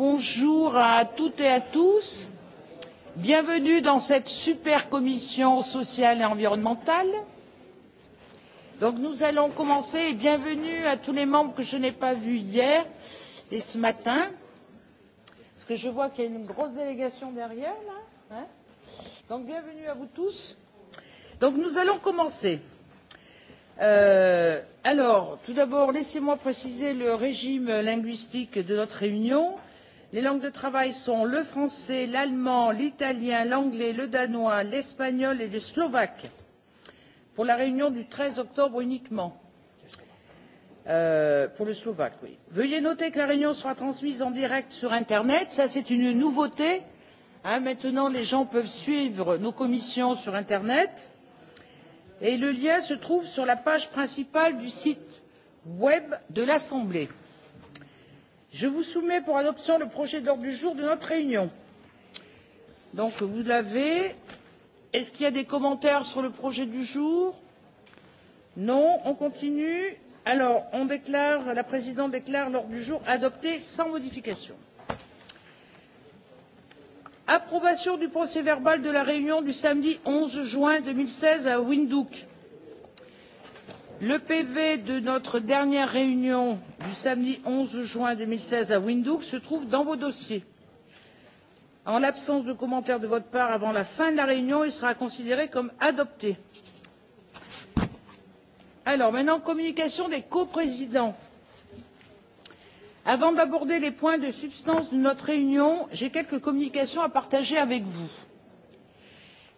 Bonjour à toutes et à tous. Bienvenue dans cette super commission sociale et environnementale. Donc nous allons commencer et bienvenue à tous les membres que je n'ai pas vus hier et ce matin. Parce que je vois qu'il y a une grosse délégation derrière là. Hein Donc bienvenue à vous tous. Donc nous allons commencer. Euh, alors, tout d'abord, laissez-moi préciser le régime linguistique de notre réunion les langues de travail sont le français l'allemand l'italien l'anglais le danois l'espagnol et le slovaque pour la réunion du treize octobre uniquement euh, pour le slovaque oui. veuillez noter que la réunion sera transmise en direct sur internet c'est une nouveauté maintenant les gens peuvent suivre nos commissions sur internet et le lien se trouve sur la page principale du site web de l'assemblée je vous soumets pour adoption le projet d'ordre du jour de notre réunion. Donc, vous l'avez. est ce qu'il y a des commentaires sur le projet du jour? non on continue. alors on déclare la présidente déclare l'ordre du jour adopté sans modification. approbation du procès verbal de la réunion du samedi onze juin deux mille seize à windhoek le pv de notre dernière réunion du samedi onze juin deux mille seize à windhoek se trouve dans vos dossiers. en l'absence de commentaires de votre part avant la fin de la réunion il sera considéré comme adopté. Alors, maintenant communications des coprésidents. avant d'aborder les points de substance de notre réunion j'ai quelques communications à partager avec vous.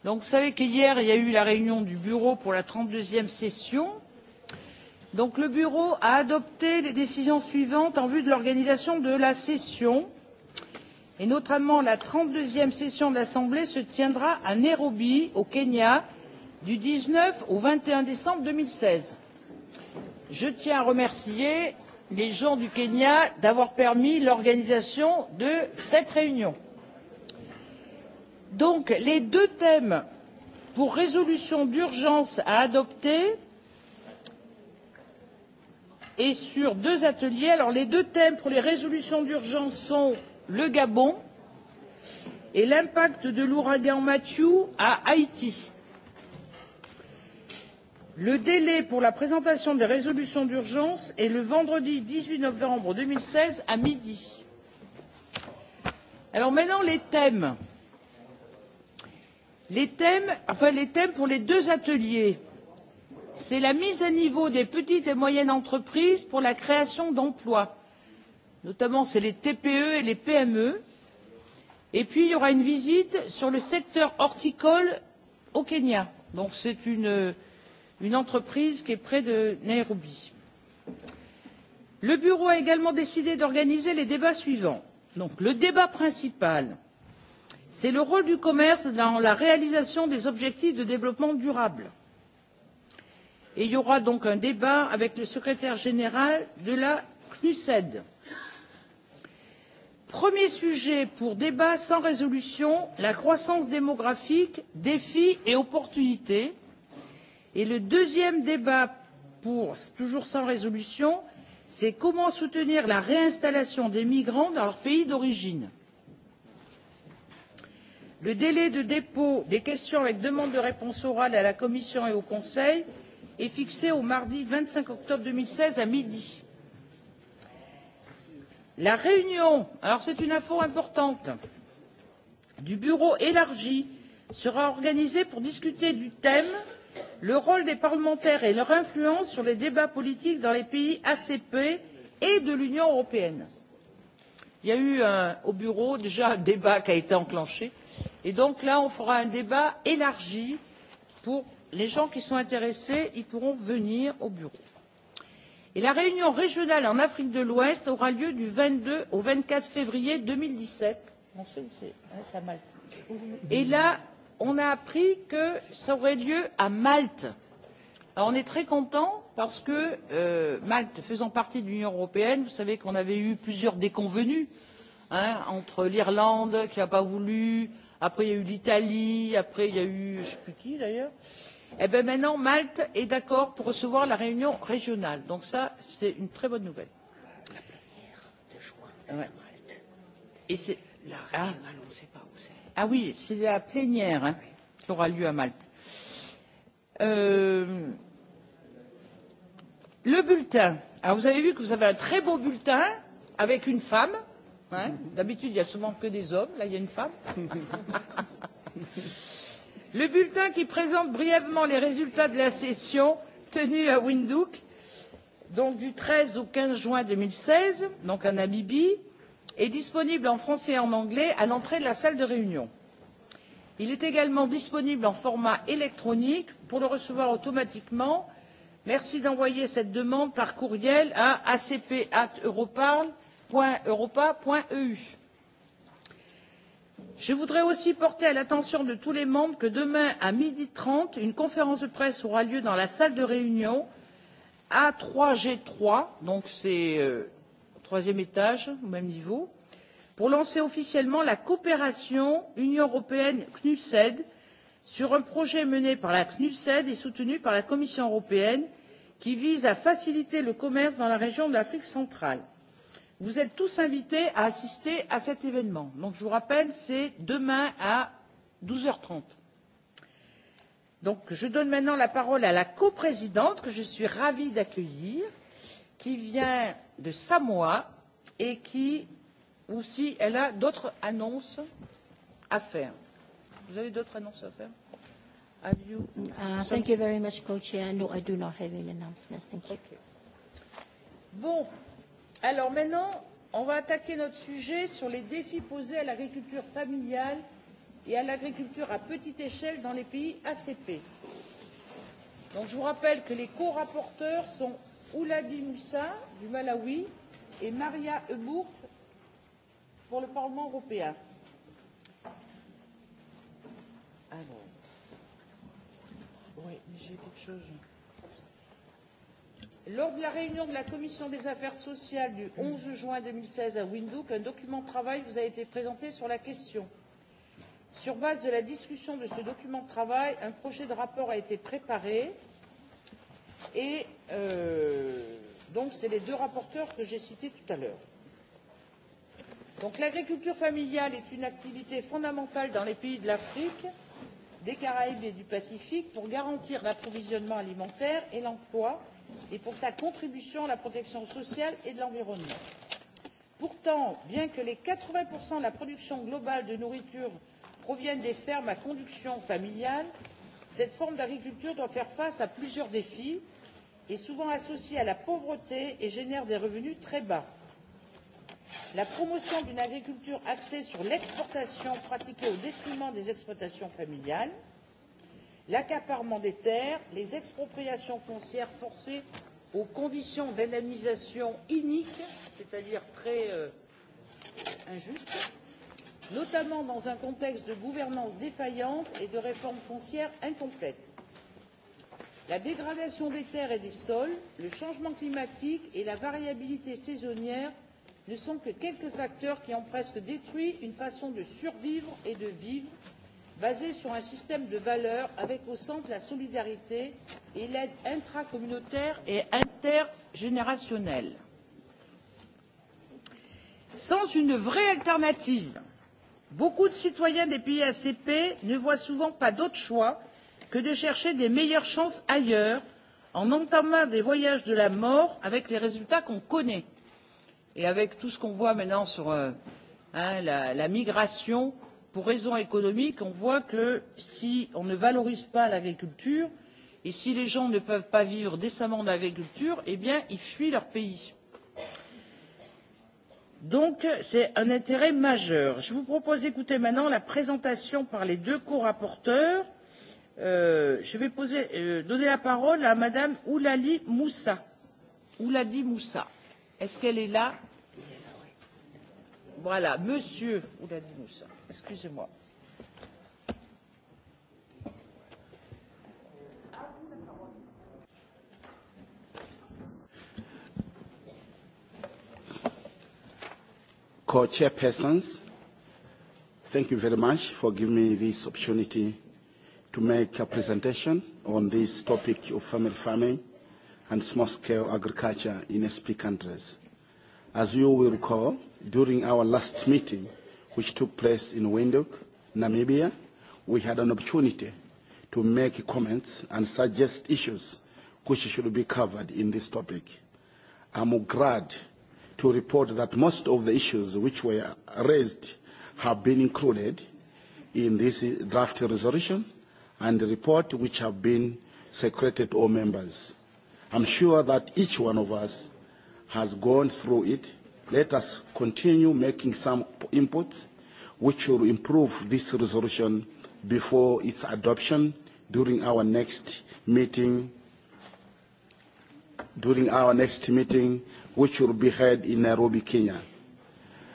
vous savez qu'hier il y a eu la réunion du bureau pour la trente deux e session Donc, le bureau a adopté les décisions suivantes en vue de l'organisation de la session et notamment la trente deux e session de l'assemblée se tiendra à nairobi au kenya du dix neuf au vingt et un décembre. deux mille seize je tiens à remercier les gens du kenya d'avoir permis l'organisation de cette réunion. Donc, les deux thèmes pour résolution d'urgence à adopter et sur deux ateliers. Alors, les deux thèmes pour les résolutions d'urgence sont le Gabon et l'impact de l'ouragan Matthew à Haïti. Le délai pour la présentation des résolutions d'urgence est le vendredi 18 novembre 2016 à midi. Alors maintenant les thèmes. Les thèmes, enfin les thèmes pour les deux ateliers c'est la mise à niveau des petites et moyennes entreprises pour la création d'emplois notamment c'est les tpe et les pme et puis il y aura une visite sur le secteur horticole au kenya donc c'est une, entreprise qui est près de nairobi. le bureau a également décidé d'organiser les débats suivants le débat principal c'est le rôle du commerce dans la réalisation des objectifs de développement durable et il y aura donc un débat avec le secrétaire général de la CNUSED. premier sujet pour débat sans résolution la croissance démographique défis et opportunités et le deuxième débat pour toujours sans résolution c'est comment soutenir la réinstallation des migrants dans leur pays d'origine. le délai de dépôt des questions avec demande de réponse orale à la commission et au conseil est fixé au mardi vingt cinq octobre deux mille seize à midi. la réunion c'est une info importante du bureau élargi sera organisée pour discuter du thème le rôle des parlementaires et leur influence sur les débats politiques dans les pays acp et de l'union européenne. il y a eu un, euh, au bureau déjà un débat qui a été enclenché et donc là on fera un débat élargi pour les gens qui sont intéressés y pourront venir au bureau. la réunion régionale en afrique de l'ouest aura lieu du vingt deux au vingt quatre février deux mille dix sept et là on a appris que ça aurait lieu à malte. Alors, on est très contents parce que euh, malte faisant partie de l'union européenne vous savez qu'on avait eu plusieurs déconvenues hein, entre l'irlande qui n'a pas voulu après il y a eu l'italie après il y a eu je ne sais plus qui d'ailleurs euh, Eh bien maintenant malte est d'accord pour recevoir la réunion régionale donc cela c'est une très bonne nouvelle. c'est... la ah. ah. oui c'est la plénière qui aura lieu à malte. Euh, le bulletin alors vous avez vu que vous avez un très beau bulletin avec une femme hein. d'habitude il n'y a souvent que des hommes là il y a une femme. le bulletin qui présente brièvement les résultats de la session tenue à windhoek donc du treize au quinze juin deux mille seize donc en namibie est disponible en français et en anglais à l'entrée de la salle de réunion. il est également disponible en format électronique pour le recevoir automatiquement merci d'envoyer cette demande par courriel à acp@europarl.europa.eu je voudrais aussi porter à l'attention de tous les membres que demain à midi trente une conférence de presse aura lieu dans la salle de réunion a trois g trois donc c'est au euh, troisième étage au même niveau pour lancer officiellement la coopération union européenne cnuced sur un projet mené par la cnuced et soutenu par la commission européenne qui vise à faciliter le commerce dans la région de l'afrique centrale vous êtes tous invités à assister à cet événement. Donc, je vous rappelle c'est demain à douze heures trente. je donne maintenant la parole à la coprésidente que je suis ravie d'accueillir qui vient de samoa et qui aussi elle a d'autres annonces à faire. vous avez d'autres annonces à faire? Have you uh, thank you very much, Co-Chair. No, I do not have any announcements. Thank you. Okay. Bon, Alors maintenant, on va attaquer notre sujet sur les défis posés à l'agriculture familiale et à l'agriculture à petite échelle dans les pays ACP. Donc, je vous rappelle que les co-rapporteurs sont Ouladi Moussa du Malawi et Maria Ebourg pour le Parlement européen. Alors, oui, j'ai quelque chose. Lors de la réunion de la commission des affaires sociales du 11 juin 2016 à Windhoek, un document de travail vous a été présenté sur la question. Sur base de la discussion de ce document de travail, un projet de rapport a été préparé et euh, donc c'est les deux rapporteurs que j'ai cités tout à l'heure. Donc l'agriculture familiale est une activité fondamentale dans les pays de l'Afrique, des Caraïbes et du Pacifique pour garantir l'approvisionnement alimentaire et l'emploi et pour sa contribution à la protection sociale et de l'environnement. Pourtant, bien que les 80% de la production globale de nourriture proviennent des fermes à conduction familiale, cette forme d'agriculture doit faire face à plusieurs défis, et souvent associée à la pauvreté et génère des revenus très bas. La promotion d'une agriculture axée sur l'exportation pratiquée au détriment des exploitations familiales l'accaparement des terres, les expropriations foncières forcées aux conditions d'indemnisation iniques, c'est-à-dire très euh, injustes, notamment dans un contexte de gouvernance défaillante et de réforme foncière incomplète. La dégradation des terres et des sols, le changement climatique et la variabilité saisonnière ne sont que quelques facteurs qui ont presque détruit une façon de survivre et de vivre basée sur un système de valeurs avec au centre la solidarité et l'aide intracommunautaire et intergénérationnelle. Sans une vraie alternative, beaucoup de citoyens des pays ACP ne voient souvent pas d'autre choix que de chercher des meilleures chances ailleurs en entamant des voyages de la mort avec les résultats qu'on connaît et avec tout ce qu'on voit maintenant sur euh, hein, la, la migration pour raisons économiques on voit que si on ne valorise pas l'agriculture et si les gens ne peuvent pas vivre décemment de l'agriculture eh bien ils fuient leur pays. donc c'est un intérêt majeur. je vous propose d'écouter maintenant la présentation par les deux corapporteurs. Euh, je vais euh, donner la parole à mme oulali moussa. ouladi moussa est ce qu'elle est là? voilà monsieur ouladi moussa. Excusez-moi. Co-chairpersons, thank you very much for giving me this opportunity to make a presentation on this topic of family farming and small-scale agriculture in SP countries. As you will recall, during our last meeting, which took place in Windhoek, Namibia, we had an opportunity to make comments and suggest issues which should be covered in this topic. I'm glad to report that most of the issues which were raised have been included in this draft resolution and the report which have been secreted to all members. I'm sure that each one of us has gone through it Let us continue making some inputs which will improve this resolution before its adoption during our next meeting during our next meeting which will be held in Nairobi, Kenya.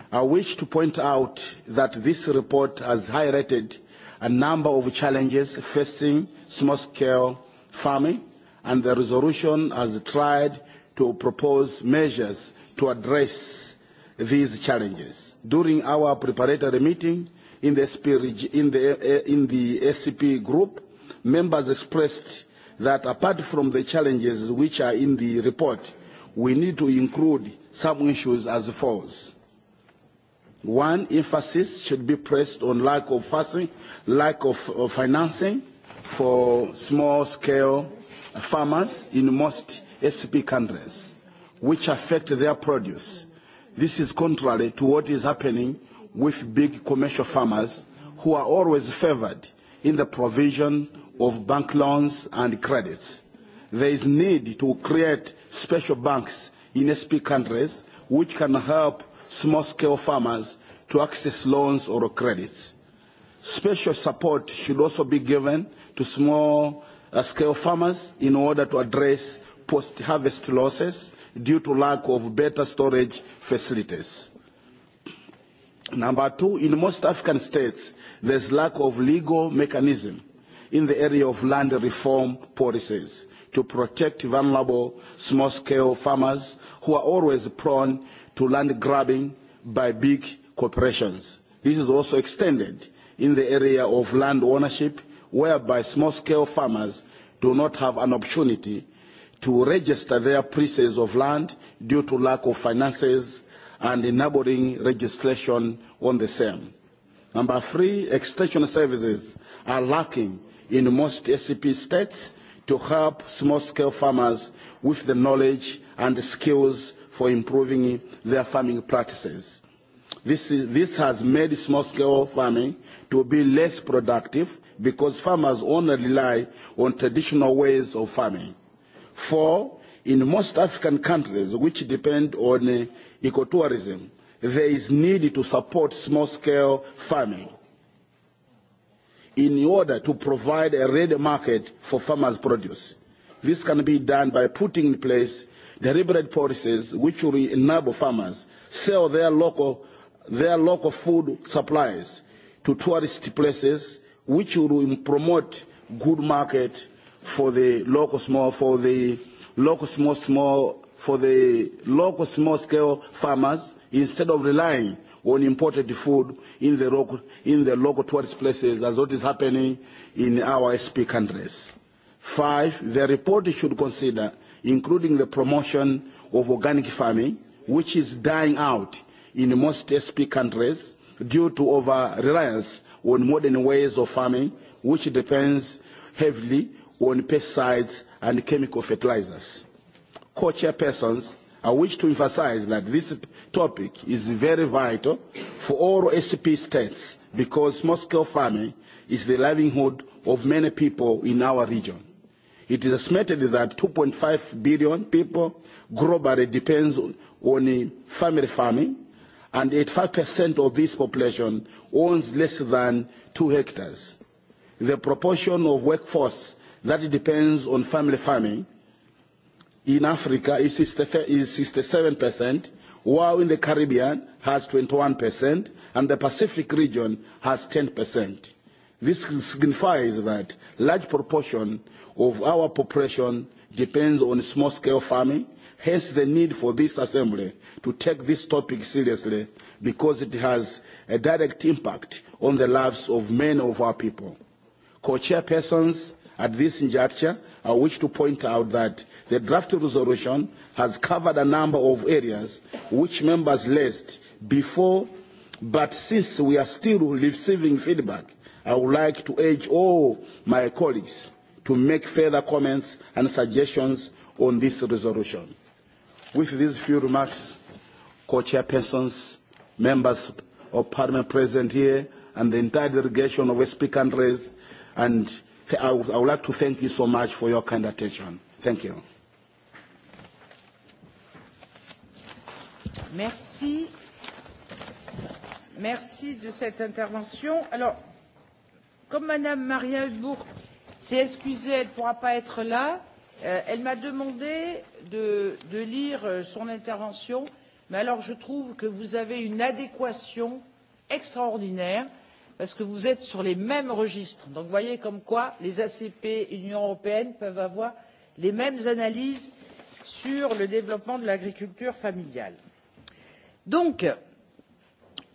I wish to point out that this report has highlighted a number of challenges facing small-scale farming and the resolution has tried to propose measures to address these challenges. During our preparatory meeting in the, SP, in the, eh, in the SCP group, members expressed that apart from the challenges which are in the report, we need to include some issues as follows. One, emphasis should be pressed on lack of funding, lack of, of uh, financing for small-scale farmers in most SCP countries which affect their produce. This is contrary to what is happening with big commercial farmers who are always favored in the provision of bank loans and credits. There is need to create special banks in SP countries which can help small-scale farmers to access loans or credits. Special support should also be given to small-scale uh, farmers in order to address post-harvest losses due to lack of better storage facilities. Number two, in most African states, there's lack of legal mechanism in the area of land reform policies to protect vulnerable small-scale farmers who are always prone to land grabbing by big corporations. This is also extended in the area of land ownership, whereby small-scale farmers do not have an opportunity to register their pieces of land due to lack of finances and enabling registration on the same. Number three, extension services are lacking in most SCP states to help small-scale farmers with the knowledge and the skills for improving their farming practices. This, is, this has made small-scale farming to be less productive because farmers only rely on traditional ways of farming. Four, in most African countries which depend on uh, ecotourism, there is need to support small-scale farming in order to provide a ready market for farmers' produce. This can be done by putting in place deliberate policies which will enable farmers sell their local, their local food supplies to tourist places which will promote good market for the local small for the local small small for the local small scale farmers instead of relying on imported food in the local in the local tourist places as what is happening in our SP countries. Five, the report should consider including the promotion of organic farming, which is dying out in most SP countries due to over reliance on modern ways of farming, which depends heavily on pesticides and chemical fertilizers. Co-chairpersons, I wish to emphasize that this topic is very vital for all SCP states because small-scale farming is the livelihood of many people in our region. It is estimated that 2.5 billion people globally depends on family farming, and 85% of this population owns less than two hectares. The proportion of workforce that depends on family farming in Africa is 67%, while in the Caribbean has 21%, and the Pacific region has 10%. This signifies that large proportion of our population depends on small-scale farming, hence the need for this assembly to take this topic seriously because it has a direct impact on the lives of many of our people. Co-chairpersons At this juncture, I wish to point out that the draft resolution has covered a number of areas which members list before, but since we are still receiving feedback, I would like to urge all my colleagues to make further comments and suggestions on this resolution. With these few remarks, co-chairpersons, members of parliament present here, and the entire delegation of West countries, and I would, I would like to thank you so much for your kind attention. Thank you. Merci. Merci de cette intervention. Alors, comme Madame Maria Hudbourg s'est excusée, elle ne pourra pas être là. Euh, elle m'a demandé de, de lire euh, son intervention, mais alors je trouve que vous avez une adéquation extraordinaire euh, parce que vous êtes sur les mêmes registres. donc vous voyez comme quoi les acp et l'union européenne peuvent avoir les mêmes analyses sur le développement de l'agriculture familiale. donc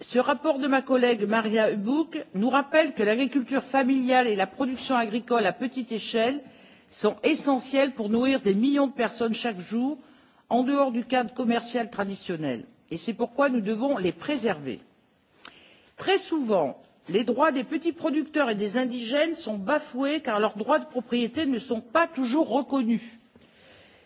ce rapport de ma collègue maria hbuk nous rappelle que l'agriculture familiale et la production agricole à petite échelle sont essentielles pour nourrir des millions de personnes chaque jour en dehors du cadre commercial traditionnel et c'est pourquoi nous devons les préserver. très souvent les droits des petits producteurs et des indigènes sont bafoués car leurs droits de propriété ne sont pas toujours reconnus.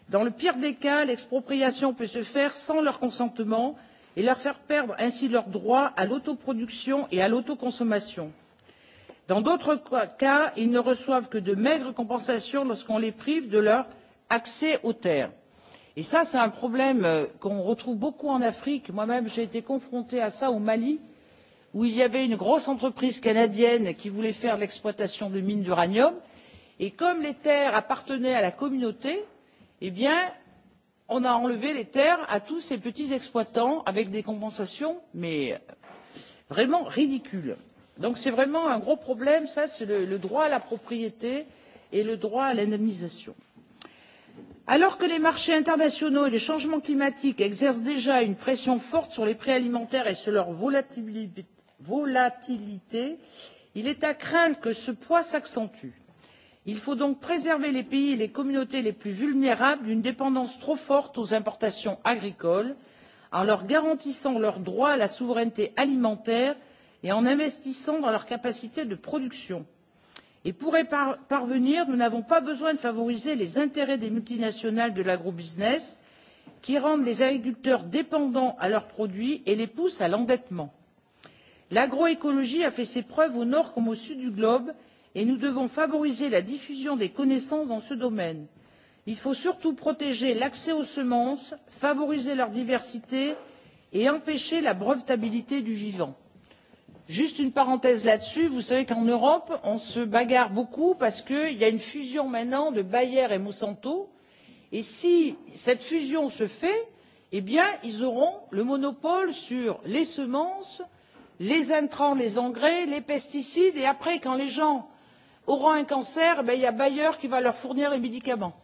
dans le pire des cas l'expropriation peut se faire sans leur consentement et leur faire perdre ainsi leurs droits à l'autoproduction et à l'autoconsommation. dans d'autres cas ils ne reçoivent que de maigres compensations lorsqu'on les prive de leur accès aux terres. et ça c'est un problème euh, qu'on retrouve beaucoup en afrique. moi même j'ai été confrontée à ça au mali où il y avait une grosse entreprise canadienne qui voulait faire de l'exploitation de mines d'uranium et comme les terres appartenaient à la communauté eh bien on a enlevé les terres à tous ces petits exploitants avec des compensations mais euh, vraiment ridicules. donc c'est vraiment un gros problème ça c'est le, le droit à la propriété et le droit à l'indemnisation. alors que les marchés internationaux et les changements climatiques exercent déjà une pression forte sur les prix alimentaires et sur leur volatilité volatilité il est à craindre que ce poids s'accentue. il faut donc préserver les pays et les communautés les plus vulnérables d'une dépendance trop forte aux importations agricoles en leur garantissant leur droit à la souveraineté alimentaire et en investissant dans leur capacité de production. Et pour y parvenir nous n'avons pas besoin de favoriser les intérêts des multinationales de l'agrobusiness qui rendent les agriculteurs dépendants de leurs produits et les poussent à l'endettement l'agroécologie a fait ses preuves au nord comme au sud du globe et nous devons favoriser la diffusion des connaissances dans ce domaine. il faut surtout protéger l'accès aux semences favoriser leur diversité et empêcher la brevetabilité du vivant. juste une parenthèse là dessus vous savez qu'en europe on se bagarre beaucoup parce qu'il y a une fusion maintenant de bayer et monsanto et si cette fusion se fait eh bien ils auront le monopole sur les semences les intrants les engrais les pesticides et après quand les gens auront un cancer il y a bayer qui va leur fournir les médicaments.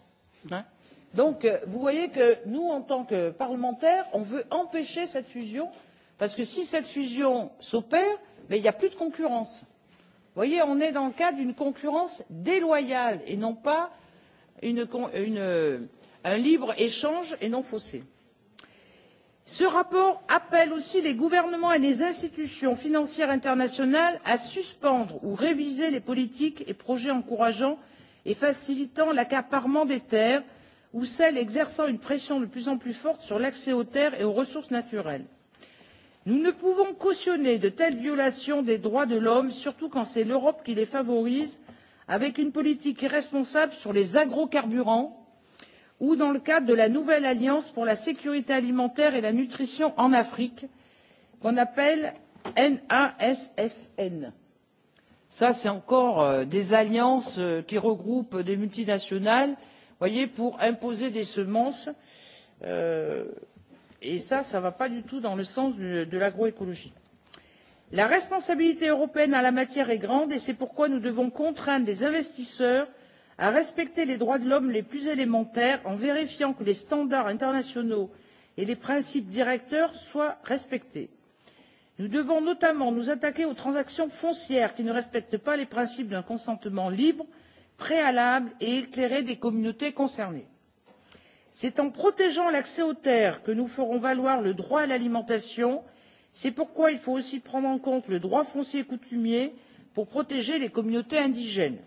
donc euh, vous voyez que nous en tant que parlementaires on veut empêcher cette fusion parce que si cette fusion s'opère il n'y a plus de concurrence. vous voyez on est dans le cadre d'une concurrence déloyale et non pas d'un euh, libre échange et non faussé ce rapport appelle aussi les gouvernements et les institutions financières internationales à suspendre ou réviser les politiques et projets encourageant et facilitant l'accaparement des terres ou celles exerçant une pression de plus en plus forte sur l'accès aux terres et aux ressources naturelles. nous ne pouvons cautionner de telles violations des droits de l'homme surtout quand c'est l'europe qui les favorise avec une politique irresponsable sur les agrocarburants ou dans le cadre de la nouvelle alliance pour la sécurité alimentaire et la nutrition en afrique qu'on appelle nasfn. ce sont encore euh, des alliances euh, qui regroupent des multinationales voyez, pour imposer des semences euh, et cela ça ne va pas du tout dans le sens de, de l'agroécologie. la responsabilité européenne en la matière est grande et c'est pourquoi nous devons contraindre les investisseurs à respecter les droits de l'homme les plus élémentaires en vérifiant que les standards internationaux et les principes directeurs soient respectés. nous devons notamment nous attaquer aux transactions foncières qui ne respectent pas les principes d'un consentement libre préalable et éclairé des communautés concernées. c'est en protégeant l'accès aux terres que nous ferons valoir le droit à l'alimentation c'est pourquoi il faut aussi prendre en compte le droit foncier coutumier pour protéger les communautés indigènes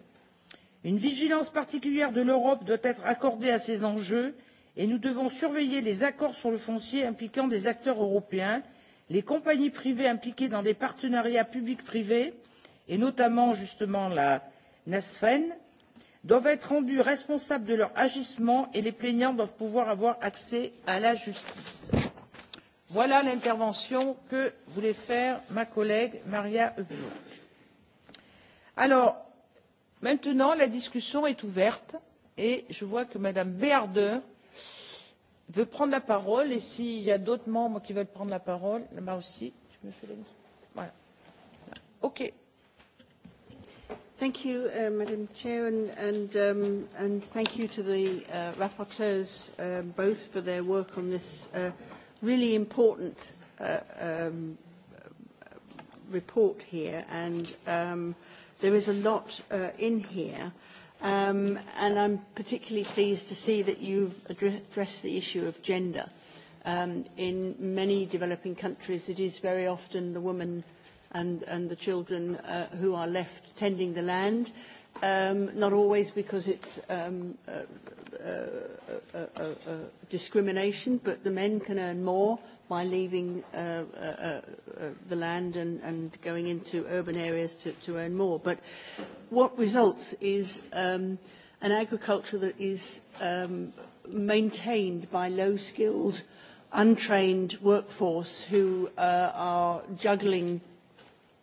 une vigilance particulière de l'europe doit être accordée à ces enjeux et nous devons surveiller les accords sur le foncier impliquant des acteurs européens les compagnies privées impliquées dans des partenariats public privé et notamment justement la nasfen doivent être rendus responsables de leurs agissements et les plaignants doivent pouvoir avoir accès à la justice. voilà l'intervention que voulait faire ma collègue maria Alors, maintenant la discussion est ouverte et je vois que mme bearder veut prendre la parole et s'il y a d'autres membres qui veulent prendre la parole là bas aussi je me fais la liste. Voilà. Okay. Thank you, uh, Madam Chair, and, and, um, and thank you to the uh, rapporteurs um, both for their work on this uh, really important uh, um, report here. And um, There is a lot uh, in here, um, and I'm particularly pleased to see that you've addressed the issue of gender. Um, in many developing countries, it is very often the woman and, and the children uh, who are left tending the land, um, not always because it's um, a, a, a, a, a discrimination, but the men can earn more by leaving uh, uh, uh, uh, the land and, and going into urban areas to, to earn more. But what results is um, an agriculture that is um, maintained by low-skilled, untrained workforce who uh, are juggling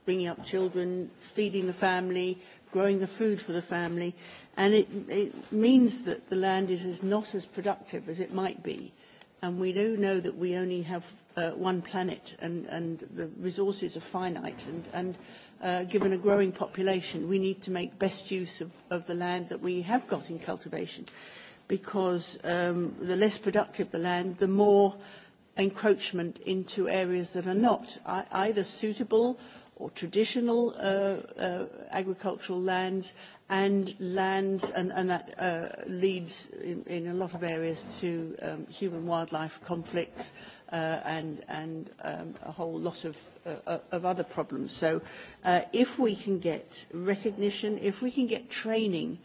bringing up children, feeding the family, growing the food for the family, and it, it means that the land is, is not as productive as it might be and we do know that we only have uh, one planet and, and the resources are finite and, and uh, given a growing population we need to make best use of, of the land that we have got in cultivation because um, the less productive the land the more encroachment into areas that are not either suitable or traditional uh, uh, agricultural lands and lands, and, and that uh, leads in, in a lot of areas to um, human-wildlife conflicts uh, and, and um, a whole lot of, uh, uh, of other problems. So uh, if we can get recognition, if we can get training,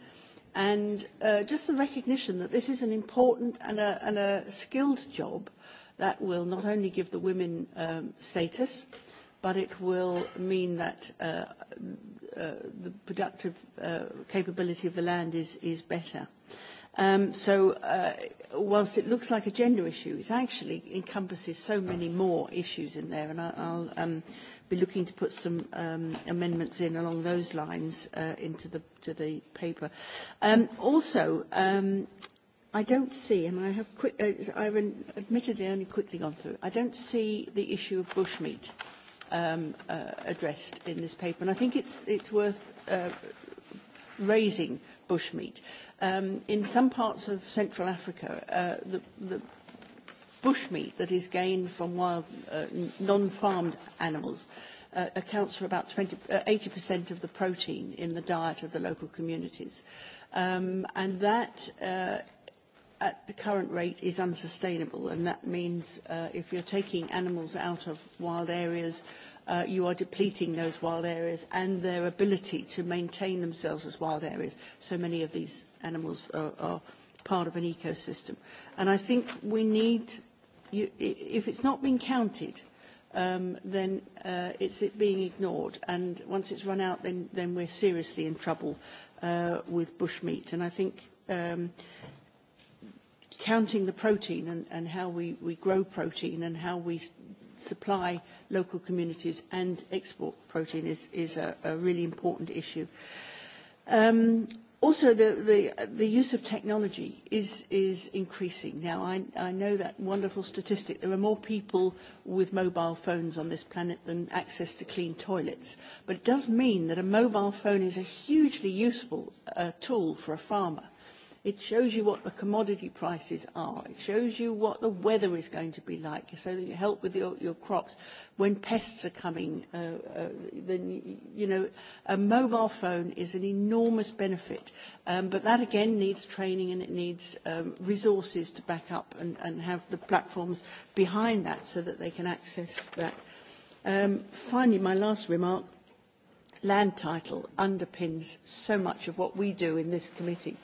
and uh, just the recognition that this is an important and a, and a skilled job that will not only give the women um, status, uh, but it will mean that uh, uh, the productive uh, capability of the land is, is better. Um, so uh, whilst it looks like a gender issue, it actually encompasses so many more issues in there, and I, I'll um, be looking to put some um, amendments in along those lines uh, into the, to the paper. Um, also, um, I don't see, and I have quick, uh, I've admittedly only quickly gone through, I don't see the issue of bushmeat. meat um, uh, addressed in this paper. And I think it's, it's worth uh, raising bushmeat. Um, in some parts of Central Africa, uh, the, the bushmeat that is gained from wild, uh, non-farmed animals uh, accounts for about 20, uh, 80% of the protein in the diet of the local communities. Um, and that uh, at the current rate is unsustainable and that means uh, if you're taking animals out of wild areas uh, you are depleting those wild areas and their ability to maintain themselves as wild areas. So many of these animals are, are part of an ecosystem. And I think we need, you, if it's not being counted, um, then uh, it's it being ignored. And once it's run out, then, then we're seriously in trouble uh, with bushmeat. And I think um, counting the protein and, and how we, we grow protein and how we supply local communities and export protein is, is a, a really important issue. Um, also, the, the, the use of technology is, is increasing. Now, I, I know that wonderful statistic. There are more people with mobile phones on this planet than access to clean toilets. But it does mean that a mobile phone is a hugely useful uh, tool for a farmer It shows you what the commodity prices are. It shows you what the weather is going to be like so that you help with your, your crops. When pests are coming, uh, uh, then, you know, a mobile phone is an enormous benefit. Um, but that again needs training and it needs um, resources to back up and, and have the platforms behind that so that they can access that. Um, finally, my last remark land title underpins so much of what we do in this committee.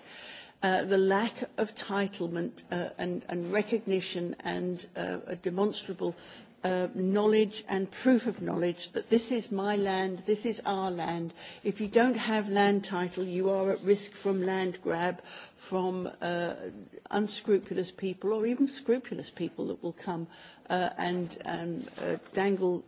Uh, the lack of titlement uh, and, and recognition and uh, a demonstrable uh, knowledge and proof of knowledge that this is my land, this is our land. If you don't have land title, you are at risk from land grab, from uh, unscrupulous people or even scrupulous people that will come uh, and um, uh, dangle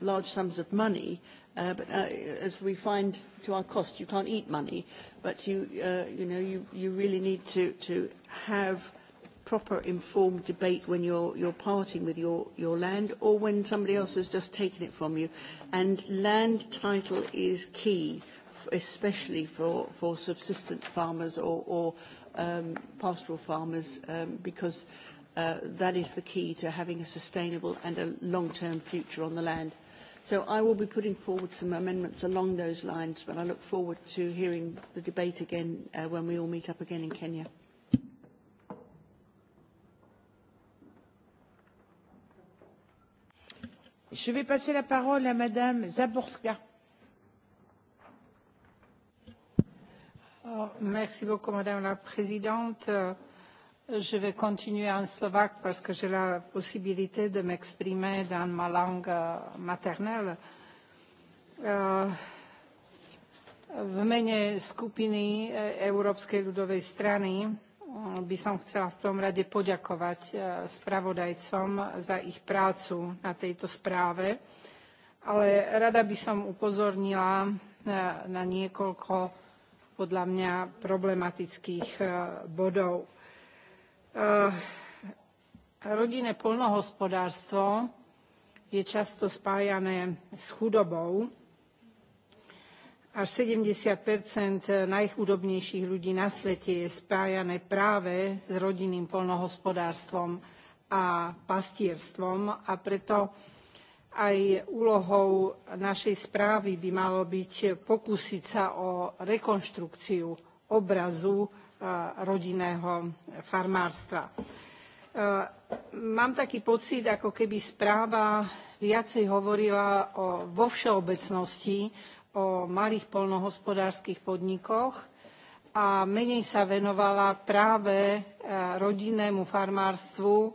large sums of money Uh, but uh, as we find to our cost, you can't eat money, but you, uh, you know, you, you really need to, to have proper informed debate when you're, you're parting with your, your land or when somebody else has just taken it from you. And land title is key, especially for, for subsistent farmers or, or um, pastoral farmers, um, because uh, that is the key to having a sustainable and a long-term future on the land. So I will be putting forward some amendments along those lines, but I look forward to hearing the debate again uh, when we all meet up again in Kenya. Je vais passer la parole à Madame Zaborska. Oh, merci beaucoup, Madame la Présidente. Euh, Je vais continuer en slovaque parce que j'ai la possibilité de m'exprimer dans ma langue euh, maternelle. Euh, v mene skupiny eh, Európskej ľudovej strany eh, by som chcela v tom rade poďakovať eh, spravodajcom za ich prácu na tejto správe, ale rada by som upozornila na, na niekoľko podľa mňa problematických bodov Eh, rodinné poľnohospodárstvo je často spájané s chudobou až seventy najchudobnejších ľudí na svete je spájané práve s rodinným poľnohospodárstvom a pastierstvom a preto aj úlohou našej správy by malo byť pokúsiť sa o rekonštrukciu obrazu rodinného farmárstva. Mám taký pocit, ako keby správa viacej hovorila o, vo všeobecnosti o malých poľnohospodárskych podnikoch a menej sa venovala práve rodinnému farmárstvu,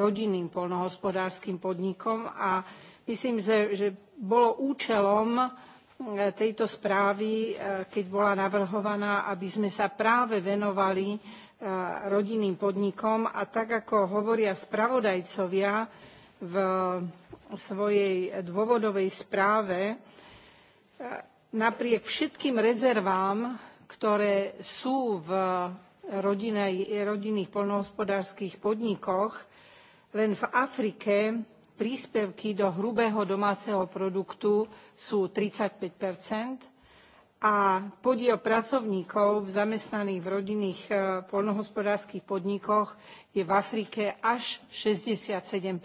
rodinným poľnohospodárskym podnikom a myslím, že bolo účelom tejto správy, keď bola navrhovaná, aby sme sa práve venovali rodinným podnikom a tak, ako hovoria spravodajcovia v svojej dôvodovej správe, napriek všetkým rezervám, ktoré sú v rodinných poľnohospodárskych podnikoch, len v Afrike príspevky do hrubého domáceho produktu sú 35 a podiel pracovníkov zamestnaných v rodinných eh, poľnohospodárskych podnikoch je v afrike až. sixty seven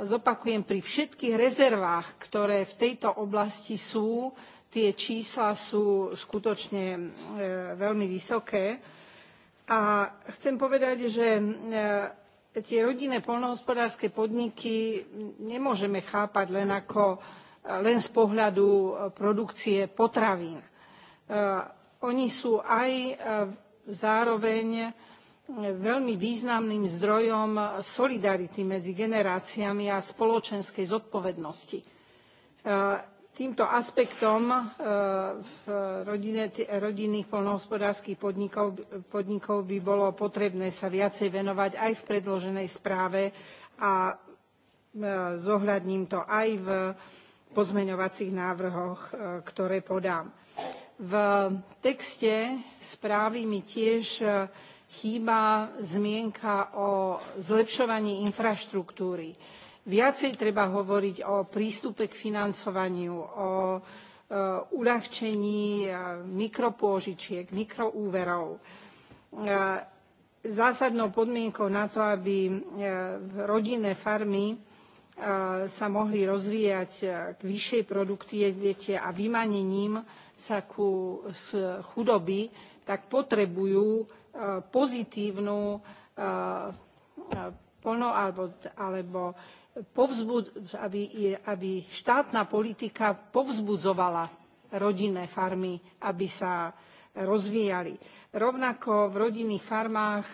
zopakujem pri všetkých rezervách ktoré v tejto oblasti sú tie čísla sú skutočne eh, veľmi vysoké a chcem povedať že eh, tie rodinné poľnohospodárske podniky nemôžeme chápať len eh, len z pohľadu eh, produkcie potravín. Eh, oni sú aj zároveň veľmi významným zdrojom solidarity medzi generáciami a spoločenskej zodpovednosti týmto aspektom rodinných poľnohospodárskych podnikov by bolo potrebné sa viacej venovať aj v predloženej správe a zohľadním to aj v pozmeňovacích návrhoch, ktoré podám. V texte správy mi tiež chýba zmienka o zlepšovaní infraštruktúry. Viacej treba hovoriť o prístupe k financovaniu, o uľahčení mikropôžičiek, mikroúverov. Zásadnou podmienkou na to, aby rodinné farmy sa mohli rozvíjať k vyššej produktivite a vymanením sa z chudoby, tak potrebujú pozitívnu poľno alebo, alebo aby, aby štátna politika povzbudzovala rodinné farmy, aby sa rozvíjali. Rovnako v rodinných farmách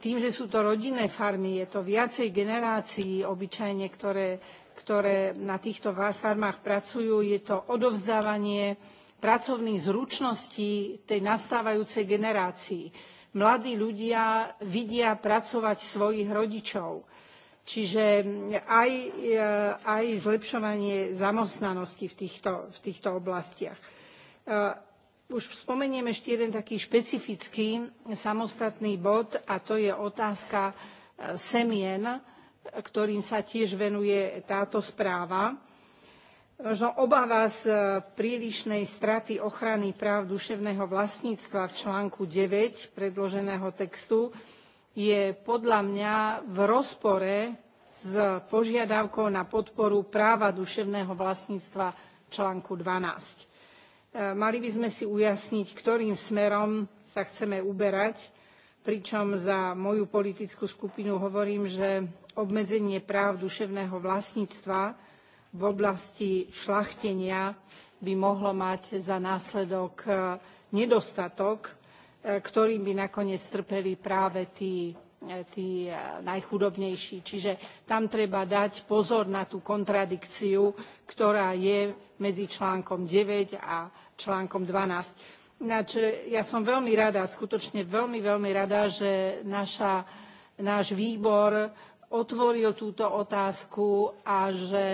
tým, že sú to rodinné farmy, je to viacej generácií obyčajne, ktoré, ktoré na týchto farmách pracujú. Je to odovzdávanie pracovných zručností tej nastávajúcej generácii. Mladí ľudia vidia pracovať svojich rodičov Čiže aj, eh, aj zlepšovanie zamestnanosti v týchto, v týchto oblastiach. Eh, už spomeniem ešte jeden taký špecifický samostatný bod a to je otázka eh, semien, ktorým sa tiež venuje táto správa. Možno obava z prílišnej straty ochrany práv duševného vlastníctva v článku 9 predloženého textu je podľa mňa v rozpore s požiadavkou na podporu práva duševného vlastníctva článku 12 mali by sme si ujasniť ktorým smerom sa chceme uberať pričom za moju politickú skupinu hovorím že obmedzenie práv duševného vlastníctva v oblasti šľachtenia by mohlo mať za následok nedostatok ktorým by nakoniec trpeli práve tí, tí najchudobnejší. Čiže tam treba dať pozor na tú kontradikciu, ktorá je medzi článkom 9 a článkom 12. Ináč, ja som veľmi rada, skutočne veľmi, veľmi rada, že naša, náš výbor otvoril túto otázku a že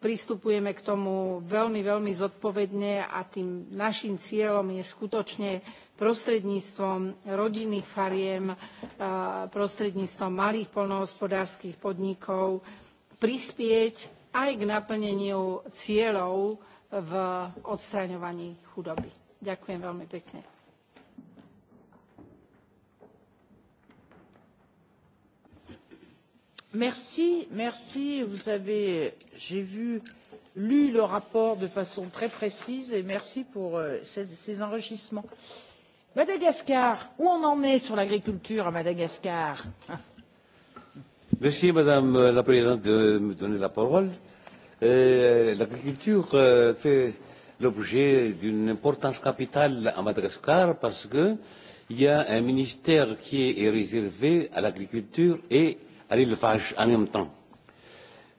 pristupujeme k tomu veľmi, veľmi zodpovedne a tým našim cieľom je skutočne prostredníctvom rodinných fariem, prostredníctvom malých poľnohospodárskych podnikov prispieť aj k naplneniu cieľov v odstraňovaní chudoby. Ďakujem veľmi pekne. Merci, merci. Vous avez, j'ai vu, lu le rapport de façon très précise et merci pour euh, ces, ces enrichissements. Euh, Madagascar, où on en est sur l'agriculture à Madagascar Merci Madame la Présidente de me donner la parole. Euh, l'agriculture euh, fait l'objet d'une importance capitale à Madagascar parce que il y a un ministère qui est réservé à l'agriculture et à l'élevage en même temps.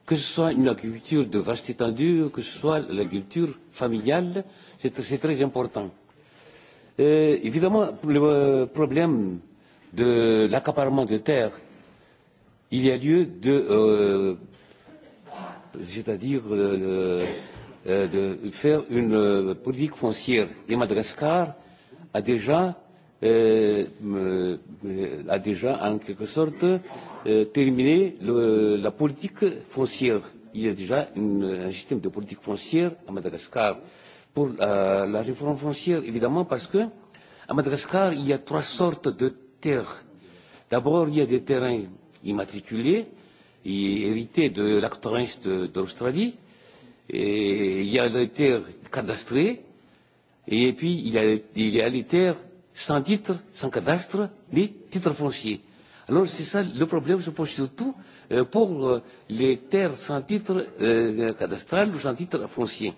Que ce soit une agriculture de vaste étendue, que ce soit l'agriculture familiale, c'est très important. Euh, évidemment, le uh, problème de l'accaparement de terres, il y a lieu de, euh, c'est-à-dire euh, euh, de faire une euh, politique foncière. Et Madagascar a déjà, euh, euh, a déjà en quelque sorte euh, terminé le, la politique foncière. Il y a déjà une, un système de politique foncière à Madagascar. Euh, pour euh, la réforme foncière, évidemment, parce que à Madagascar, il y a trois sortes de terres. D'abord, il y a des terrains immatriculés et hérités de de, de l'Australie, Et il y a les terres cadastrées. Et puis, il y a, il y a les terres sans titre, sans cadastre, ni titre foncier. Alors c'est ça, le problème se pose surtout euh, pour euh, les terres sans titre euh, cadastral ou sans titre foncier.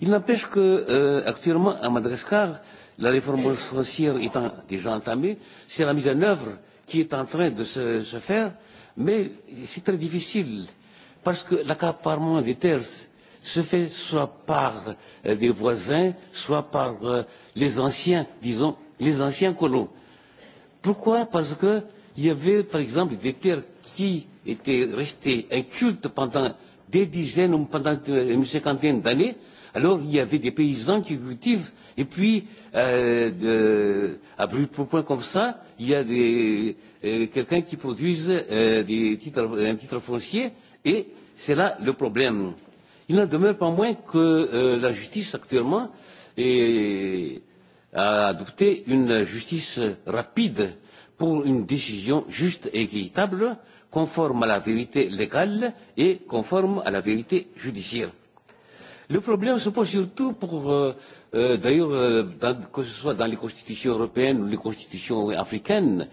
Il n'empêche que euh, actuellement à Madagascar, la réforme foncière étant déjà entamée, c'est la mise en œuvre qui est en train de se, se faire, mais c'est très difficile parce que l'accaparement des terres se fait soit par euh, des voisins, soit par euh, les anciens, disons, les anciens colons. Pourquoi Parce que il y avait, par exemple, des terres qui étaient restées incultes pendant des dizaines ou pendant euh, une cinquantaine d'années, Alors il y avait des paysans qui cultivent, et puis euh, de, à brûle pour point comme ça, il y a euh, quelqu'un qui produise euh, des titres, un titre foncier, et c'est là le problème. Il n'en demeure pas moins que euh, la justice actuellement est, a adopté une justice rapide pour une décision juste et équitable, conforme à la vérité légale et conforme à la vérité judiciaire. Le problème se pose surtout pour, euh, euh, d'ailleurs, euh, que ce soit dans les constitutions européennes ou les constitutions africaines,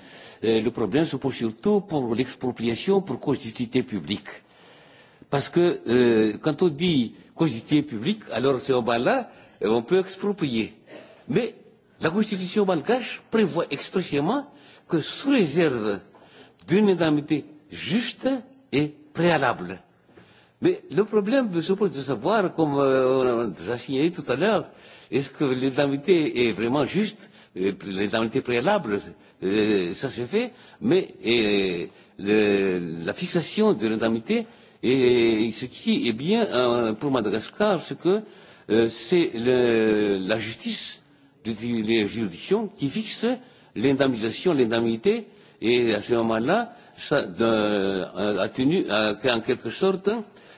euh, le problème se pose surtout pour l'expropriation pour cause d'utilité publique. Parce que euh, quand on dit cause d'utilité publique, alors c'est au bas-là, euh, on peut exproprier. Mais la constitution malgache prévoit expressément que sous réserve d'une indemnité juste et préalable. Mais uh, le problème je suppose, de savoir, comme euh, on a signalé tout à l'heure, est-ce que l'indemnité est vraiment juste L'indemnité préalable, euh, ça se fait, mais et, le, la fixation de l'indemnité, et ce qui est bien euh, pour Madagascar, c'est que euh, c'est la justice des juridictions qui fixe l'indemnisation, l'indemnité Et à ce moment-là, ça de, euh, a tenu en quelque sorte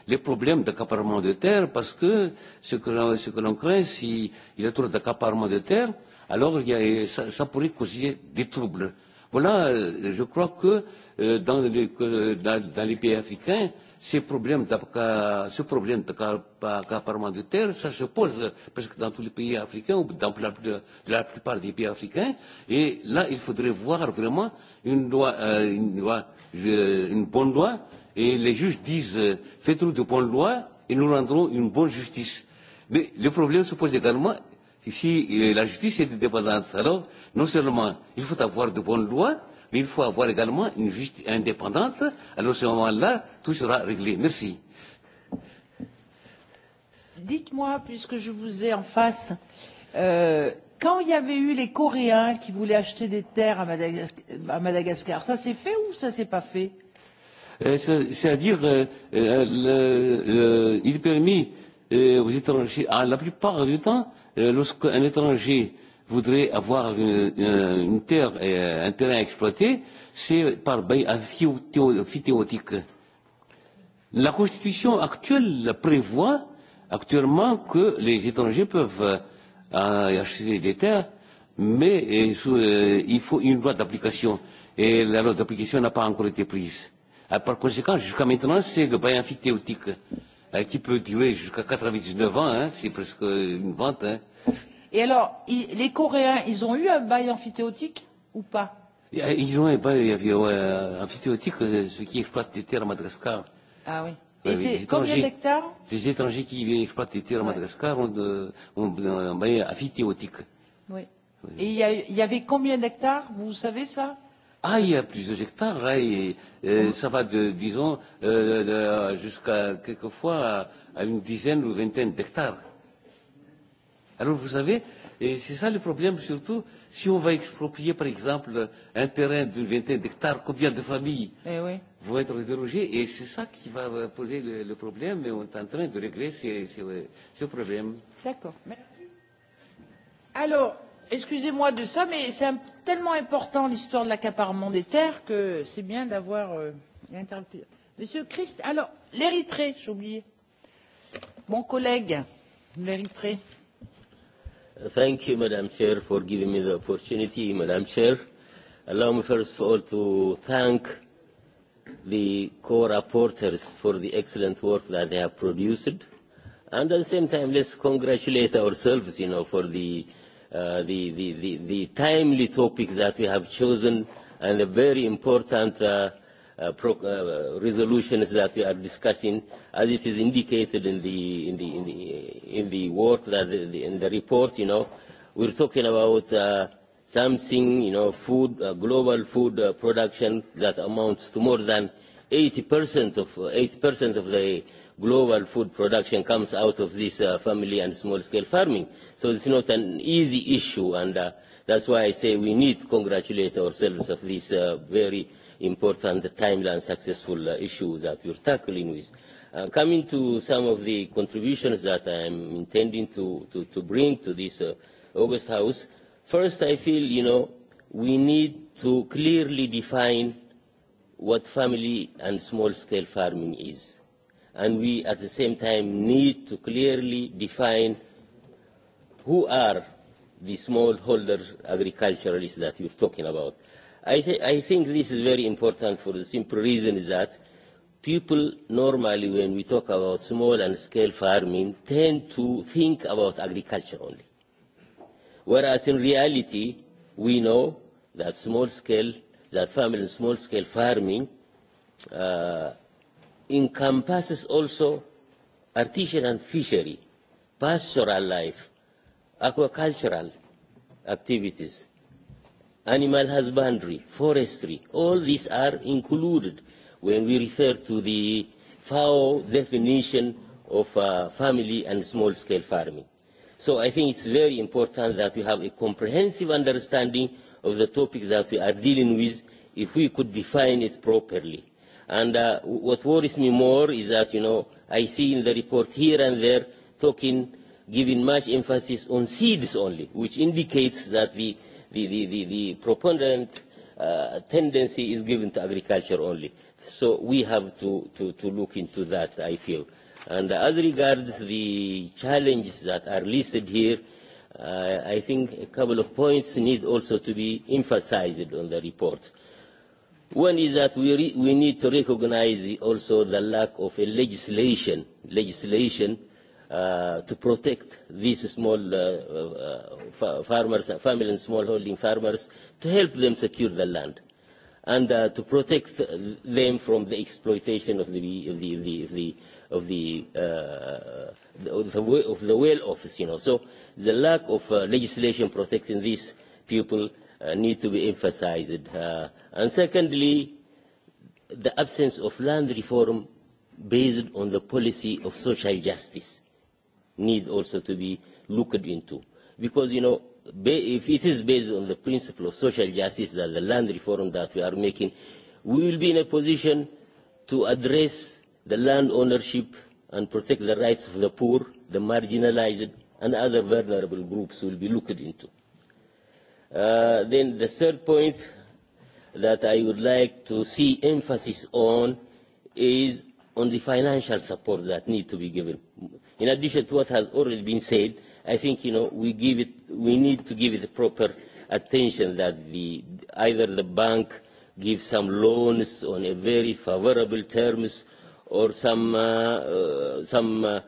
les problèmes d'accaparement de terre, parce que ce que l'on, ce que l'on craint, s'il si y a trop d'accaparement de terre, alors il y a, ça, ça pourrait causer des troubles. Voilà, euh, je crois que euh, dans, les, dans, dans les pays africains, все проблемы, да, пока, все проблемы, така, пока парламентарь, ça se pose, parce que dans tous les pays africains, ou dans la, la plupart des pays africains, et là, il faudrait voir vraiment une loi, euh, une, loi euh, une bonne loi, et les juges disent, euh, faites-nous de bonnes lois, et nous rendrons une bonne justice. Mais le problème se pose également si euh, la justice est indépendante. Alors, non seulement il faut avoir de bonnes lois, mais il faut avoir également une justice indépendante. Alors, à ce moment-là, tout sera réglé. Merci. Dites-moi, puisque je vous ai en face, euh, quand il y avait eu les Coréens qui voulaient acheter des terres à Madagascar, à Madagascar ça s'est fait ou ça s'est pas fait euh, C'est-à-dire, euh, euh, le, il est permis euh, aux étrangers, à ah, la plupart du temps, euh, lorsqu'un étranger euh, voudrait avoir une, euh, une terre, euh, un terrain exploité, c'est par bail amphithéotique. La Constitution actuelle prévoit actuellement que les étrangers peuvent euh, acheter des terres, mais euh, euh, il faut une loi d'application. Et la loi d'application n'a pas encore été prise. Ah, par conséquent, jusqu'à maintenant, c'est le bail amphithéotique euh, qui peut durer jusqu'à 99 ans. Hein, c'est presque une vente. Hein. Et alors, il, les Coréens, ils ont eu un bail amphithéotique ou pas eh, Ils ont un bail euh, amphithéotique, euh, ceux qui exploitent les terres à Madagascar. Ah oui. Et c'est combien d'hectares Les étrangers qui exploitent les terres à Madagascar ont, euh, ont un bail amphithéotique. Oui. oui. Et il y, y avait combien d'hectares Vous savez ça Ah, il y a plusieurs hectares. Hein, et, et mmh. Ça va, de, disons, euh, jusqu'à quelquefois à une dizaine ou vingtaine d'hectares. Alors vous savez, et c'est ça le problème surtout, si on va exproprier par exemple un terrain d'une vingtaine d'hectares, combien de familles eh oui. vont être dérogées Et c'est ça qui va poser le, le problème et on est en train de régler ce, ce, ce problème. D'accord, merci. Alors, excusez-moi de ça, mais c'est tellement important l'histoire de l'accaparement des terres que c'est bien d'avoir euh, l'interlocuteur. Monsieur Christ, alors, l'Érythrée, j'ai oublié. Mon collègue, l'Érythrée. Thank you, Madam Chair, for giving me the opportunity, Madam Chair. Allow me first of all to thank the co-rapporteurs for the excellent work that they have produced. And at the same time, let's congratulate ourselves, you know, for the, uh, the, the, the, the timely topic that we have chosen and the very important uh, Uh, pro uh, resolutions that we are discussing, as it is indicated in the in the in the, in the work that the, in the report, you know, we're talking about uh, something, you know, food uh, global food uh, production that amounts to more than 80% of 80% uh, of the global food production comes out of this uh, family and small-scale farming. So it's not an easy issue, and uh, that's why I say we need to congratulate ourselves of this uh, very important, timely and successful uh, issue that you're tackling with. Uh, coming to some of the contributions that I am intending to, to, to bring to this uh, August House, first I feel, you know, we need to clearly define what family and small-scale farming is. And we, at the same time, need to clearly define who are the smallholder agriculturalists that you're talking about. I, th I think this is very important for the simple reason is that people normally, when we talk about small and scale farming, tend to think about agriculture only. Whereas in reality, we know that small scale, that family and small scale farming uh, encompasses also artisanal fishery, pastoral life, aquacultural activities, animal husbandry, forestry, all these are included when we refer to the FAO definition of uh, family and small-scale farming. So I think it's very important that we have a comprehensive understanding of the topics that we are dealing with if we could define it properly. And uh, what worries me more is that, you know, I see in the report here and there talking, giving much emphasis on seeds only, which indicates that the the, the, the, the proponent uh, tendency is given to agriculture only. So we have to, to, to look into that, I feel. And as regards the challenges that are listed here, uh, I think a couple of points need also to be emphasized on the report. One is that we, re we need to recognize also the lack of a legislation, legislation uh, to protect these small uh, uh, farmers, family and smallholding farmers, to help them secure the land and uh, to protect them from the exploitation of the of the of the of the of the, uh, the, of the, of the well office, you know. So the lack of uh, legislation protecting these people uh, need to be emphasized. Uh, and secondly, the absence of land reform based on the policy of social justice need also to be looked into. Because, you know, if it is based on the principle of social justice that the land reform that we are making, we will be in a position to address the land ownership and protect the rights of the poor, the marginalized, and other vulnerable groups will be looked into. Uh, then the third point that I would like to see emphasis on is on the financial support that need to be given In addition to what has already been said, I think you know we give it we need to give it the proper attention that the either the bank gives some loans on a very favorable terms or some uh, uh, some uh,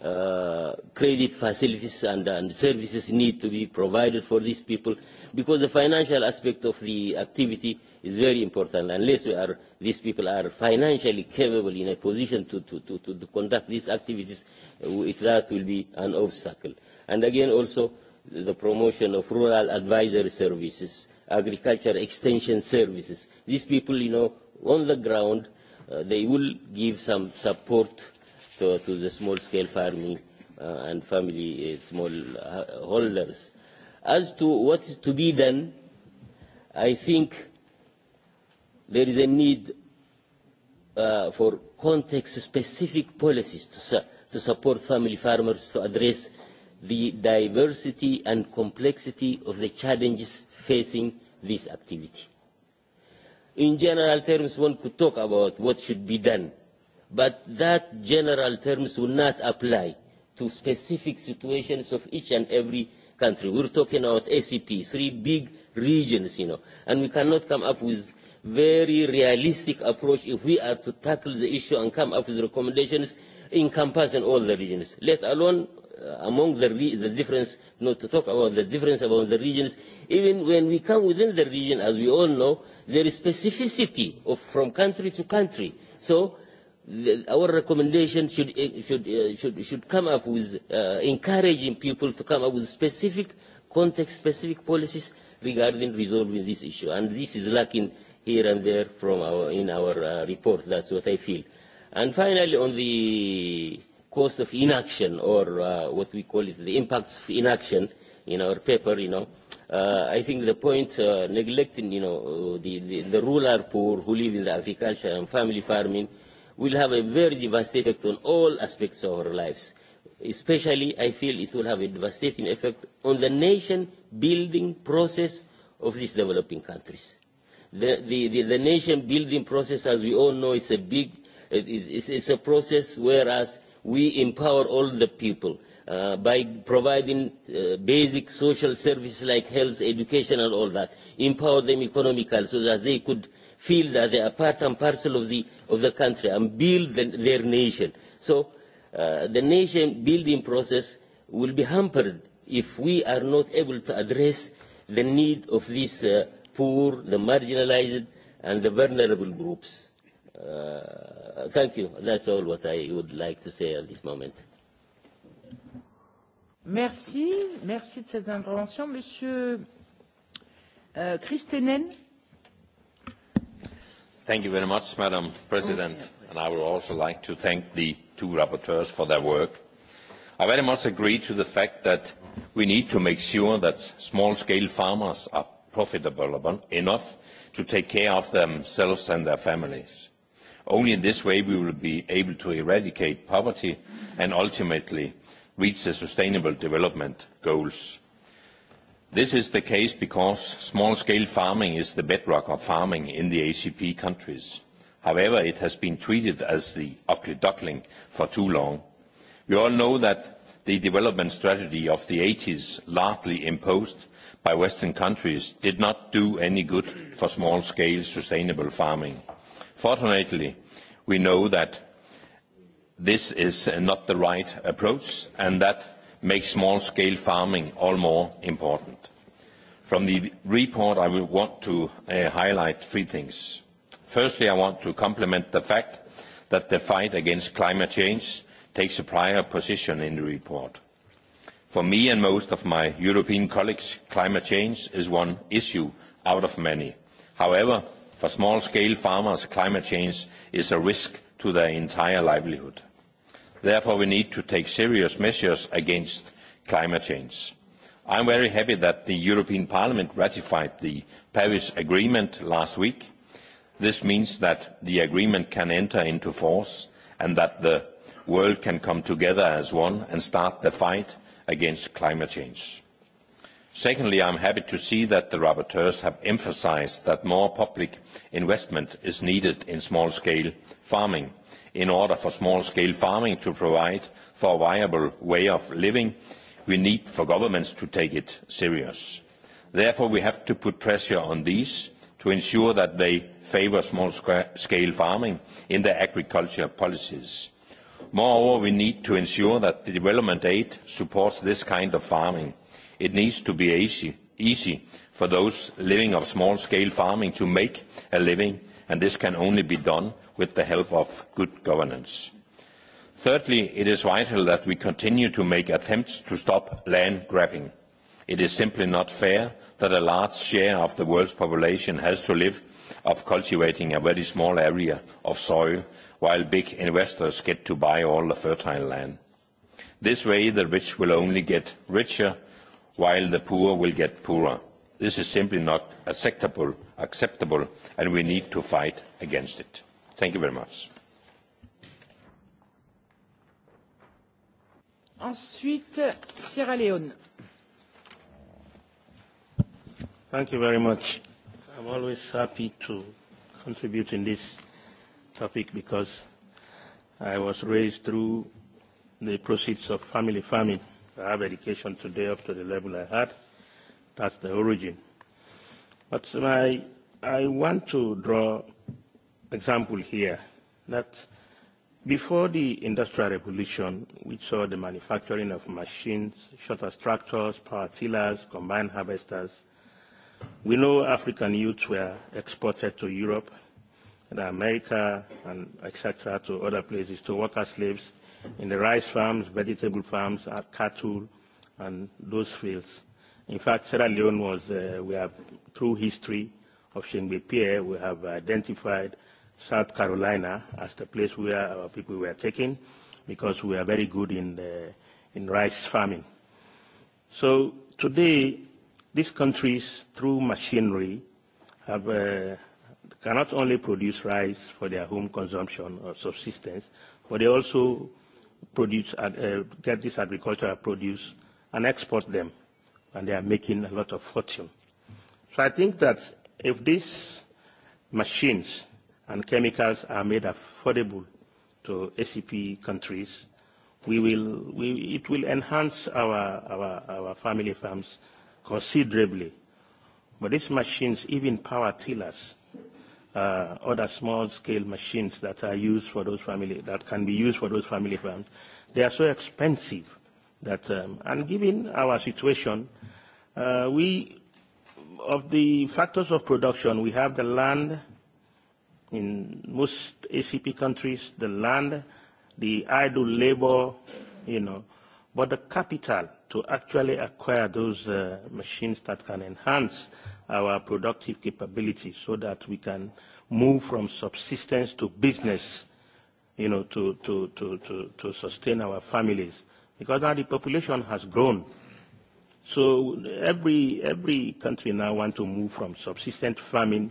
uh, credit facilities and, and services need to be provided for these people because the financial aspect of the activity is very important. Unless we are, these people are financially capable in a position to, to, to, to conduct these activities, uh, that will be an obstacle. And again, also, the promotion of rural advisory services, agriculture extension services. These people, you know, on the ground, uh, they will give some support to, to the small-scale farming uh, and family uh, small uh, holders. As to what is to be done, I think there is a need uh, for context-specific policies to, su to support family farmers to address the diversity and complexity of the challenges facing this activity. In general terms, one could talk about what should be done, but that general terms will not apply to specific situations of each and every country. We're talking about ACP, three big regions, you know, and we cannot come up with very realistic approach if we are to tackle the issue and come up with recommendations encompassing all the regions, let alone uh, among the, re the difference, not to talk about the difference among the regions. Even when we come within the region, as we all know, there is specificity of, from country to country. So the, our recommendation should, eh, should, uh, should, should come up with uh, encouraging people to come up with specific context-specific policies regarding resolving this issue. And this is lacking here and there from our, in our uh, report. That's what I feel. And finally, on the cost of inaction, or uh, what we call it, the impacts of inaction, in our paper, you know, uh, I think the point uh, neglecting, you know, the, the, the rural poor who live in the agriculture and family farming will have a very devastating effect on all aspects of our lives. Especially, I feel it will have a devastating effect on the nation-building process of these developing countries The, the, the, the nation building process, as we all know, it's a big, it, it's, it's a process whereas we empower all the people uh, by providing uh, basic social services like health, education and all that, empower them economically so that they could feel that they are part and parcel of the, of the country and build the, their nation. So uh, the nation building process will be hampered if we are not able to address the need of these uh, poor, the marginalized, and the vulnerable groups. Uh, thank you. That's all what I would like to say at this moment. Merci. Merci de cette intervention. Monsieur uh, Christenen. Thank you very much, Madam President. Oh, yeah, and I would also like to thank the two rapporteurs for their work. I very much agree to the fact that we need to make sure that small-scale farmers are profitable enough to take care of themselves and their families. Only in this way we will be able to eradicate poverty and ultimately reach the Sustainable Development Goals. This is the case because small-scale farming is the bedrock of farming in the ACP countries. However, it has been treated as the ugly duckling for too long. We all know that the development strategy of the 80s largely imposed by Western countries did not do any good for small-scale sustainable farming. Fortunately, we know that this is uh, not the right approach, and that makes small-scale farming all more important. From the report, I will want to uh, highlight three things. Firstly, I want to compliment the fact that the fight against climate change takes a prior position in the report. For me and most of my European colleagues, climate change is one issue out of many. However, for small-scale farmers, climate change is a risk to their entire livelihood. Therefore, we need to take serious measures against climate change. I am very happy that the European Parliament ratified the Paris Agreement last week. This means that the agreement can enter into force and that the world can come together as one and start the fight against climate change. Secondly, I am happy to see that the rapporteurs have emphasised that more public investment is needed in small-scale farming in order for small-scale farming to provide for a viable way of living, we need for governments to take it serious. Therefore, we have to put pressure on these to ensure that they favour small-scale farming in their agriculture policies Moreover, we need to ensure that the development aid supports this kind of farming. It needs to be easy, easy for those living of small-scale farming to make a living, and this can only be done with the help of good governance. Thirdly, it is vital that we continue to make attempts to stop land grabbing. It is simply not fair that a large share of the world's population has to live off cultivating a very small area of soil while big investors get to buy all the fertile land. This way, the rich will only get richer, while the poor will get poorer. This is simply not acceptable, acceptable and we need to fight against it. Thank you very much. Ensuite, Sierra Leone. Thank you very much. I'm always happy to contribute in this topic because I was raised through the proceeds of family farming. I have education today up to the level I had. That's the origin. But my, I want to draw example here that before the Industrial Revolution, we saw the manufacturing of machines, shorter tractors, power tillers, combined harvesters. We know African youths were exported to Europe in America and etc. to other places to work as slaves in the rice farms, vegetable farms, uh, cattle, and those fields. In fact, Sierra Leone was, uh, we have, through history of Shingbe Pierre, we have identified South Carolina as the place where our people were taken because we are very good in, the, in rice farming. So today, these countries, through machinery, have uh, cannot only produce rice for their home consumption or subsistence, but they also produce, uh, get this agricultural produce and export them, and they are making a lot of fortune. So I think that if these machines and chemicals are made affordable to ACP countries, we will, we, it will enhance our, our, our family farms considerably. But these machines, even power tillers, uh, other small-scale machines that are used for those family that can be used for those family farms, they are so expensive that um, and given our situation, uh, we of the factors of production we have the land in most ACP countries, the land, the idle labor, you know, but the capital to actually acquire those uh, machines that can enhance our productive capabilities, so that we can move from subsistence to business, you know, to, to, to, to, to sustain our families. Because now the population has grown. So every, every country now wants to move from subsistence farming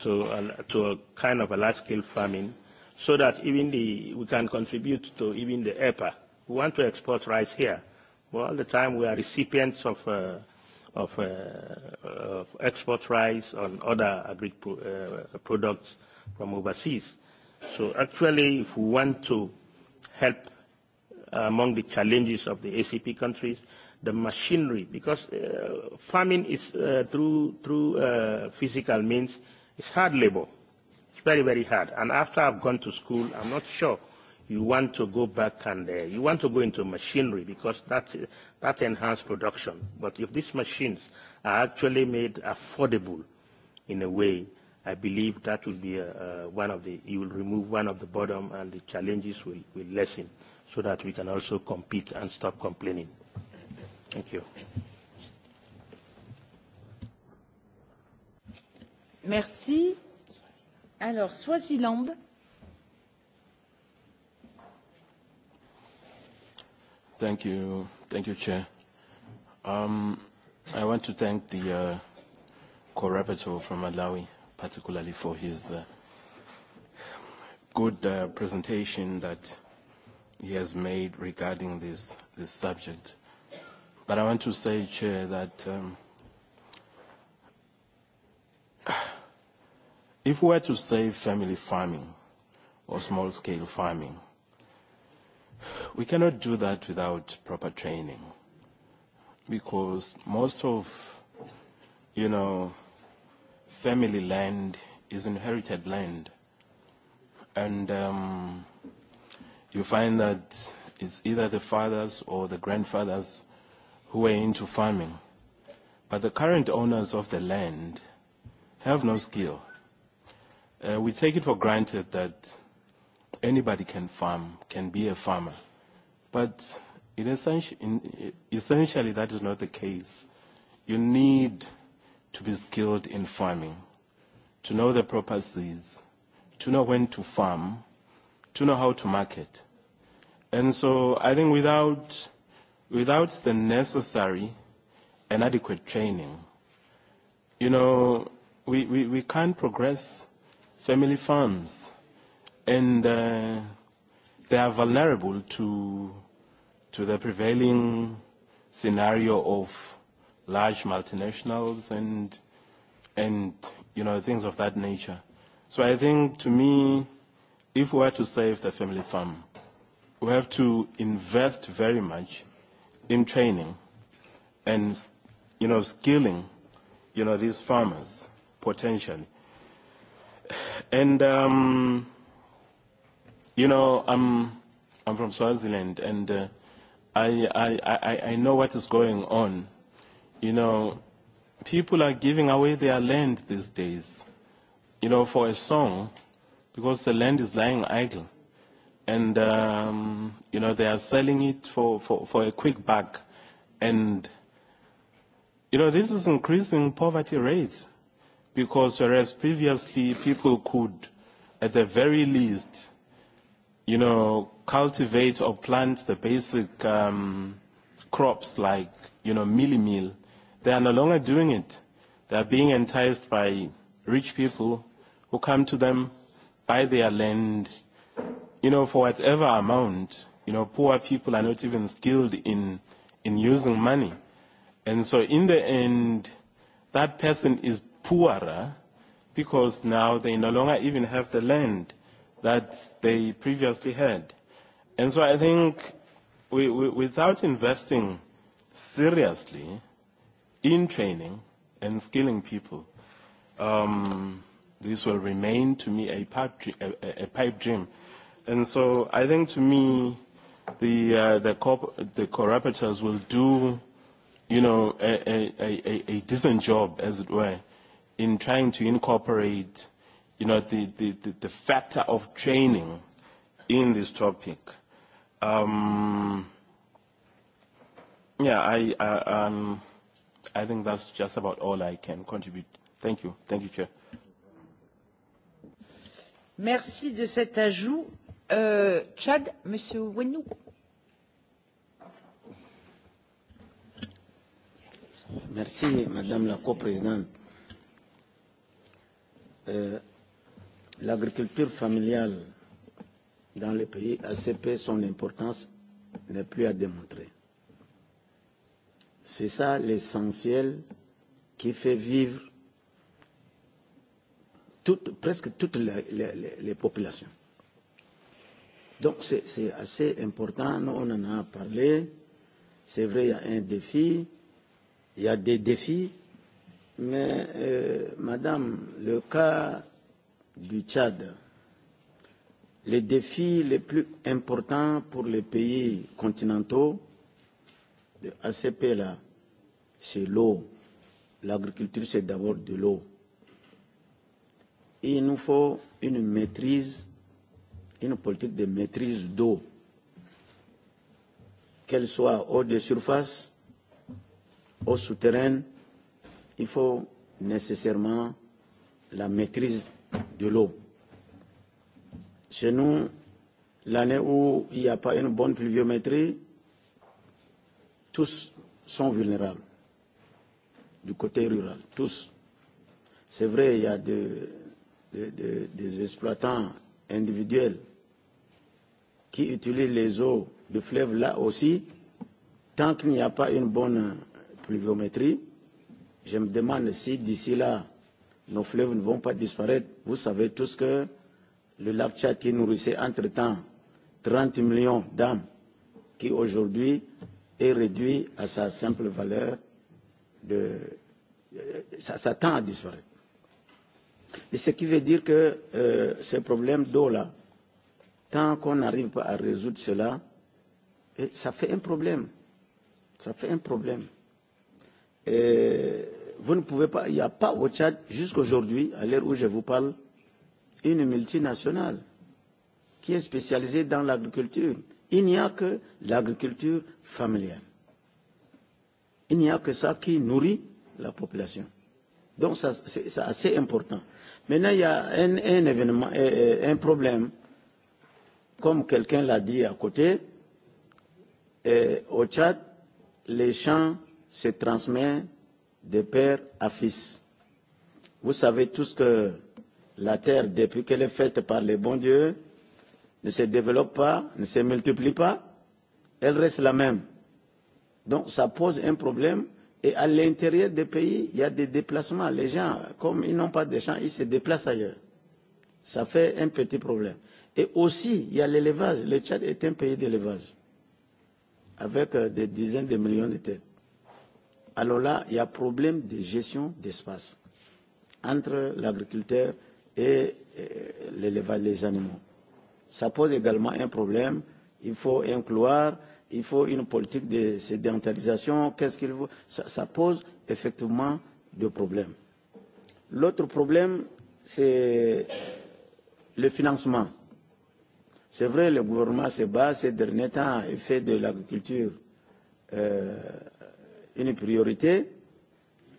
to a, to a kind of a large-scale farming so that even the, we can contribute to even the EPA. We want to export rice here. Well, all the time we are recipients of uh, of, uh, uh, export rice and other agri uh, products from overseas. So actually, if we want to help among the challenges of the ACP countries, the machinery, because uh, farming is uh, through, through uh, physical means, it's hard labor. It's very, very hard. And after I've gone to school, I'm not sure you want to go back and uh, you want to go into machinery because that, that enhances production. But if these machines are actually made affordable in a way, I believe that will be uh, uh one of the, you will remove one of the bottom and the challenges will, will lessen so that we can also compete and stop complaining. Thank you. Merci. Alors, Swaziland. Thank you. Thank you, Chair. Um, I want to thank the uh, co-rapporteur from Malawi, particularly for his uh, good uh, presentation that he has made regarding this, this subject. But I want to say, Chair, that um, if we were to say family farming or small-scale farming, We cannot do that without proper training because most of, you know, family land is inherited land. And um, you find that it's either the fathers or the grandfathers who were into farming. But the current owners of the land have no skill. Uh, we take it for granted that anybody can farm, can be a farmer. But in essentially, in, essentially, that is not the case. You need to be skilled in farming, to know the proper seeds, to know when to farm, to know how to market. And so I think without, without the necessary and adequate training, you know, we, we, we can't progress family farms and uh, they are vulnerable to, to the prevailing scenario of large multinationals and, and you know, things of that nature. So I think to me, if we are to save the family farm, we have to invest very much in training and you know skilling you know these farmers potentially and um, You know, I'm, I'm from Swaziland, and uh, I, I, I, I know what is going on. You know, people are giving away their land these days, you know, for a song, because the land is lying idle. And, um, you know, they are selling it for, for, for a quick buck. And, you know, this is increasing poverty rates, because whereas previously people could, at the very least, you know, cultivate or plant the basic um, crops like, you know, mealy meal, they are no longer doing it. They are being enticed by rich people who come to them, buy their land, you know, for whatever amount. You know, poor people are not even skilled in, in using money. And so in the end, that person is poorer because now they no longer even have the land that they previously had. And so I think we, we, without investing seriously in training and skilling people, um, this will remain to me a pipe, a, a pipe dream. And so I think to me, the, uh, the, corp- the co-rapporteurs will do, you know, a, a, a, a decent job, as it were, in trying to incorporate you know, the, the, the, the factor of training in this topic. Um, yeah, I, I, um, I think that's just about all I can contribute. Thank you. Thank you, Chair. Merci de cet ajout. Euh, Chad, Monsieur Wenou. Merci, Madame la Co-Présidente. Euh, L'agriculture familiale dans le pays ACP, son importance n'est plus à démontrer. C'est ça l'essentiel qui fait vivre toute, presque toutes les, les, les populations. Donc c'est assez important, nous on en a parlé, c'est vrai il y a un défi, il y a des défis, mais euh, madame, le cas du Tchad. Les défis les plus importants pour les pays continentaux de ACP-là, c'est l'eau. L'agriculture, c'est d'abord de l'eau. Il nous faut une maîtrise, une politique de maîtrise d'eau, qu'elle soit hors de surface, au souterrain, il faut nécessairement la maîtrise de l'eau. Chez nous, l'année où il n'y a pas une bonne pluviométrie, tous sont vulnérables du côté rural, tous. C'est vrai, il y a de, de, de, des exploitants individuels qui utilisent les eaux du fleuve là aussi. Tant qu'il n'y a pas une bonne pluviométrie, je me demande si d'ici là, nos fleuves ne vont pas disparaître. Vous savez tous que le lac Tchad qui nourrissait entre-temps 30 millions d'âmes, qui aujourd'hui est réduit à sa simple valeur, de, ça euh, ça tend à disparaître. Et ce qui veut dire que euh, ce problème d'eau-là, tant qu'on n'arrive pas à résoudre cela, et ça fait un problème. Ça fait un problème. Et Vous ne pouvez pas, il n'y a pas au Tchad jusqu'aujourd'hui, à l'heure où je vous parle, une multinationale qui est spécialisée dans l'agriculture. Il n'y a que l'agriculture familiale. Il n'y a que ça qui nourrit la population. Donc ça, c'est assez important. Maintenant, il y a un, un événement, un problème, comme quelqu'un l'a dit à côté, et au Tchad, les champs se transmettent de père à fils. Vous savez tous que la terre, depuis qu'elle est faite par les bons dieux, ne se développe pas, ne se multiplie pas, elle reste la même. Donc ça pose un problème. Et à l'intérieur des pays, il y a des déplacements. Les gens, comme ils n'ont pas de champs, ils se déplacent ailleurs. Ça fait un petit problème. Et aussi, il y a l'élevage. Le Tchad est un pays d'élevage, avec euh, des dizaines de millions de têtes alors là, il y a problème de gestion d'espace entre l'agriculteur et l'élevage des animaux. Ça pose également un problème. Il faut un cloire, il faut une politique de sédentarisation. Qu'est-ce qu'il faut ça, ça pose effectivement des problèmes. L'autre problème, c'est le financement. C'est vrai, le gouvernement se bat ces derniers temps et fait de l'agriculture euh, une priorité.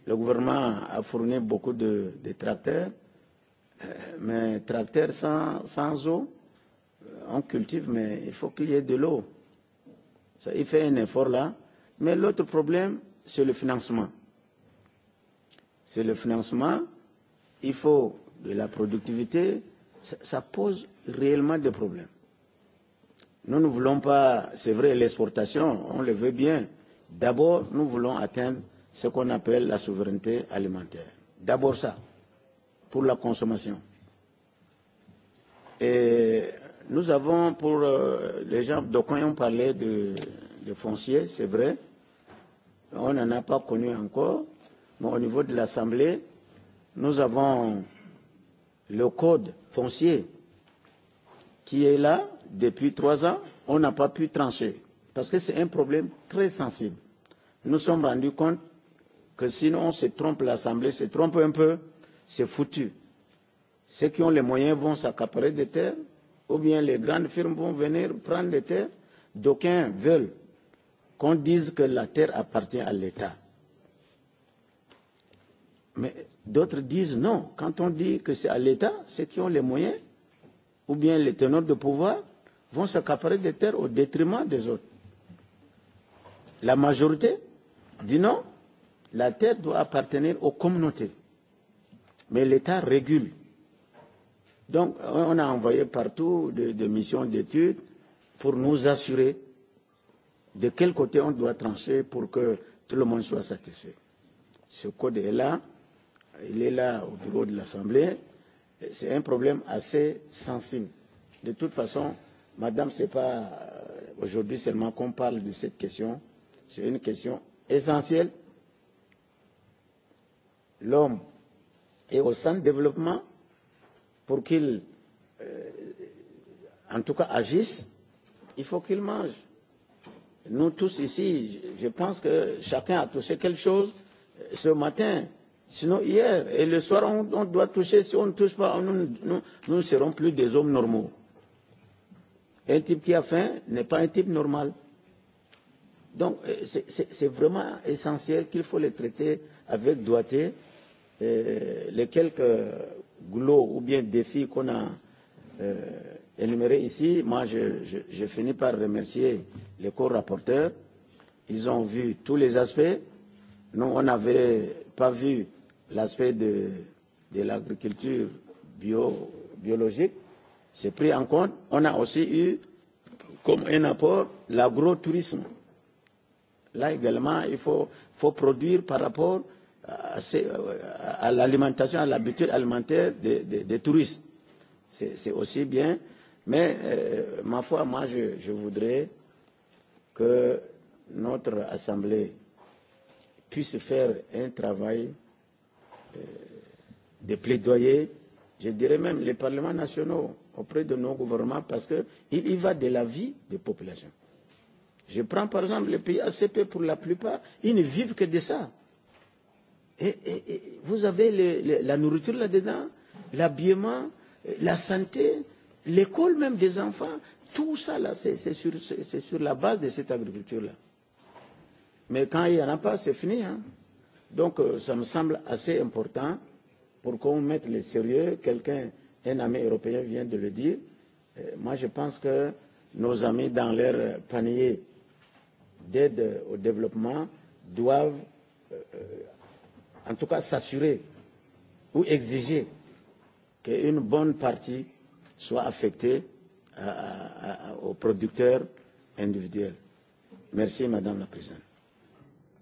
Le gouvernement a fourni beaucoup de, de tracteurs, euh, mais tracteurs sans, sans eau, euh, on cultive, mais il faut qu'il y ait de l'eau. Ça, il fait un effort là. Mais l'autre problème, c'est le financement. C'est le financement. Il faut de la productivité. Ça, ça pose réellement des problèmes. Nous ne voulons pas, c'est vrai, l'exportation, on le veut bien, D'abord, nous voulons atteindre ce qu'on appelle la souveraineté alimentaire. D'abord ça, pour la consommation. Et nous avons, pour euh, les gens, donc quand on parlait de, de foncier, c'est vrai, on n'en a pas connu encore, mais au niveau de l'Assemblée, nous avons le code foncier qui est là depuis trois ans, on n'a pas pu trancher. Parce que c'est un problème très sensible. Nous sommes rendus compte que sinon on se trompe, l'Assemblée se trompe un peu, c'est foutu. Ceux qui ont les moyens vont s'accaparer des terres, ou bien les grandes firmes vont venir prendre des terres. D'aucuns veulent qu'on dise que la terre appartient à l'État. Mais d'autres disent non. Quand on dit que c'est à l'État, ceux qui ont les moyens, ou bien les teneurs de pouvoir, vont s'accaparer des terres au détriment des autres. La majorité dit non, la terre doit appartenir aux communautés. Mais l'État régule. Donc, on a envoyé partout des, des missions d'études pour nous assurer de quel côté on doit trancher pour que tout le monde soit satisfait. Ce code est là, il est là au bureau de l'Assemblée. C'est un problème assez sensible. De toute façon, Madame, ce n'est pas euh, aujourd'hui seulement qu'on parle de cette question c'est une question essentielle. L'homme est au centre de développement pour qu'il, euh, en tout cas, agisse, il faut qu'il mange. Nous tous ici, je pense que chacun a touché quelque chose euh, ce matin, sinon hier. Et le soir, on, on doit toucher. Si on ne touche pas, nous, nous, nous ne serons plus des hommes normaux. Un type qui a faim n'est pas un type normal. Donc, euh, c'est vraiment essentiel qu'il faut les traiter avec doigté. Et euh, les quelques glos ou bien défis qu'on a euh, énumérés ici, moi, je, je, je finis par remercier les co-rapporteurs. Ils ont vu tous les aspects. Nous, on n'avait pas vu l'aspect de, de l'agriculture bio, biologique. C'est pris en compte. On a aussi eu comme un apport l'agrotourisme Là également, il faut, faut produire par rapport à, à l'alimentation, à l'habitude alimentaire des, des, des touristes. C'est aussi bien. Mais, euh, ma foi, moi, je, je voudrais que notre Assemblée puisse faire un travail euh, de plaidoyer, je dirais même les parlements nationaux auprès de nos gouvernements, parce qu'il y va de la vie des populations. Je prends par exemple les pays ACP pour la plupart, ils ne vivent que de ça. Et, et, et vous avez le, le, la nourriture là-dedans, l'habillement, la santé, l'école même des enfants, tout ça là, c'est sur, sur la base de cette agriculture-là. Mais quand il n'y en a pas, c'est fini. Hein. Donc euh, ça me semble assez important pour qu'on mette le sérieux. Quelqu'un, un ami européen vient de le dire. Et euh, moi, je pense que nos amis dans leur panier d'aide au développement doivent, euh, en tout cas, s'assurer ou exiger qu'une bonne partie soit affectée à, à, à, aux producteurs individuels. Merci, Madame la Présidente.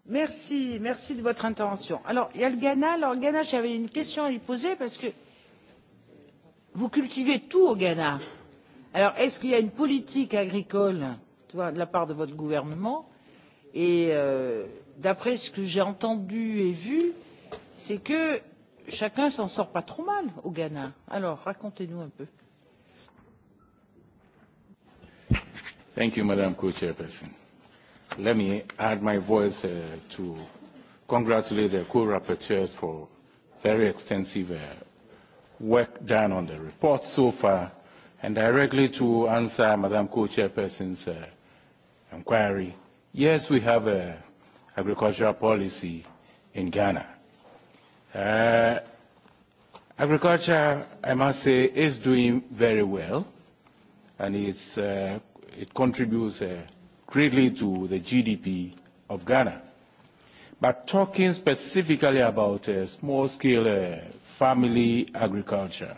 Merci, merci de votre intervention. Alors, il y a le Ghana. Alors, le Ghana, j'avais une question à lui poser parce que vous cultivez tout au Ghana. Alors, est-ce qu'il y a une politique agricole tu vois, de la part de votre gouvernement et euh, d'après ce que j'ai entendu et vu c'est que chacun s'en sort pas trop mal au ghana alors racontez nous un peu. thank you madam co chairperson. let me add my voice uh, to congratulate the co rapporteurs for very extensive uh, work done on the report so far and directly to answer madam co chairperson's uh, inquiry Yes, we have an agricultural policy in Ghana. Uh, agriculture, I must say, is doing very well, and it's, uh, it contributes uh, greatly to the GDP of Ghana. But talking specifically about uh, small-scale uh, family agriculture,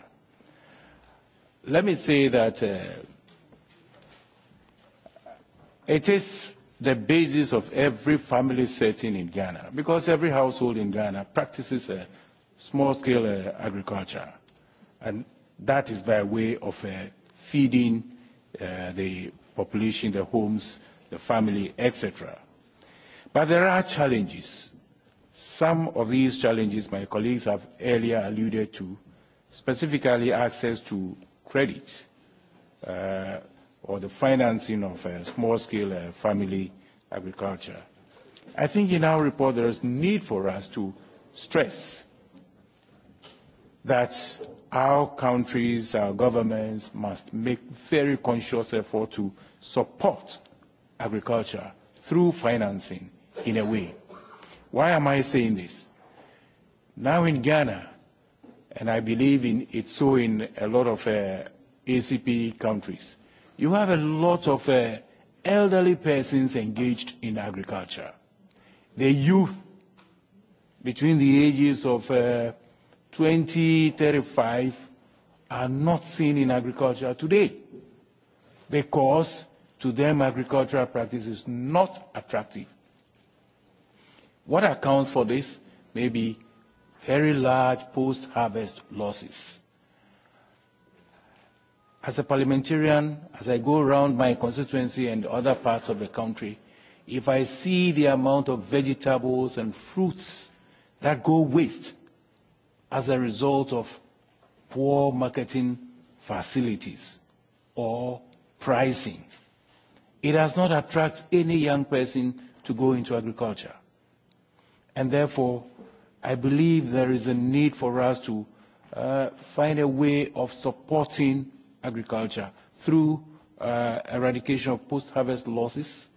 let me say that uh, it is the basis of every family setting in Ghana, because every household in Ghana practices a small-scale uh, agriculture, and that is by way of uh, feeding uh, the population, the homes, the family, etc. But there are challenges. Some of these challenges my colleagues have earlier alluded to, specifically access to credit. Uh, or the financing of uh, small-scale uh, family agriculture. I think in our report there is need for us to stress that our countries, our governments must make very conscious effort to support agriculture through financing in a way. Why am I saying this? Now in Ghana, and I believe in, it's so in a lot of uh, ACP countries, you have a lot of uh, elderly persons engaged in agriculture. The youth between the ages of uh, 20, 35 are not seen in agriculture today because to them agricultural practice is not attractive. What accounts for this may be very large post-harvest losses as a parliamentarian, as I go around my constituency and other parts of the country, if I see the amount of vegetables and fruits that go waste as a result of poor marketing facilities or pricing, it does not attract any young person to go into agriculture. And therefore, I believe there is a need for us to uh, find a way of supporting agriculture through uh, eradication of post-harvest losses,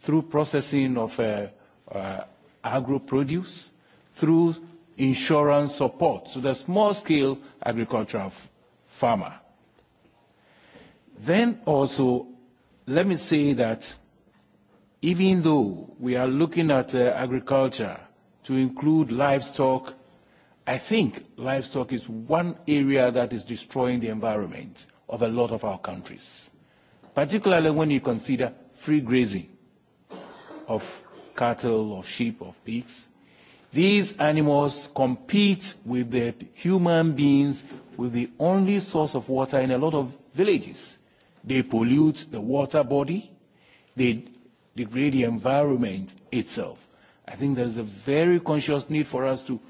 through processing of uh, uh, agro-produce, through insurance support to so the small-scale agricultural farmer. Then also, let me say that even though we are looking at uh, agriculture to include livestock, I think livestock is one area that is destroying the environment of a lot of our countries, particularly when you consider free grazing of cattle, of sheep, of pigs. These animals compete with the human beings with the only source of water in a lot of villages. They pollute the water body. They degrade the environment itself. I think there is a very conscious need for us to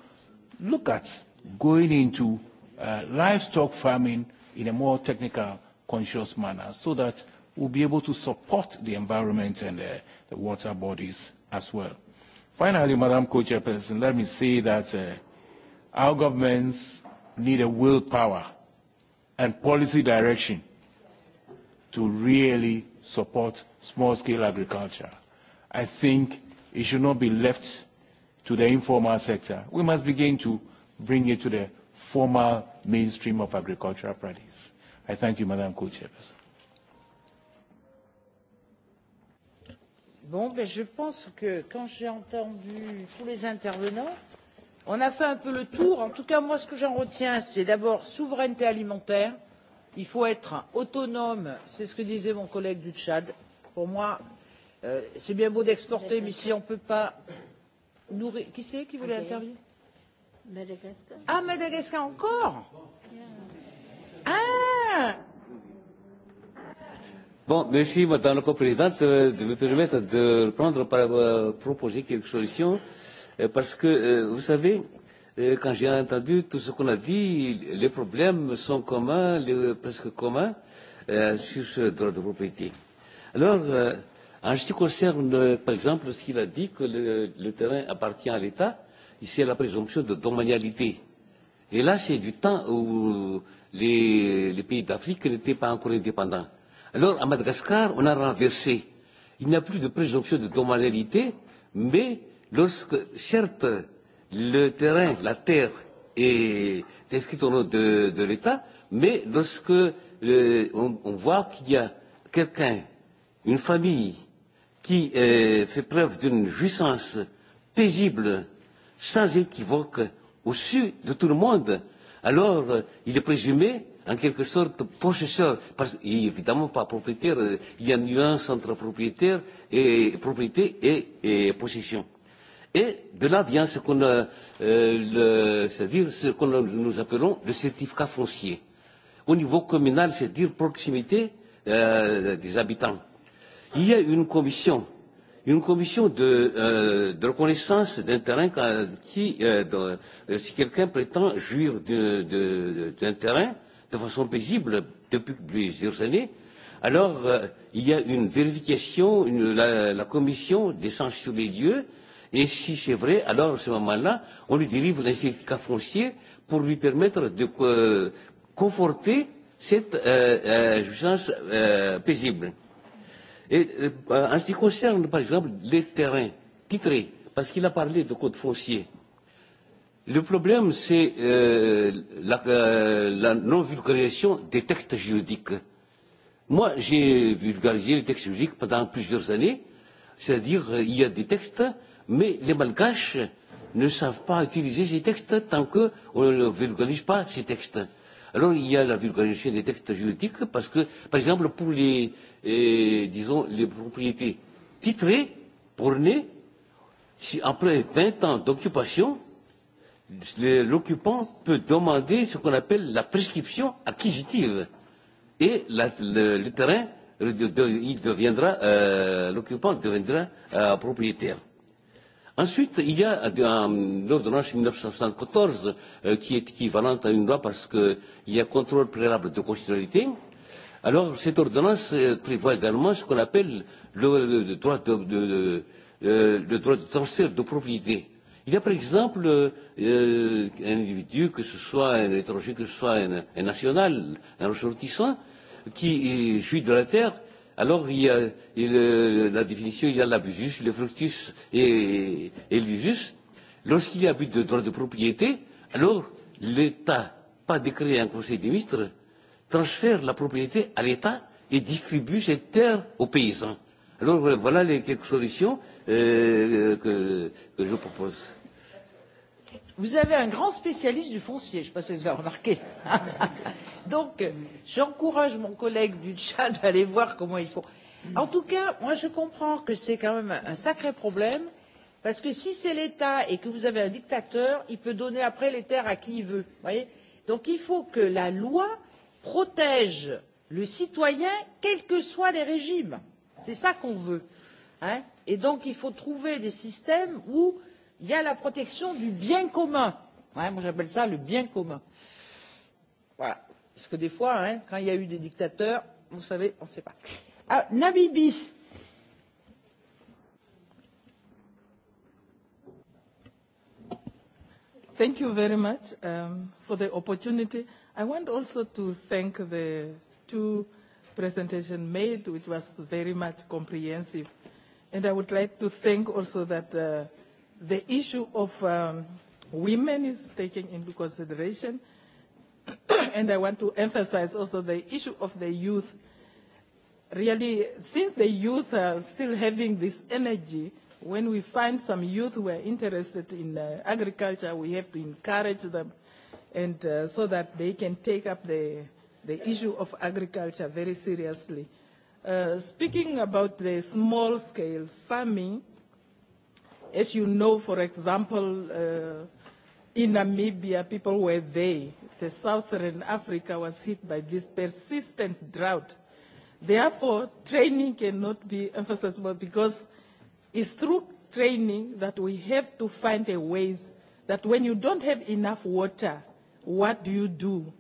look at going into uh, livestock farming in a more technical, conscious manner so that we'll be able to support the environment and the, uh, the water bodies as well. Finally, Madam Co-Chairperson, let me say that uh, our governments need a willpower and policy direction to really support small-scale agriculture. I think it should not be left to the informal sector. We must begin to bring it to the formal mainstream of agricultural practice. I thank you, Madam Co-Chairperson. Bon, ben, je pense que quand j'ai entendu tous les intervenants, on a fait un peu le tour. En tout cas, moi, ce que j'en retiens, c'est d'abord souveraineté alimentaire. Il faut être autonome, c'est ce que disait mon collègue du Tchad. Pour moi, euh, c'est bien beau d'exporter, mais si on ne peut pas nourrir. Qui c'est qui voulait intervenir Madagascar. Ah, Madagascar encore yeah. Ah Bon, merci Madame la Co-Présidente, euh, de me permettre de prendre par, euh, proposer quelques solutions euh, parce que, euh, vous savez, euh, quand j'ai entendu tout ce qu'on a dit, les problèmes sont communs, les, presque communs euh, sur ce droit de propriété. Alors, euh, en ce qui concerne, euh, par exemple, ce qu'il a dit, que le, le terrain appartient à l'État, euh, ici à la présomption de domanialité. Et là, c'est du temps où les, les pays d'Afrique n'étaient pas encore indépendants. Alors, à Madagascar, on a renversé. Il n'y a plus de présomption de domanialité, mais lorsque, certes, le terrain, la terre est inscrite au nom de, de l'État, mais lorsque le, on, on voit qu'il y a quelqu'un, une famille, qui euh, fait preuve d'une jouissance paisible sans équivoque au su de tout le monde. Alors, euh, il est présumé en quelque sorte possesseur, parce, et évidemment pas propriétaire, il y a une nuance entre propriétaire et propriété et, et possession. Et de là vient ce qu'on euh, le, dire ce qu'on nous appelons le certificat foncier. Au niveau communal, c'est-à-dire proximité euh, des habitants. Il y a une commission une commission de, euh, de reconnaissance d'un terrain qui, euh, de, euh, si quelqu'un prétend jouir d'un terrain de façon paisible depuis plusieurs années, alors euh, il y a une vérification, une, la, la commission descend sur les lieux, et si c'est vrai, alors à ce moment-là, on lui délivre un certificat foncier pour lui permettre de euh, conforter cette euh, euh, jouissance euh, paisible. Et euh, en ce qui concerne, par exemple, les terrains titrés, parce qu'il a parlé de code foncier, le problème, c'est euh, la, euh, la non-vulgarisation des textes juridiques. Moi, j'ai vulgarisé les textes juridiques pendant plusieurs années, c'est-à-dire euh, il y a des textes, mais les malgaches ne savent pas utiliser ces textes tant qu'on ne vulgarise pas ces textes. Alors il y a la vulgarisation des textes juridiques parce que, par exemple, pour les, et, disons, les propriétés titrées, bornées, si après 20 ans d'occupation, l'occupant peut demander ce qu'on appelle la prescription acquisitive. Et la, le, le terrain, il deviendra, euh, l'occupant deviendra euh, propriétaire. Ensuite, il y a une ordonnance 1974 euh, qui est équivalente à une loi parce qu'il y a contrôle préalable de constitutionnalité. Alors, cette ordonnance euh, prévoit également ce qu'on appelle le, le, le, droit de, de, de, euh, le droit de transfert de propriété. Il y a par exemple euh, un individu, que ce soit un étranger, que ce soit un, un national, un ressortissant, qui jouit de la terre, alors il y a il, euh, la définition, il y a l'abusus, le fructus et, et l'usus. Lorsqu'il y a abus de droit de propriété, alors l'État, pas décret un conseil des ministres, transfère la propriété à l'État et distribue cette terre aux paysans. Alors voilà les quelques solutions euh, euh, que, que je propose. Vous avez un grand spécialiste du foncier, je ne sais pas si vous avez remarqué. Donc, euh, j'encourage mon collègue du Tchad à aller voir comment il faut. En tout cas, moi je comprends que c'est quand même un sacré problème, parce que si c'est l'État et que vous avez un dictateur, il peut donner après les terres à qui il veut. Voyez Donc il faut que la loi euh, protège le citoyen quels que soient les régimes. C'est ça qu'on veut. Hein et donc il faut trouver des systèmes où il y a la protection du bien commun. Ouais, moi j'appelle ça le bien commun. Voilà. Parce que des fois, hein, quand il y a eu des dictateurs, vous savez, on ne sait pas. Ah, Namibie. Thank you very much um, for the opportunity. I want also to thank the two presentation made, which was very much comprehensive. And I would like to thank also that uh, the issue of um, women is taken into consideration. and I want to emphasize also the issue of the youth. Really, since the youth are still having this energy, when we find some youth who are interested in uh, agriculture, we have to encourage them and uh, so that they can take up the, the issue of agriculture very seriously. Uh, speaking about the small-scale farming, as you know, for example, uh, in Namibia, people were there. The southern Africa was hit by this persistent drought. Therefore, training cannot be emphasized because it's through training that we have to find a way that when you don't have enough water, what do you do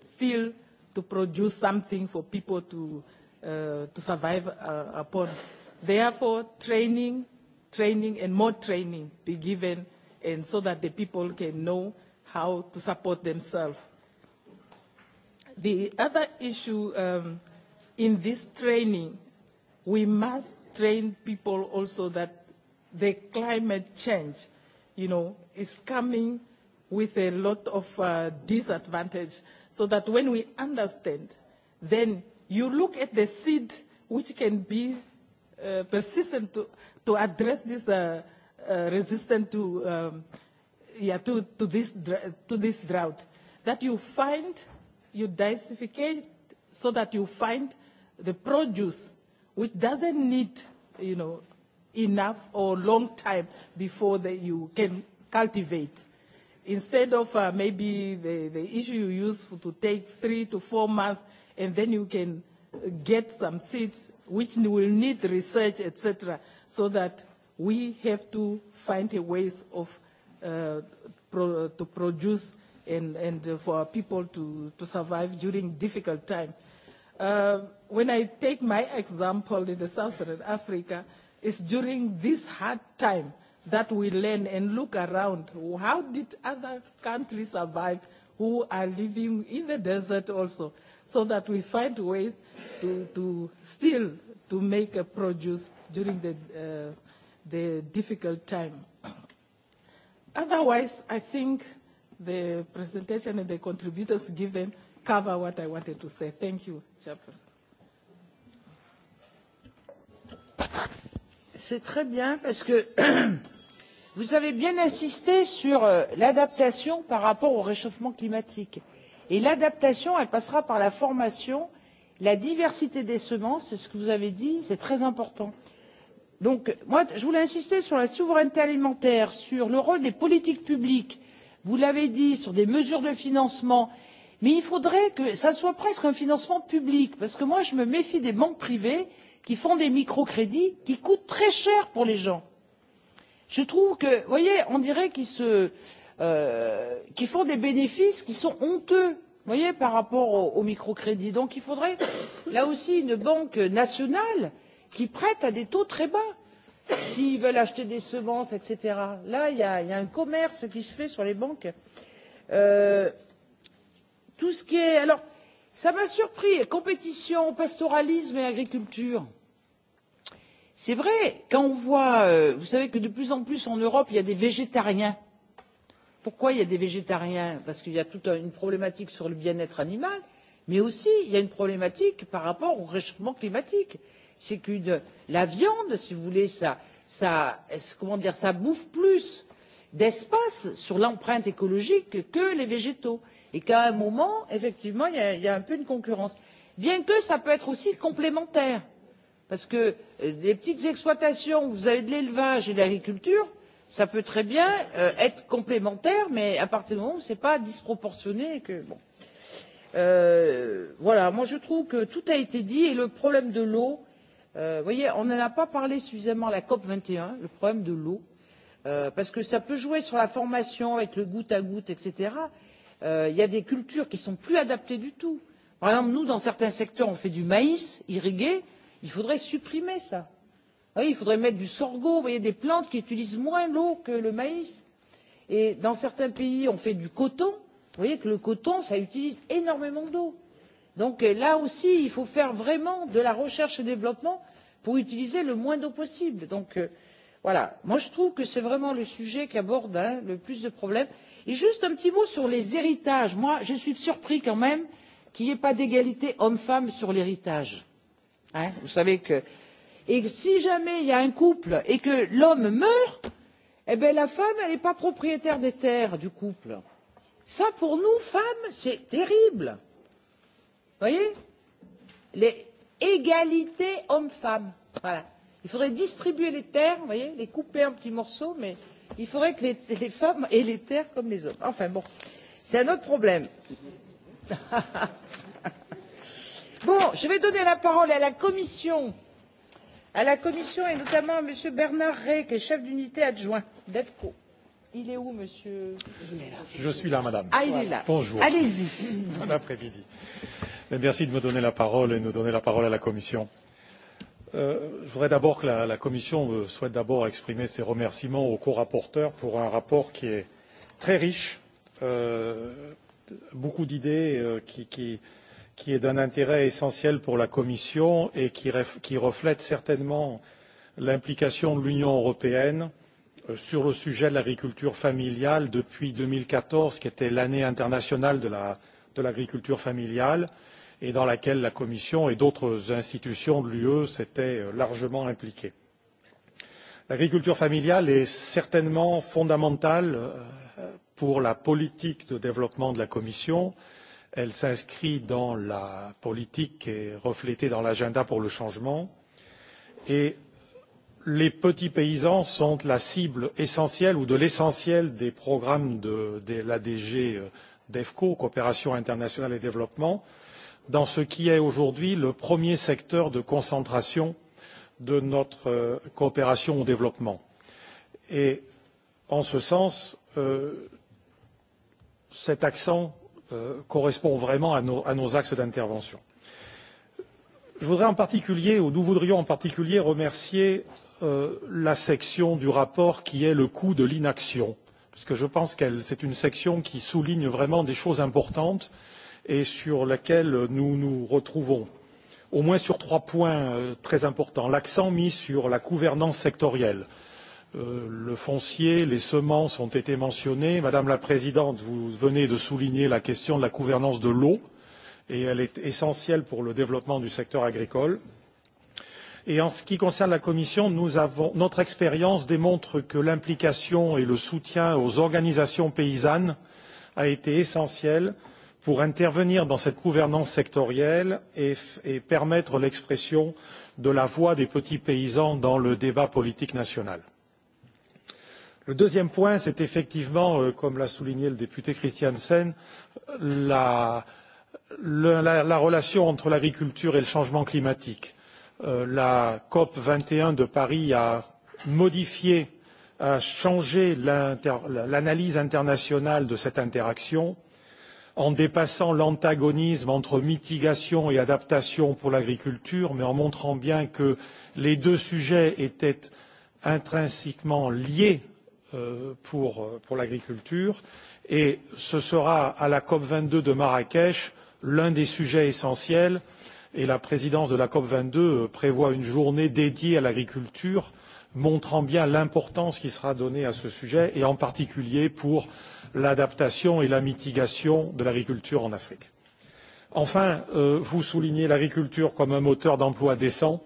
still to produce something for people to, uh, to survive uh, upon? Therefore, training, training and more training be given and so that the people can know how to support themselves. The other issue um, in this training, we must train people also that the climate change, you know, is coming with a lot of uh, disadvantage so that when we understand, then you look at the seed which can be uh, persistent to, to address this uh, uh, resistant to, um, yeah, to, to, this, to this drought. That you find, you diversificate so that you find the produce which doesn't need, you know, enough or long time before that you can cultivate instead of uh, maybe the, the issue you use to take three to four months and then you can get some seeds which will need research, etc., so that we have to find a ways of uh, pro, to produce and, and for our people to, to survive during difficult time. Uh, when I take my example in the Southern Africa, it's during this hard time that we learn and look around. How did other countries survive who are living in the desert also? So that we find ways to, to still to make a produce during the, uh, the difficult time. Otherwise, I think the presentation and the contributors given cover what I wanted to say. Thank you, Chairperson. c'est très bien parce que vous avez bien insisté sur euh, l'adaptation par rapport au réchauffement climatique et l'adaptation elle passera par la formation la diversité des semences c'est ce que vous avez dit c'est très important. donc moi je voulais insister sur la souveraineté alimentaire sur le rôle des politiques publiques vous l'avez dit sur des mesures de financement mais il faudrait que ça soit presque un financement public parce que moi je me méfie des banques privées qui font des microcrédits qui coûtent très cher pour les gens. je trouve que vous voyez on dirait qu'ils euh, qu font des bénéfices qui sont honteux vous voyez, par rapport aux au microcrédits. donc il faudrait là aussi une banque nationale qui prête à des taux très bas s'ils veulent acheter des semences etc. là il y, y a un commerce qui se fait sur les banques. Euh, tout ce qui est alors cela m'a surpris compétition pastoralisme et agriculture. c'est vrai quand on voit euh, vous savez que de plus en plus en europe il y a des végétariens. pourquoi il y a des végétariens? parce qu'il y a toute une problématique sur le bien être animal mais aussi il y a une problématique par rapport au réchauffement climatique c'est que la viande si vous voulez ça, ça, comment dire, ça bouffe plus d'espace sur l'empreinte écologique que les végétaux et qu'à un moment effectivement il y, a, il y a un peu une concurrence bien que ça peut être aussi complémentaire parce que les euh, petites exploitations où vous avez de l'élevage et de l'agriculture ça peut très bien euh, être complémentaire mais à partir du moment où ce n'est pas disproportionné et que bon euh, voilà moi je trouve que tout a été dit et le problème de l'eau euh, vous voyez on n'en a pas parlé suffisamment à la COP 21 le problème de l'eau euh, parce que ça peut jouer sur la formation avec le goutte à goutte etc Euh, il y a des cultures qui ne sont plus adaptées du tout. par exemple nous dans certains secteurs on fait du maïs irrigué il faudrait supprimer cela. il faudrait mettre du sorgho vous voyez des plantes qui utilisent moins l'eau que le maïs. et dans certains pays on fait du coton vous voyez que le coton ça utilise énormément d'eau. donc euh, là aussi il faut faire vraiment de la recherche et développement pour utiliser le moins d'eau possible. donc euh, voilà moi je trouve que c'est vraiment le sujet qui aborde hein, le plus de problèmes Et juste un petit mot sur les héritages. Moi, je suis surpris quand même qu'il n'y ait pas d'égalité homme-femme sur l'héritage. Hein Vous savez que. Et si jamais il y a un couple et que l'homme meurt, eh bien la femme, elle n'est pas propriétaire des terres du couple. Ça, pour nous, femmes, c'est terrible. Vous voyez les égalités hommes femmes Voilà. Il faudrait distribuer les terres, vous voyez, les couper en petits morceaux, mais il faudrait que les, femmes aient les terres comme les hommes. Enfin bon, c'est un autre problème. bon, je vais donner la parole à la Commission, à la Commission et notamment à M. Bernard Rey, qui est chef d'unité adjoint d'EFCO. Il est où, monsieur Je suis là, madame. Ah, il est là. Bonjour. Allez-y. Bon après-midi. Merci de me donner la parole et de donner la parole à la Commission. Euh, Euh, je voudrais d'abord que la, la Commission souhaite d'abord exprimer ses remerciements aux co-rapporteurs pour un rapport qui est très riche, euh, beaucoup d'idées euh, qui, qui, qui est d'un intérêt essentiel pour la Commission et qui, ref, qui reflète certainement l'implication de l'Union européenne euh, sur le sujet de l'agriculture familiale depuis 2014, qui était l'année internationale de l'agriculture la, de familiale. Euh, et dans laquelle la Commission et d'autres institutions de l'UE s'étaient euh, largement impliquées. L'agriculture familiale est certainement fondamentale euh, pour la politique de développement de la Commission. Elle s'inscrit dans la politique et reflétée dans l'agenda pour le changement. Et les petits paysans sont la cible essentielle ou de l'essentiel des programmes de, de la DG euh, DEFCO, Coopération internationale et développement, dans ce qui est aujourd'hui le premier secteur de concentration de notre euh, coopération au développement. Et en ce sens, euh, cet accent euh, correspond vraiment à nos, à nos axes d'intervention. Je voudrais en particulier, ou nous voudrions en particulier remercier euh, la section du rapport qui est le coût de l'inaction, parce que je pense que c'est une section qui souligne vraiment des choses importantes euh, et sur laquelle nous nous retrouvons au moins sur trois points euh, très importants. L'accent mis sur la gouvernance sectorielle. Euh, le foncier, les semences ont été mentionnés. Madame la Présidente, vous venez de souligner la question de la gouvernance de l'eau et elle est essentielle pour le développement du secteur agricole. Et en ce qui concerne la Commission, nous avons, notre expérience démontre que l'implication et le soutien aux organisations paysannes a été essentielle euh, pour intervenir dans cette gouvernance sectorielle et, et permettre l'expression de la voix des petits paysans dans le débat politique national. Le deuxième point, c'est effectivement, euh, comme l'a souligné le député Christiansen, la, le, la, la relation entre l'agriculture et le changement climatique. Euh, la COP 21 de Paris a modifié, a changé l'analyse inter, internationale de cette interaction euh, en dépassant l'antagonisme entre mitigation et adaptation pour l'agriculture, mais en montrant bien que les deux sujets étaient intrinsèquement liés euh, pour, euh, pour l'agriculture. Et ce sera à la COP22 de Marrakech l'un des sujets essentiels. Et la présidence de la COP22 euh, prévoit une journée dédiée à l'agriculture, montrant bien l'importance qui sera donnée à ce sujet, et en particulier pour l'adaptation et la mitigation de l'agriculture en Afrique. Enfin, euh, vous soulignez l'agriculture comme un moteur d'emploi décent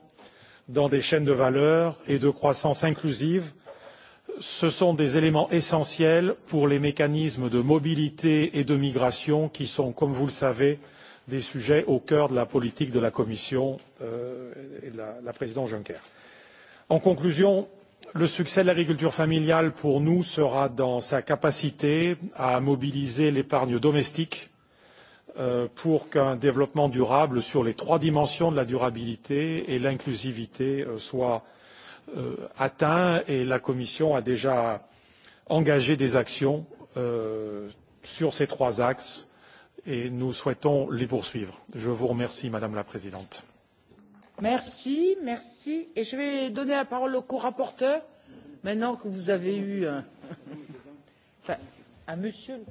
dans des chaînes de valeur et de croissance inclusive. Ce sont des éléments essentiels pour les mécanismes de mobilité et de migration qui sont, comme vous le savez, des sujets au cœur de la politique de la Commission euh, et de la, la présidence Juncker. En conclusion, le succès de l'agriculture familiale, pour nous, sera dans sa capacité à mobiliser l'épargne domestique euh, pour qu'un développement durable sur les trois dimensions de la durabilité et l'inclusivité euh, soit euh, atteint et la Commission a déjà engagé des actions sur ces trois axes et nous souhaitons les poursuivre. Je vous remercie, Madame la Présidente. Merci, merci. Et je vais donner la parole au co-rapporteur, maintenant que vous avez eu un... Euh, enfin, à monsieur.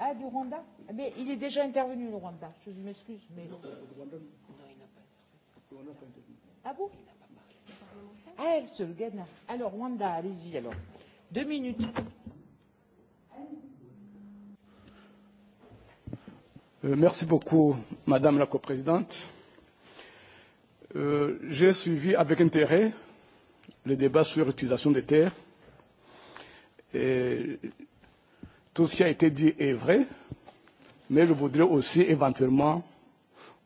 Ah, du Rwanda ah, Mais il est déjà intervenu, le Rwanda. Je m'excuse, mais... Non, il n'a pas intervenu. Ah bon Ah, ce Ghana. Alors, Rwanda, allez-y, alors. Deux minutes. Euh, merci beaucoup, Madame la coprésidente. Euh, J'ai suivi avec intérêt le débat sur l'utilisation des terres. Et tout ce qui a été dit est vrai, mais je voudrais aussi éventuellement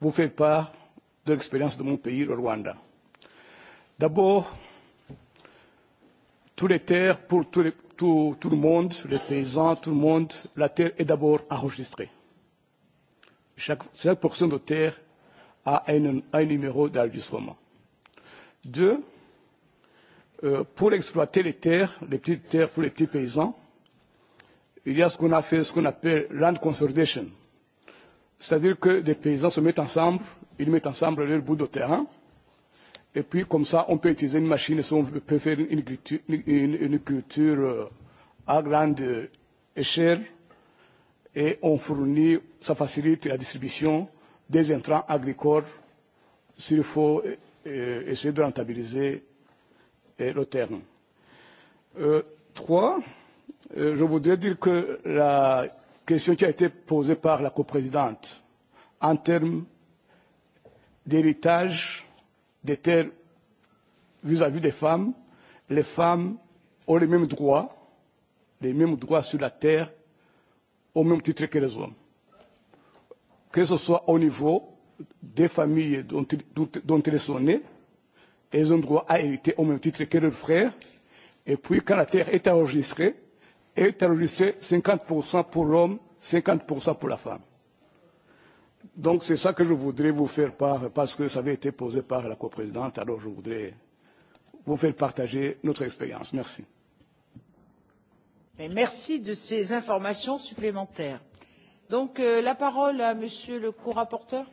vous faire part de l'expérience de mon pays, le Rwanda. D'abord, toutes les terres, pour tout, les, tout, tout le monde, les paysans, tout le monde, la terre est d'abord enregistrée. Chaque, chaque portion de terre a un, un numéro d'enregistrement. Deux, euh, pour exploiter les terres, les petites terres pour les petits paysans, il y a ce qu'on a fait, ce qu'on appelle land consolidation. C'est-à-dire que des paysans se mettent ensemble, ils mettent ensemble leur bout de terrain, et puis comme ça, on peut utiliser une machine, si on peut faire une, culture, une, une culture euh, à grande échelle, et on fournit, ça facilite la distribution des intrants agricoles s'il faut euh, essayer de rentabiliser euh, le terme. Euh, trois, euh, je voudrais dire que la question qui a été posée par la coprésidente en termes d'héritage des terres vis-à-vis -vis des femmes, les femmes ont les mêmes droits, les mêmes droits sur la terre au même titre que les hommes. Que ce soit au niveau des familles dont, dont, dont ils sont nés, ils ont droit à hériter au même titre que leurs frères. Et puis, quand la terre est enregistrée, elle est enregistrée 50% pour l'homme, 50% pour la femme. Donc, c'est ça que je voudrais vous faire part, parce que ça avait été posé par la coprésidente, alors je voudrais vous faire partager notre expérience. Merci. Mais merci de ces informations supplémentaires. Donc euh, la parole à Monsieur le co-rapporteur.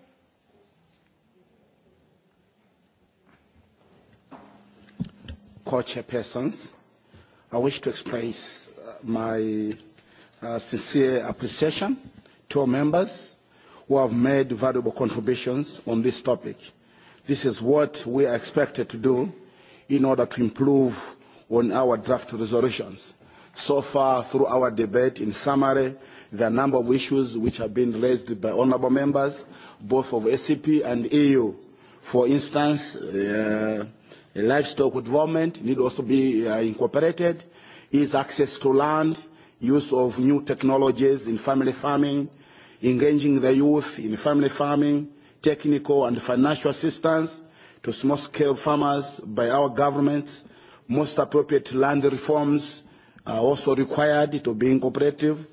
Co-chairpersons, I wish to express uh, my uh, sincere appreciation to our members who have made valuable contributions on this topic. This is what we are expected to do in order to improve on our draft resolutions so far through our debate in summary there are a number of issues which have been raised by honourable members, both of SCP and EU. For instance, uh, livestock development need also be uh, incorporated, is access to land, use of new technologies in family farming, engaging the youth in family farming, technical and financial assistance to small-scale farmers by our governments, most appropriate land reforms, are uh, also required to be incorporative.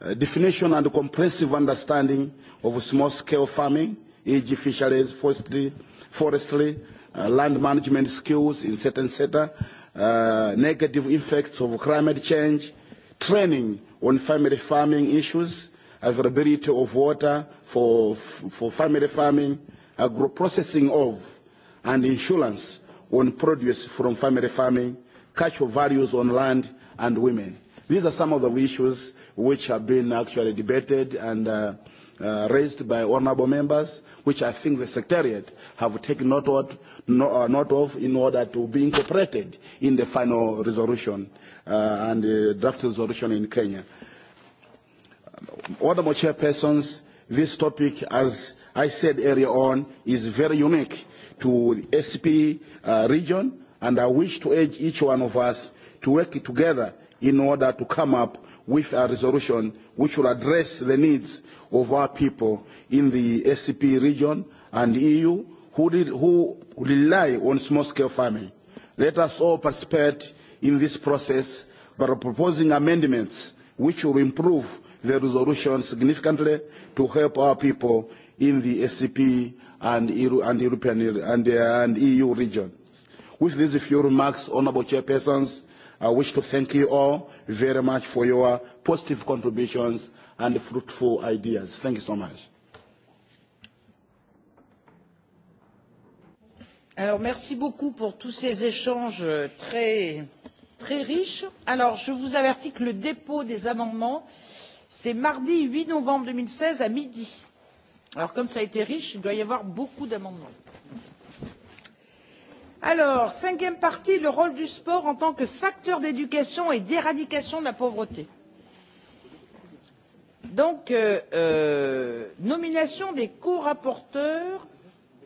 A uh, definition and comprehensive understanding of small-scale farming, e.g. fisheries, forestry, forestry uh, land management skills in certain sector, uh, negative effects of climate change, training on family farming issues, availability of water for, for family farming, agro-processing of and insurance on produce from family farming, cultural values on land, and women. These are some of the issues which have been actually debated and uh, uh, raised by honorable members, which I think the Secretariat have taken note of, no, uh, note of in order to be incorporated in the final resolution uh, and the draft resolution in Kenya. Um, honorable chairpersons, this topic, as I said earlier on, is very unique to the SP uh, region, and I wish to urge each one of us to work together in order to come up with a resolution which will address the needs of our people in the SCP region and EU who, did, who rely on small-scale farming. Let us all participate in this process by proposing amendments which will improve the resolution significantly to help our people in the SCP and, EU, and European and, uh, and EU region. With these few remarks, Honourable Chairpersons, I wish to thank you all very much for your positive contributions and fruitful ideas. Thank you so much. Alors, merci beaucoup pour tous ces échanges très, très riches. Alors, je vous avertis que le dépôt des amendements c'est mardi 8 novembre 2016 à midi. alors comme ça a été riche il doit y avoir beaucoup d'amendements. Alors, cinquième partie, le rôle du sport en tant que facteur d'éducation et d'éradication de la pauvreté. Donc, euh, euh, nomination des co-rapporteurs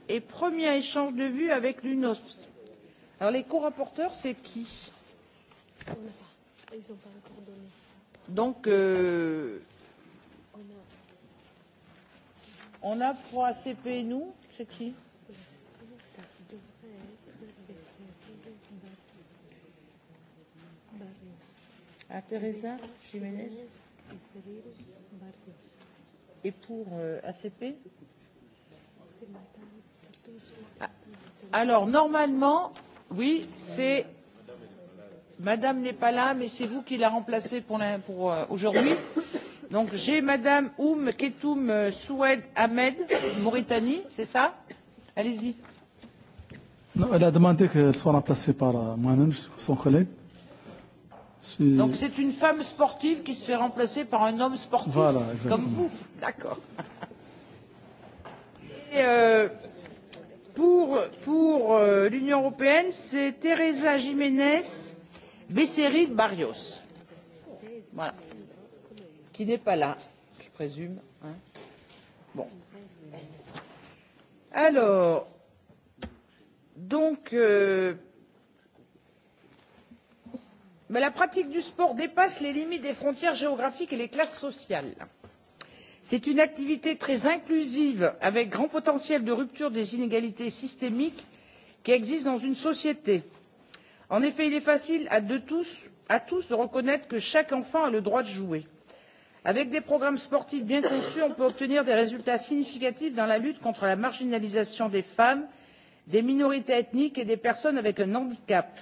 et premier échange de vues avec l'UNOS. Alors, les co-rapporteurs, c'est qui Donc, euh, on a pour ACP et nous, c'est qui à Teresa Jiménez et pour euh, ACP ah, Alors, normalement, oui, c'est. Madame n'est pas là, mais c'est vous qui la remplacée pour, la, pour euh, aujourd'hui. Donc, j'ai Madame Oum Ketoum euh, Soued Ahmed, Mauritanie, c'est ça Allez-y. Non, elle a demandé qu'elle soit remplacée par euh, moi-même, son collègue. Donc c'est une femme sportive qui se fait remplacer par un homme sportif, voilà, comme vous. D'accord. Et euh, pour pour euh, l'Union européenne, c'est Teresa Jiménez Becerril Barrios, voilà. qui n'est pas là, je présume. Hein. Bon. Alors, donc. Euh, mais la pratique du sport dépasse les limites des frontières géographiques et les classes sociales. c'est une activité très inclusive avec un grand potentiel de rupture des inégalités systémiques qui existent dans une société. en effet il est facile à tous de reconnaître que chaque enfant a le droit de jouer. avec des programmes sportifs bien conçus on peut obtenir des résultats significatifs dans la lutte contre la marginalisation des femmes des minorités ethniques et des personnes avec un handicap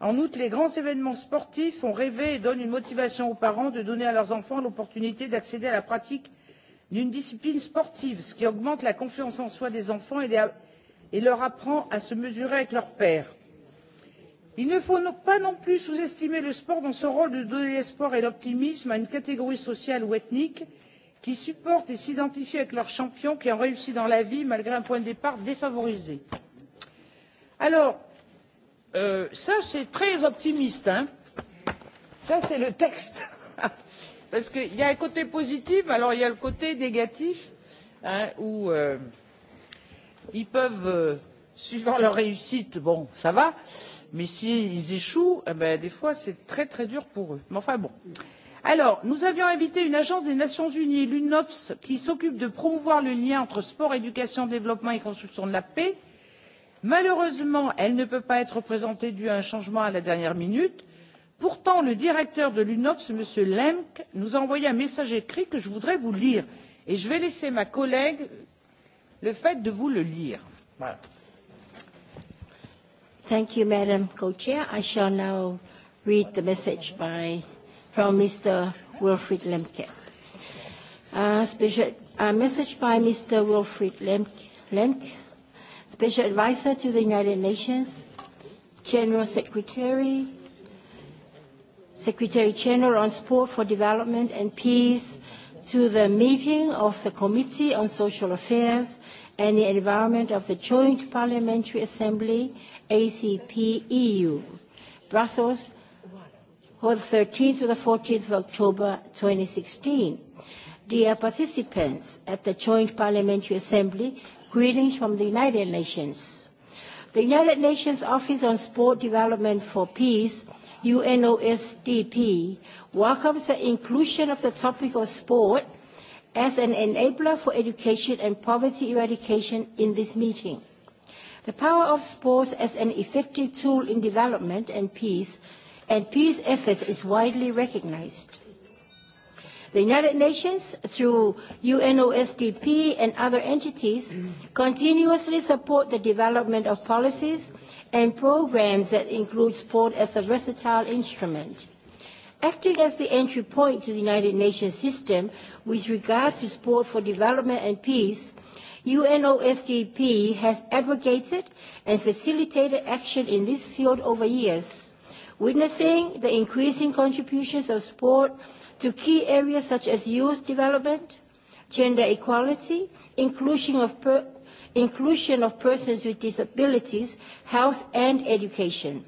en outre les grands événements sportifs font rêver et donnent une motivation aux parents de donner à leurs enfants l'opportunité d'accéder à la pratique d'une discipline sportive ce qui augmente la confiance en soi des enfants et, les, et leur apprend à se mesurer avec leurs pairs. il ne faut pas non plus sous estimer le sport dans son rôle de donner espoir et l'optimisme à une catégorie sociale ou ethnique qui supporte et s'identifie avec leurs champions qui ont réussi dans la vie malgré un point de départ défavorisé. alors Euh, ça, c'est très optimiste. Hein ça, c'est le texte. Parce qu'il y a un côté positif, alors il y a le côté négatif, hein, où euh, ils peuvent, euh, suivant leur réussite, bon, ça va, mais s'ils si échouent, eh ben, des fois, c'est très très dur pour eux. Mais enfin bon. Alors, nous avions invité une agence des Nations Unies, l'UNOPS, qui s'occupe de promouvoir le lien entre sport, éducation, développement et construction de la paix malheureusement elle ne peut pas être présentée dû à un changement à la dernière minute. pourtant le directeur de l'unops m. lemke nous a envoyé un message écrit que je voudrais vous lire et je vais laisser ma collègue le fait de vous le lire. Madam Co-Chair. I shall now read the message by, from Mr. Wilfried Lemke. Uh, special, a uh, message by Mr. Wilfried Lemke, Lemke Special Advisor to the United Nations, General Secretary, Secretary General on Sport for Development and Peace, to the meeting of the Committee on Social Affairs and the Environment of the Joint Parliamentary Assembly, ACP EU, Brussels, for the 13th to the 14th of October 2016. Dear participants at the Joint Parliamentary Assembly, Greetings from the United Nations. The United Nations Office on Sport Development for Peace, UNOSDP, welcomes the inclusion of the topic of sport as an enabler for education and poverty eradication in this meeting. The power of sports as an effective tool in development and peace and peace efforts is widely recognized. The United Nations, through UNOSDP and other entities, continuously support the development of policies and programs that include sport as a versatile instrument. Acting as the entry point to the United Nations system with regard to sport for development and peace, UNOSDP has advocated and facilitated action in this field over years, witnessing the increasing contributions of sport to key areas such as youth development, gender equality, inclusion of, per, inclusion of persons with disabilities, health and education.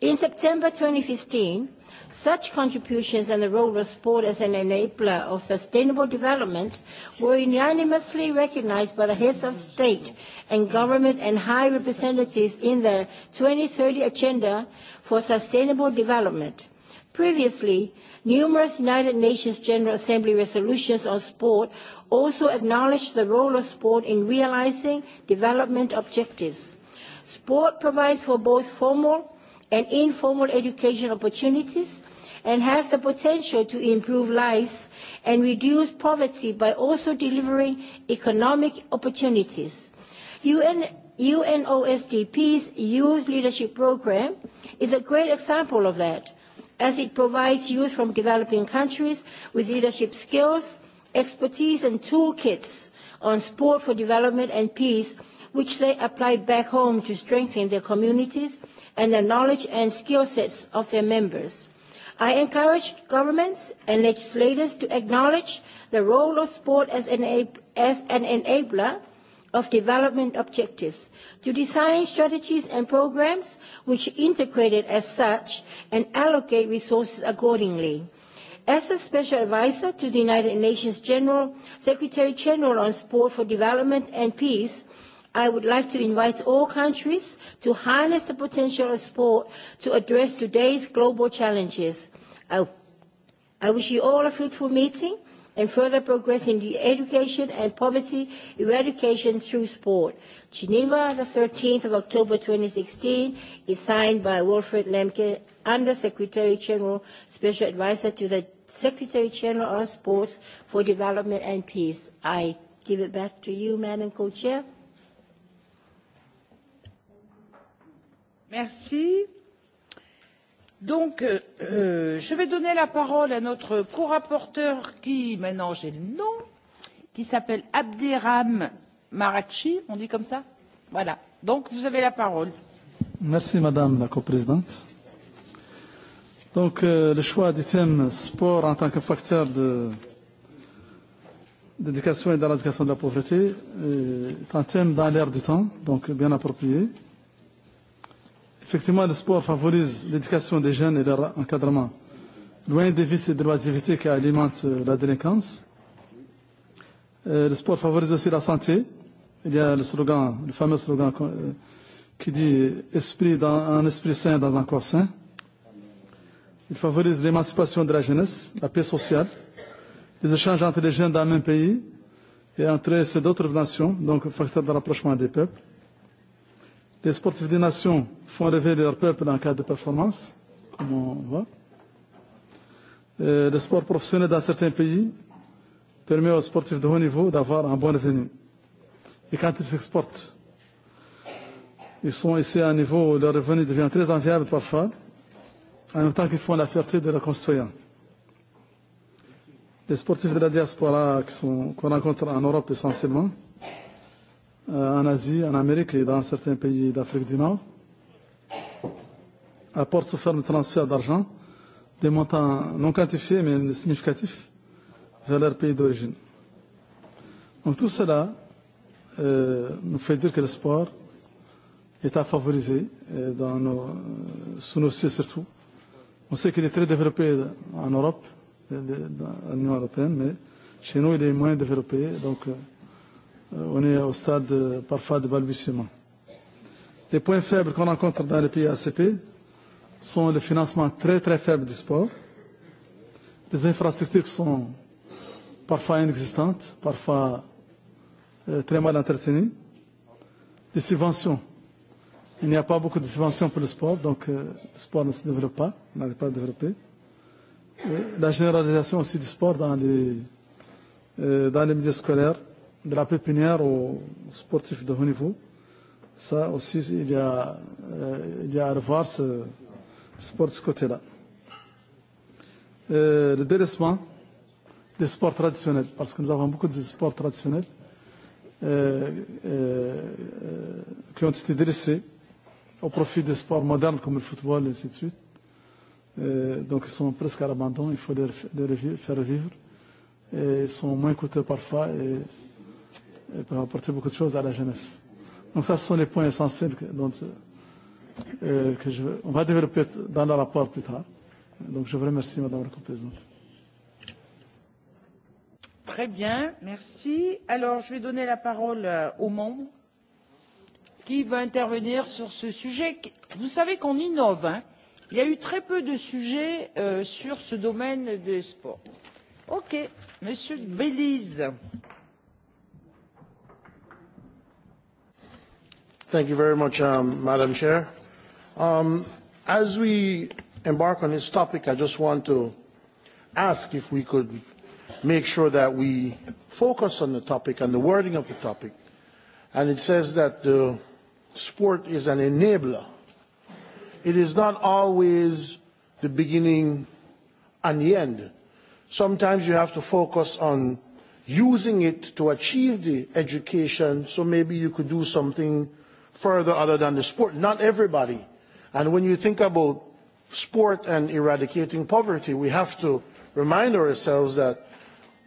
In September 2015, such contributions and the role of sport as an enabler of sustainable development were unanimously recognized by the heads of state and government and high representatives in the 2030 Agenda for Sustainable Development Previously, numerous United Nations General Assembly resolutions on sport also acknowledged the role of sport in realizing development objectives. Sport provides for both formal and informal education opportunities and has the potential to improve lives and reduce poverty by also delivering economic opportunities. UN UNOSDP's Youth Leadership Program is a great example of that as it provides youth from developing countries with leadership skills, expertise and toolkits on sport for development and peace, which they apply back home to strengthen their communities and the knowledge and skill sets of their members. I encourage governments and legislators to acknowledge the role of sport as, as an enabler of development objectives to design strategies and programs which integrate it as such and allocate resources accordingly. As a special advisor to the United Nations General Secretary General on Support for Development and Peace, I would like to invite all countries to harness the potential of sport to address today's global challenges. I, I wish you all a fruitful meeting and further progress in the education and poverty eradication through sport. Geneva, the 13th of October 2016, is signed by Wilfred Lemke, Under Secretary General, Special Advisor to the Secretary General on Sports for Development and Peace. I give it back to you, Madam Co-Chair. Merci. Donc, euh, euh, je vais donner la parole à notre corapporteur qui, maintenant j'ai le nom, qui s'appelle Abderram Marachi, on dit comme ça Voilà. Donc, vous avez la parole. Merci, Madame la coprésidente. Donc, euh, le choix du thème sport en tant que facteur de d'éducation et d'éradication de la pauvreté euh, est un thème dans l'air du temps, donc bien approprié. Effectivement, le sport favorise l'éducation des jeunes et leur encadrement, loin des vices et de l'oisiveté qui alimentent euh, la délinquance. Euh, le sport favorise aussi la santé. Il y a le slogan, le fameux slogan euh, qui dit esprit dans, un esprit sain dans un corps sain. Il favorise l'émancipation de la jeunesse, la paix sociale, les échanges entre les jeunes d'un même pays et entre ces d'autres nations, donc facteur de rapprochement des peuples. Les sportifs des nations font rêver leur peuple en cas de performance, comme on voit. le sport professionnel dans certains pays permet aux sportifs de haut niveau d'avoir un bon revenu. Et quand ils s'exportent, ils sont ici à un niveau où leur revenu devient très enviable parfois, en même temps qu'ils font la fierté de leurs concitoyens. Les sportifs de la diaspora qu'on qu rencontre en Europe essentiellement, euh, en Asie, en Amérique et dans certains pays d'Afrique du Nord. Apporte sous forme de transfert d'argent des montants non quantifiés mais significatifs vers leur pays d'origine. Donc tout cela euh, nous fait dire que le sport est à favoriser euh, dans nos, euh, sous nos cieux surtout. On sait qu'il est très développé en Europe, euh, dans l'Union européenne, mais chez nous il est moins développé. Donc euh, on est au stade euh, parfois de balbutiement. Les points faibles qu'on rencontre dans les pays ACP sont le financement très très faible du sport, les infrastructures sont parfois inexistantes, parfois euh, très mal entretenues, les subventions. Il n'y a pas beaucoup de subventions pour le sport, donc euh, le sport ne se développe pas, n'arrive pas à développer. Euh, la généralisation aussi du sport dans les, euh, dans les milieux scolaires, de la pépinière aux sportifs de haut niveau. Ça aussi, il y a, euh, il y a à revoir ce sport de ce côté-là. Euh, le délaissement des sports traditionnels, parce que nous avons beaucoup de sports traditionnels euh, euh, qui ont été délaissés au profit des sports modernes comme le football et ainsi de suite. Euh, donc ils sont presque à l'abandon, il faut les, les faire vivre. Et ils sont moins coûteux parfois et peut apporter beaucoup de choses à la jeunesse. Donc ça, ce sont les points essentiels que, dont, euh, que je, on va développer dans le rapport plus tard. Donc je vous remercie, Madame la Présidente. Très bien, merci. Alors je vais donner la parole euh, aux membres qui veut intervenir sur ce sujet. Vous savez qu'on innove. Hein Il y a eu très peu de sujets euh, sur ce domaine de sport. Ok, Monsieur Belize. Euh, Thank you very much, um, Madam Chair. Um, as we embark on this topic, I just want to ask if we could make sure that we focus on the topic and the wording of the topic. And it says that the sport is an enabler. It is not always the beginning and the end. Sometimes you have to focus on using it to achieve the education. So maybe you could do something further other than the sport. Not everybody. And when you think about sport and eradicating poverty, we have to remind ourselves that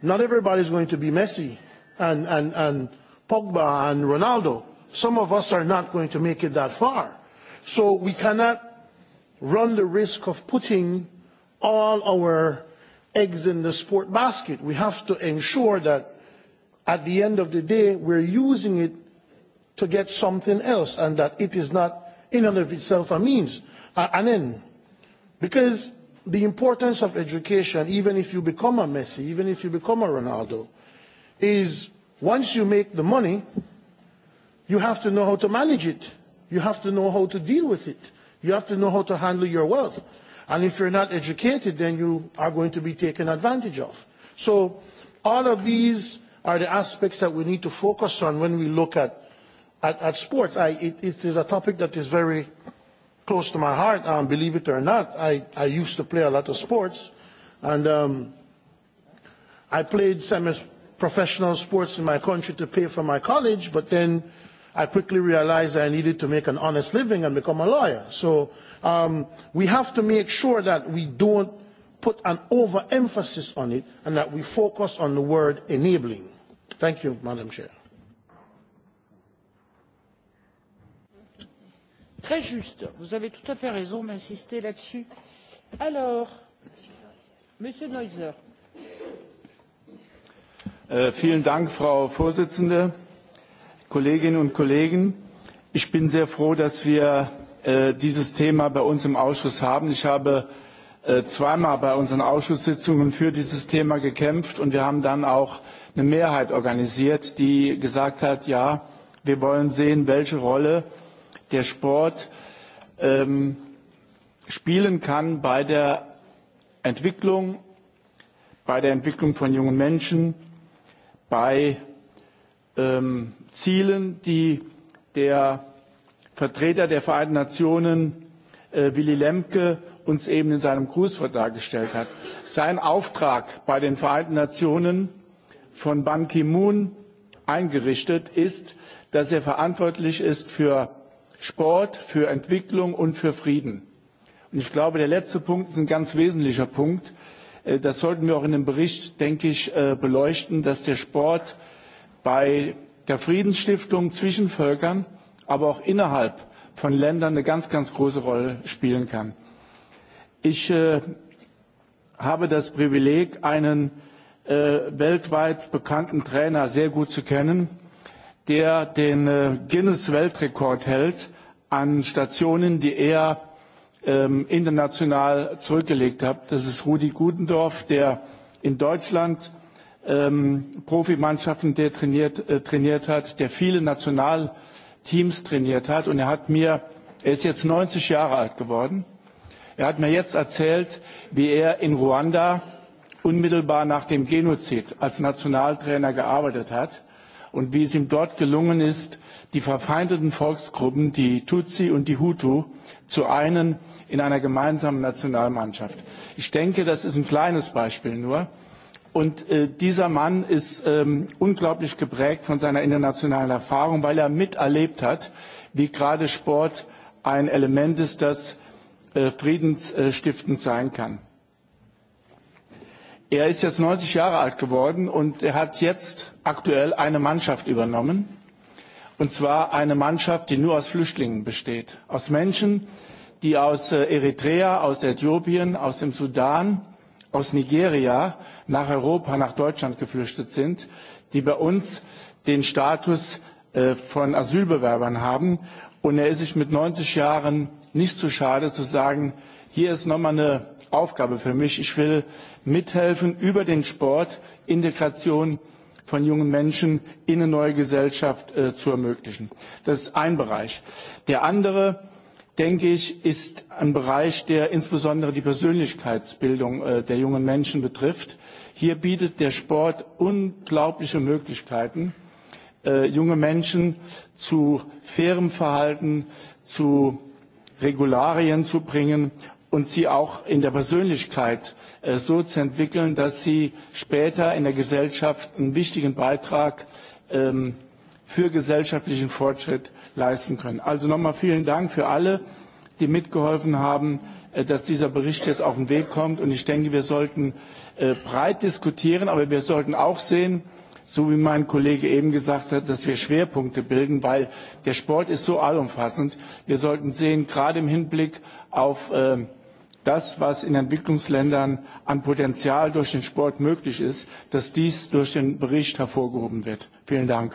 not everybody is going to be Messi and, and, and Pogba and Ronaldo. Some of us are not going to make it that far. So we cannot run the risk of putting all our eggs in the sport basket. We have to ensure that at the end of the day, we're using it to get something else and that it is not in and of itself a means, an end. Because the importance of education, even if you become a Messi, even if you become a Ronaldo, is once you make the money, you have to know how to manage it. You have to know how to deal with it. You have to know how to handle your wealth. And if you're not educated, then you are going to be taken advantage of. So all of these are the aspects that we need to focus on when we look at at, at sports, I, it, it is a topic that is very close to my heart. Um, believe it or not, I, I used to play a lot of sports, and um, I played semi-professional sports in my country to pay for my college. But then I quickly realized I needed to make an honest living and become a lawyer. So um, we have to make sure that we don't put an overemphasis on it and that we focus on the word enabling. Thank you, Madam Chair. très juste vous avez tout à fait raison d'insister là dessus. alors monsieur neuser. Äh, vielen dank frau Vorsitzende, kolleginnen und kollegen! ich bin sehr froh dass wir äh, dieses thema bei uns im ausschuss haben. ich habe äh, zweimal bei unseren ausschusssitzungen für dieses thema gekämpft und wir haben dann auch eine mehrheit organisiert die gesagt hat ja wir wollen sehen welche rolle der Sport ähm, spielen kann bei der Entwicklung, bei der Entwicklung von jungen Menschen, bei ähm, Zielen, die der Vertreter der Vereinten Nationen äh, Willy Lemke uns eben in seinem Grußwort dargestellt hat. Sein Auftrag bei den Vereinten Nationen von Ban Ki-moon eingerichtet ist, dass er verantwortlich ist für Sport für Entwicklung und für Frieden. Und ich glaube, der letzte Punkt ist ein ganz wesentlicher Punkt. Äh, das sollten wir auch in dem Bericht, denke ich, äh, beleuchten, dass der Sport bei der Friedensstiftung zwischen Völkern, aber auch innerhalb von Ländern eine ganz, ganz große Rolle spielen kann. Ich äh, habe das Privileg, einen äh, weltweit bekannten Trainer sehr gut zu kennen der den äh, Guinness-Weltrekord hält an Stationen, die er ähm, international zurückgelegt hat. Das ist Rudi Gudendorf, der in Deutschland ähm, Profimannschaften der trainiert, äh, trainiert hat, der viele Nationalteams trainiert hat. Und er hat mir, er ist jetzt 90 Jahre alt geworden, er hat mir jetzt erzählt, wie er in Ruanda unmittelbar nach dem Genozid als Nationaltrainer gearbeitet hat und wie es ihm dort gelungen ist, die verfeindeten Volksgruppen, die Tutsi und die Hutu, zu einen in einer gemeinsamen Nationalmannschaft. Ich denke, das ist ein kleines Beispiel nur. Und äh, dieser Mann ist ähm, unglaublich geprägt von seiner internationalen Erfahrung, weil er miterlebt hat, wie gerade Sport ein Element ist, das äh, friedensstiftend sein kann. Er ist jetzt 90 Jahre alt geworden und er hat jetzt aktuell eine Mannschaft übernommen. Und zwar eine Mannschaft, die nur aus Flüchtlingen besteht. Aus Menschen, die aus äh, Eritrea, aus Äthiopien, aus dem Sudan, aus Nigeria nach Europa, nach Deutschland geflüchtet sind, die bei uns den Status äh, von Asylbewerbern haben. Und er ist sich mit 90 Jahren nicht zu schade zu sagen, hier ist nochmal eine Aufgabe für mich. Ich will mithelfen, über den Sport Integration von jungen Menschen in eine neue Gesellschaft äh, zu ermöglichen. Das ist ein Bereich. Der andere, denke ich, ist ein Bereich, der insbesondere die Persönlichkeitsbildung äh, der jungen Menschen betrifft. Hier bietet der Sport unglaubliche Möglichkeiten, äh, junge Menschen zu fairem Verhalten, zu Regularien zu bringen und sie auch in der Persönlichkeit äh, so zu entwickeln, dass sie später in der Gesellschaft einen wichtigen Beitrag ähm, für gesellschaftlichen Fortschritt leisten können. Also nochmal vielen Dank für alle, die mitgeholfen haben, äh, dass dieser Bericht jetzt auf den Weg kommt. Und ich denke, wir sollten äh, breit diskutieren, aber wir sollten auch sehen, so wie mein Kollege eben gesagt hat, dass wir Schwerpunkte bilden, weil der Sport ist so allumfassend. Wir sollten sehen, gerade im Hinblick auf äh, das, was in Entwicklungsländern an Potenzial durch den Sport möglich ist, dass dies durch den Bericht hervorgehoben wird. Vielen Dank.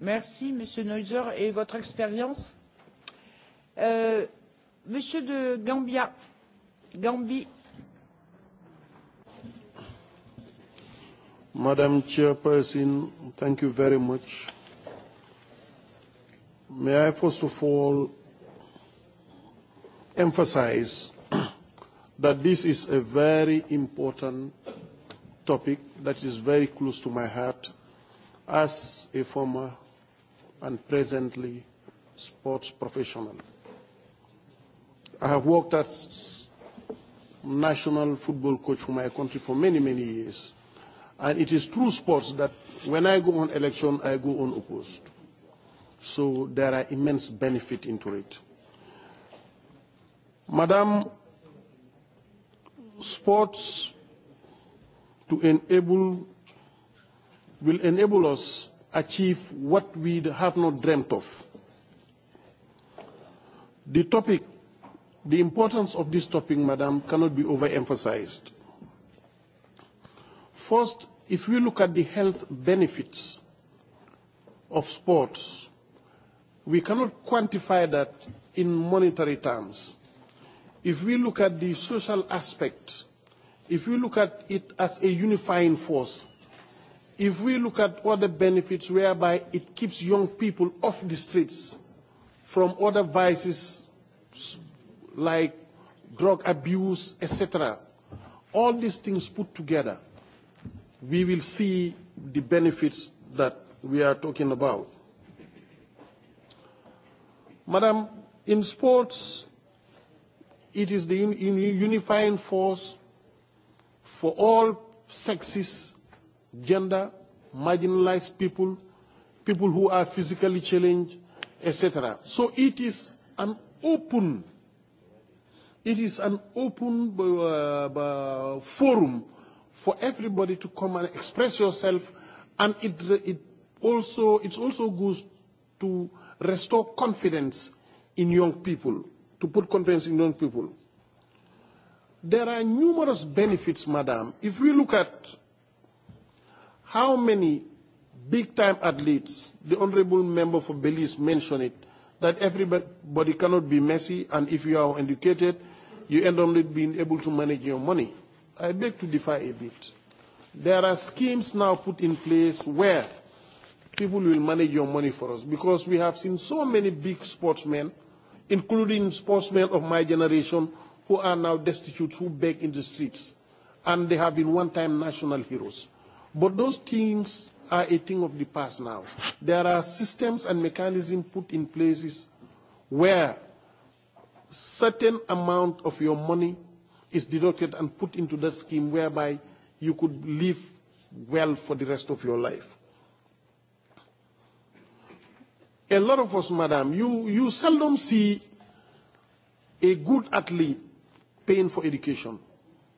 Merci, Monsieur Neuser, et votre expérience. Euh, Monsieur de Gambia, Gambie. Madame Chairperson, thank you very much may I first of all emphasize that this is a very important topic that is very close to my heart as a former and presently sports professional. I have worked as national football coach for my country for many, many years. And it is through sports that when I go on election, I go unopposed. So there are immense benefit into it. Madam, sports to enable will enable us achieve what we have not dreamt of. The topic, the importance of this topic, madam, cannot be overemphasized. First, if we look at the health benefits of sports, We cannot quantify that in monetary terms. If we look at the social aspect, if we look at it as a unifying force, if we look at other benefits whereby it keeps young people off the streets from other vices like drug abuse, etc., all these things put together, we will see the benefits that we are talking about. Madam, in sports, it is the unifying force for all sexes, gender, marginalized people, people who are physically challenged, etc. So it is an open, it is an open uh, uh, forum for everybody to come and express yourself, and it, it also it also goes to restore confidence in young people, to put confidence in young people. There are numerous benefits, madam. If we look at how many big-time athletes, the honorable member for Belize mentioned it, that everybody cannot be messy, and if you are educated, you end up not being able to manage your money. I beg to defy a bit. There are schemes now put in place where people will manage your money for us because we have seen so many big sportsmen, including sportsmen of my generation, who are now destitute, who beg in the streets. And they have been one-time national heroes. But those things are a thing of the past now. There are systems and mechanisms put in places where certain amount of your money is deducted and put into that scheme whereby you could live well for the rest of your life. a lot of us, madam, you, you seldom see a good athlete paying for education.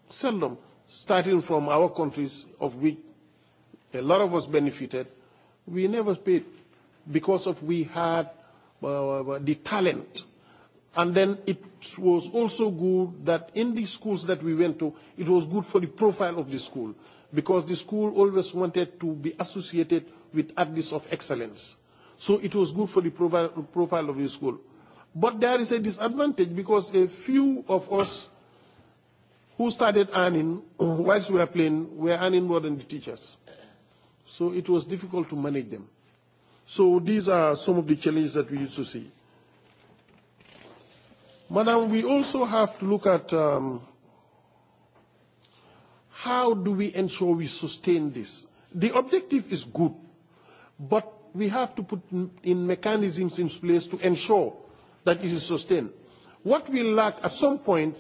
Seldom. Starting from our countries, of which a lot of us benefited, we never paid because of we had uh, uh, the talent. And then it was also good that in the schools that we went to, it was good for the profile of the school because the school always wanted to be associated with athletes of excellence. So it was good for the profile, profile of the school. But there is a disadvantage because a few of us who started earning whilst we were playing were earning more than the teachers. So it was difficult to manage them. So these are some of the challenges that we used to see. Madam, we also have to look at um, how do we ensure we sustain this. The objective is good, but we have to put in mechanisms in place to ensure that it is sustained. What we lack at some point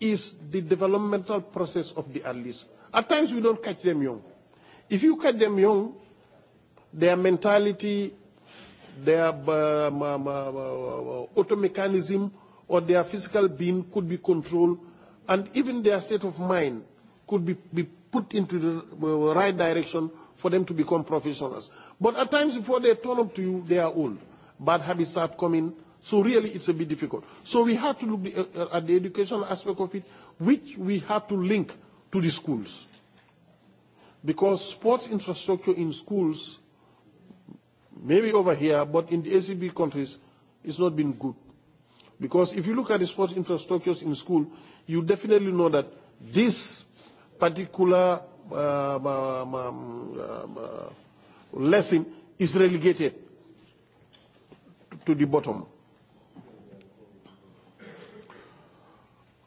is the developmental process of the earlies. At times we don't catch them young. If you catch them young, their mentality, their um, um, uh, um, um, auto mechanism, or their physical being could be controlled, and even their state of mind could be, be put into the uh, right direction for them to become professionals. But at times before they turn up to you, they are old. Bad habits start coming. So really it's a bit difficult. So we have to look uh, uh, at the educational aspect of it, which we have to link to the schools. Because sports infrastructure in schools, maybe over here, but in the ACB countries, it's not been good. Because if you look at the sports infrastructures in school, you definitely know that this particular um, um, um, uh, uh lesson is relegated to the bottom.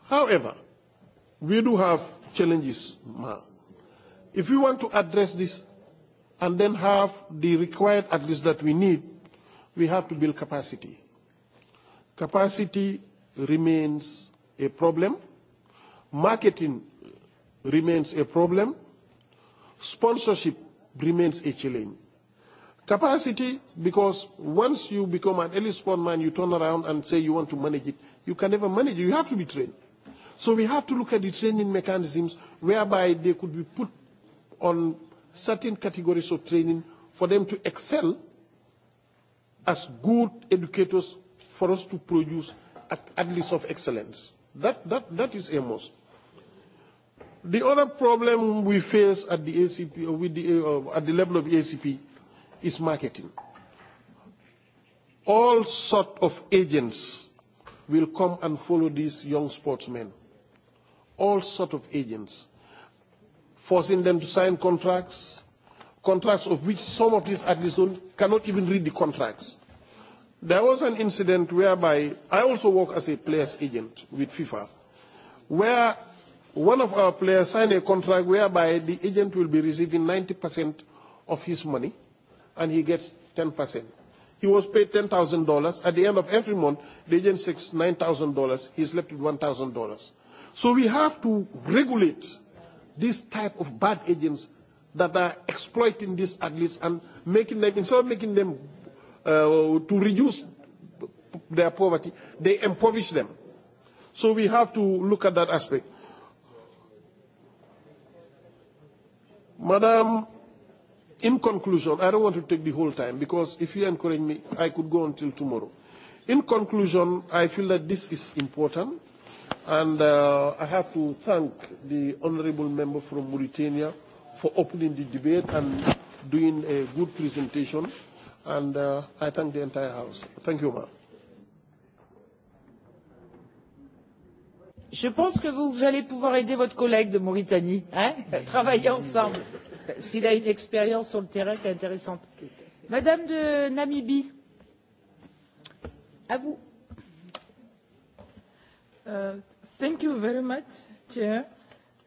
However, we do have challenges now. If we want to address this and then have the required at least that we need, we have to build capacity. Capacity remains a problem. Marketing remains a problem. Sponsorship remains a challenge. Capacity, because once you become an early elite man, you turn around and say you want to manage it. You can never manage it. You have to be trained. So we have to look at the training mechanisms whereby they could be put on certain categories of training for them to excel as good educators for us to produce athletes of excellence. That, that, that is a must. The other problem we face at the ACP, or uh, with the, uh, at the level of ACP, is marketing. All sort of agents will come and follow these young sportsmen. All sort of agents, forcing them to sign contracts, contracts of which some of these athletes don't, cannot even read the contracts. There was an incident whereby I also work as a players agent with FIFA, where one of our players signed a contract whereby the agent will be receiving 90% of his money and he gets 10%. He was paid $10,000. At the end of every month, the agent takes $9,000. He's left with $1,000. So we have to regulate this type of bad agents that are exploiting these athletes and making them, instead of making them uh, to reduce their poverty, they impoverish them. So we have to look at that aspect. Madam, in conclusion, I don't want to take the whole time because if you encourage me, I could go until tomorrow. In conclusion, I feel that this is important and uh, I have to thank the honorable member from Mauritania for opening the debate and doing a good presentation and uh, I thank the entire House. Thank you, ma'am. je pense que vous, vous allez pouvoir aider votre collègue de Mauritanie, hein, à travailler ensemble, parce qu'il a une expérience sur le terrain qui est intéressante. Madame de Namibie, à vous. Uh, thank you very much, Chair.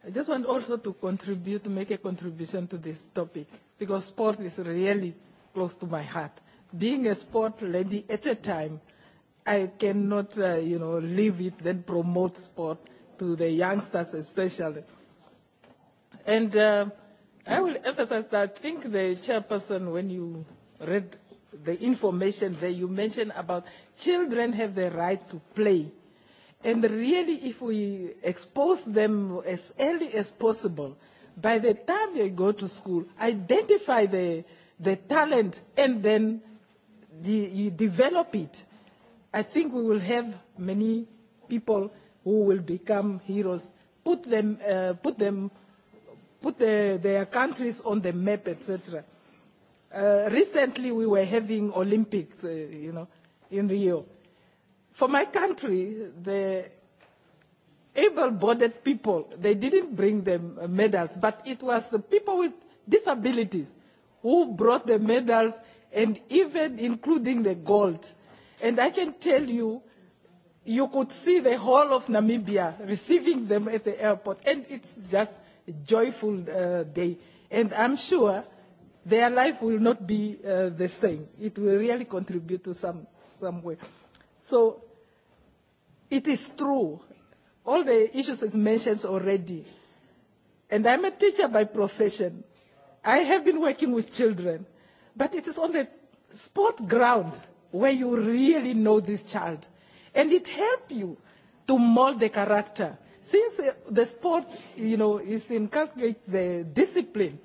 I just want also to contribute, to make a contribution to this topic, because sport is really close to my heart. Being a sport lady at a time I cannot, uh, you know, leave it, then promote sport to the youngsters especially. And uh, I will emphasize that I think the chairperson, when you read the information that you mentioned about children have the right to play. And really, if we expose them as early as possible, by the time they go to school, identify the, the talent and then de- you develop it I think we will have many people who will become heroes, put them, uh, put them, put the, their countries on the map, etc. Uh, recently, we were having Olympics, uh, you know, in Rio. For my country, the able-bodied people, they didn't bring them uh, medals, but it was the people with disabilities who brought the medals and even including the gold And I can tell you, you could see the whole of Namibia receiving them at the airport. And it's just a joyful uh, day. And I'm sure their life will not be uh, the same. It will really contribute to some, some way. So it is true. All the issues is mentioned already. And I'm a teacher by profession. I have been working with children. But it is on the sport ground where you really know this child. And it helps you to mold the character. Since uh, the sport, you know, is inculcate the discipline,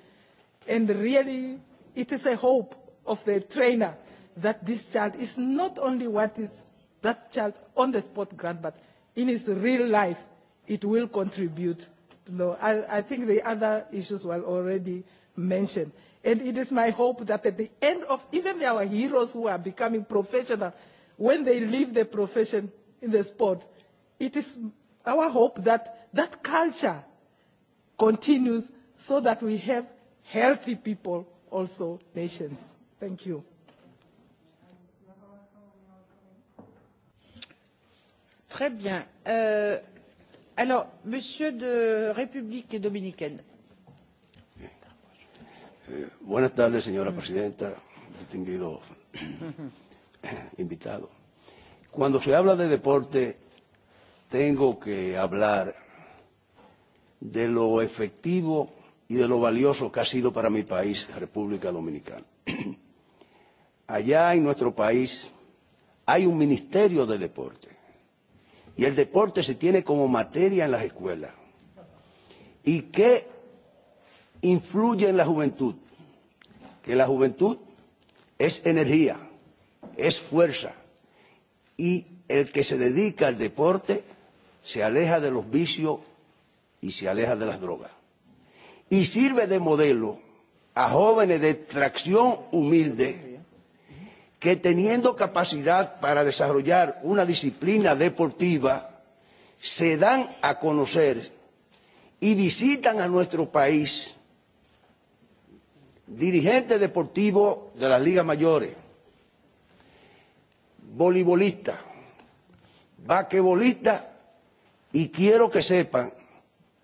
and really it is a hope of the trainer that this child is not only what is that child on the sport ground, but in his real life, it will contribute. You know, I, I think the other issues were already mentioned. And it is my hope that at the end of even our heroes who are becoming professional, when they leave the profession in the sport, it is our hope that that culture continues so that we have healthy people, also nations. Thank you. Très bien. Euh, alors, Monsieur de République dominicaine. Eh, buenas tardes, señora presidenta, distinguido invitado. Cuando se habla de deporte, tengo que hablar de lo efectivo y de lo valioso que ha sido para mi país, República Dominicana. Allá en nuestro país hay un Ministerio de Deporte y el deporte se tiene como materia en las escuelas. ¿Y qué influye en la juventud, que la juventud es energía, es fuerza y el que se dedica al deporte se aleja de los vicios y se aleja de las drogas. Y sirve de modelo a jóvenes de tracción humilde que teniendo capacidad para desarrollar una disciplina deportiva, se dan a conocer y visitan a nuestro país dirigente deportivo de las ligas mayores, voleibolista, vaquebolista, y quiero que sepan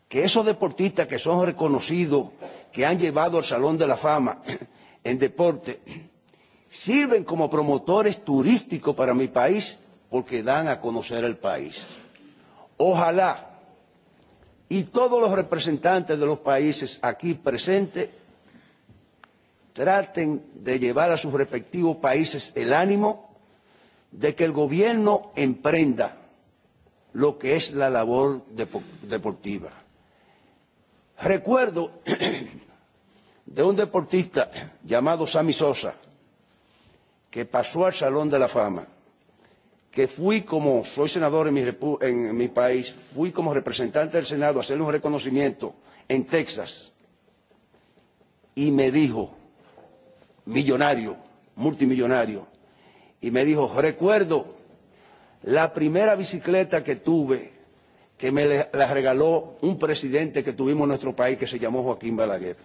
que esos deportistas que son reconocidos, que han llevado al Salón de la Fama en deporte, sirven como promotores turísticos para mi país porque dan a conocer el país. Ojalá y todos los representantes de los países aquí presentes traten de llevar a sus respectivos países el ánimo de que el gobierno emprenda lo que es la labor deportiva. Recuerdo de un deportista llamado Sammy Sosa, que pasó al Salón de la Fama, que fui como, soy senador en mi, en mi país, fui como representante del Senado a hacerle un reconocimiento en Texas, y me dijo, millonario, multimillonario, y me dijo, recuerdo la primera bicicleta que tuve, que me la regaló un presidente que tuvimos en nuestro país que se llamó Joaquín Balaguer.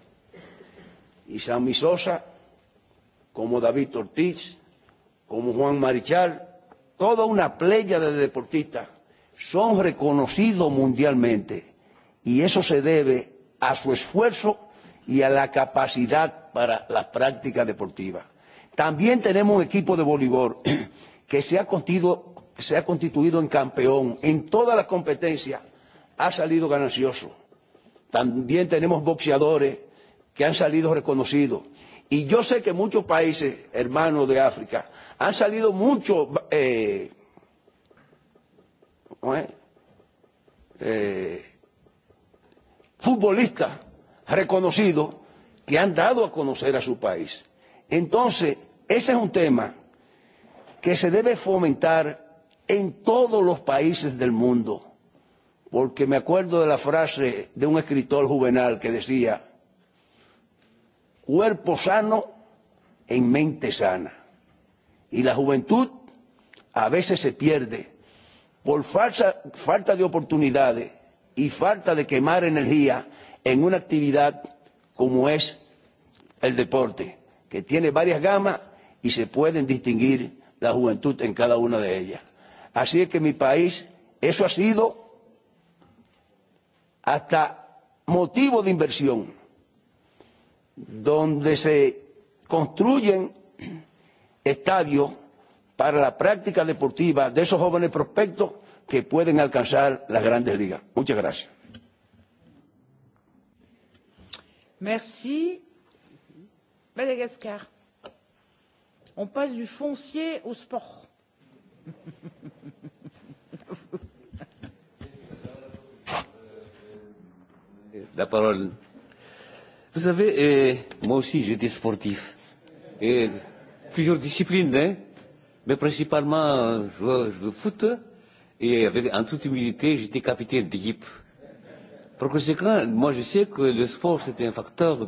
Y Sammy Sosa, como David Ortiz, como Juan Marichal, toda una playa de deportistas son reconocidos mundialmente y eso se debe a su esfuerzo y a la capacidad para la práctica deportiva. También tenemos un equipo de voleibol que se ha, se ha constituido en campeón en todas las competencias, ha salido ganancioso. También tenemos boxeadores que han salido reconocidos. Y yo sé que muchos países, hermanos de África, han salido muchos eh, eh, futbolistas reconocido que han dado a conocer a su país. Entonces, ese es un tema que se debe fomentar en todos los países del mundo, porque me acuerdo de la frase de un escritor juvenal que decía, cuerpo sano en mente sana. Y la juventud a veces se pierde por falsa, falta de oportunidades y falta de quemar energía en una actividad como es el deporte, que tiene varias gamas y se pueden distinguir la juventud en cada una de ellas. Así es que mi país, eso ha sido hasta motivo de inversión, donde se construyen estadios para la práctica deportiva de esos jóvenes prospectos que pueden alcanzar las grandes ligas. Muchas gracias. Madagascar. On passe du foncier au sport. Vous savez, eh, moi aussi j'étais sportif. Et plusieurs disciplines, hein, mais principalement je euh, joueur au foot. Et avec, en toute humilité, j'étais capitaine d'équipe. Par conséquent, moi je sais que le sport c'est un facteur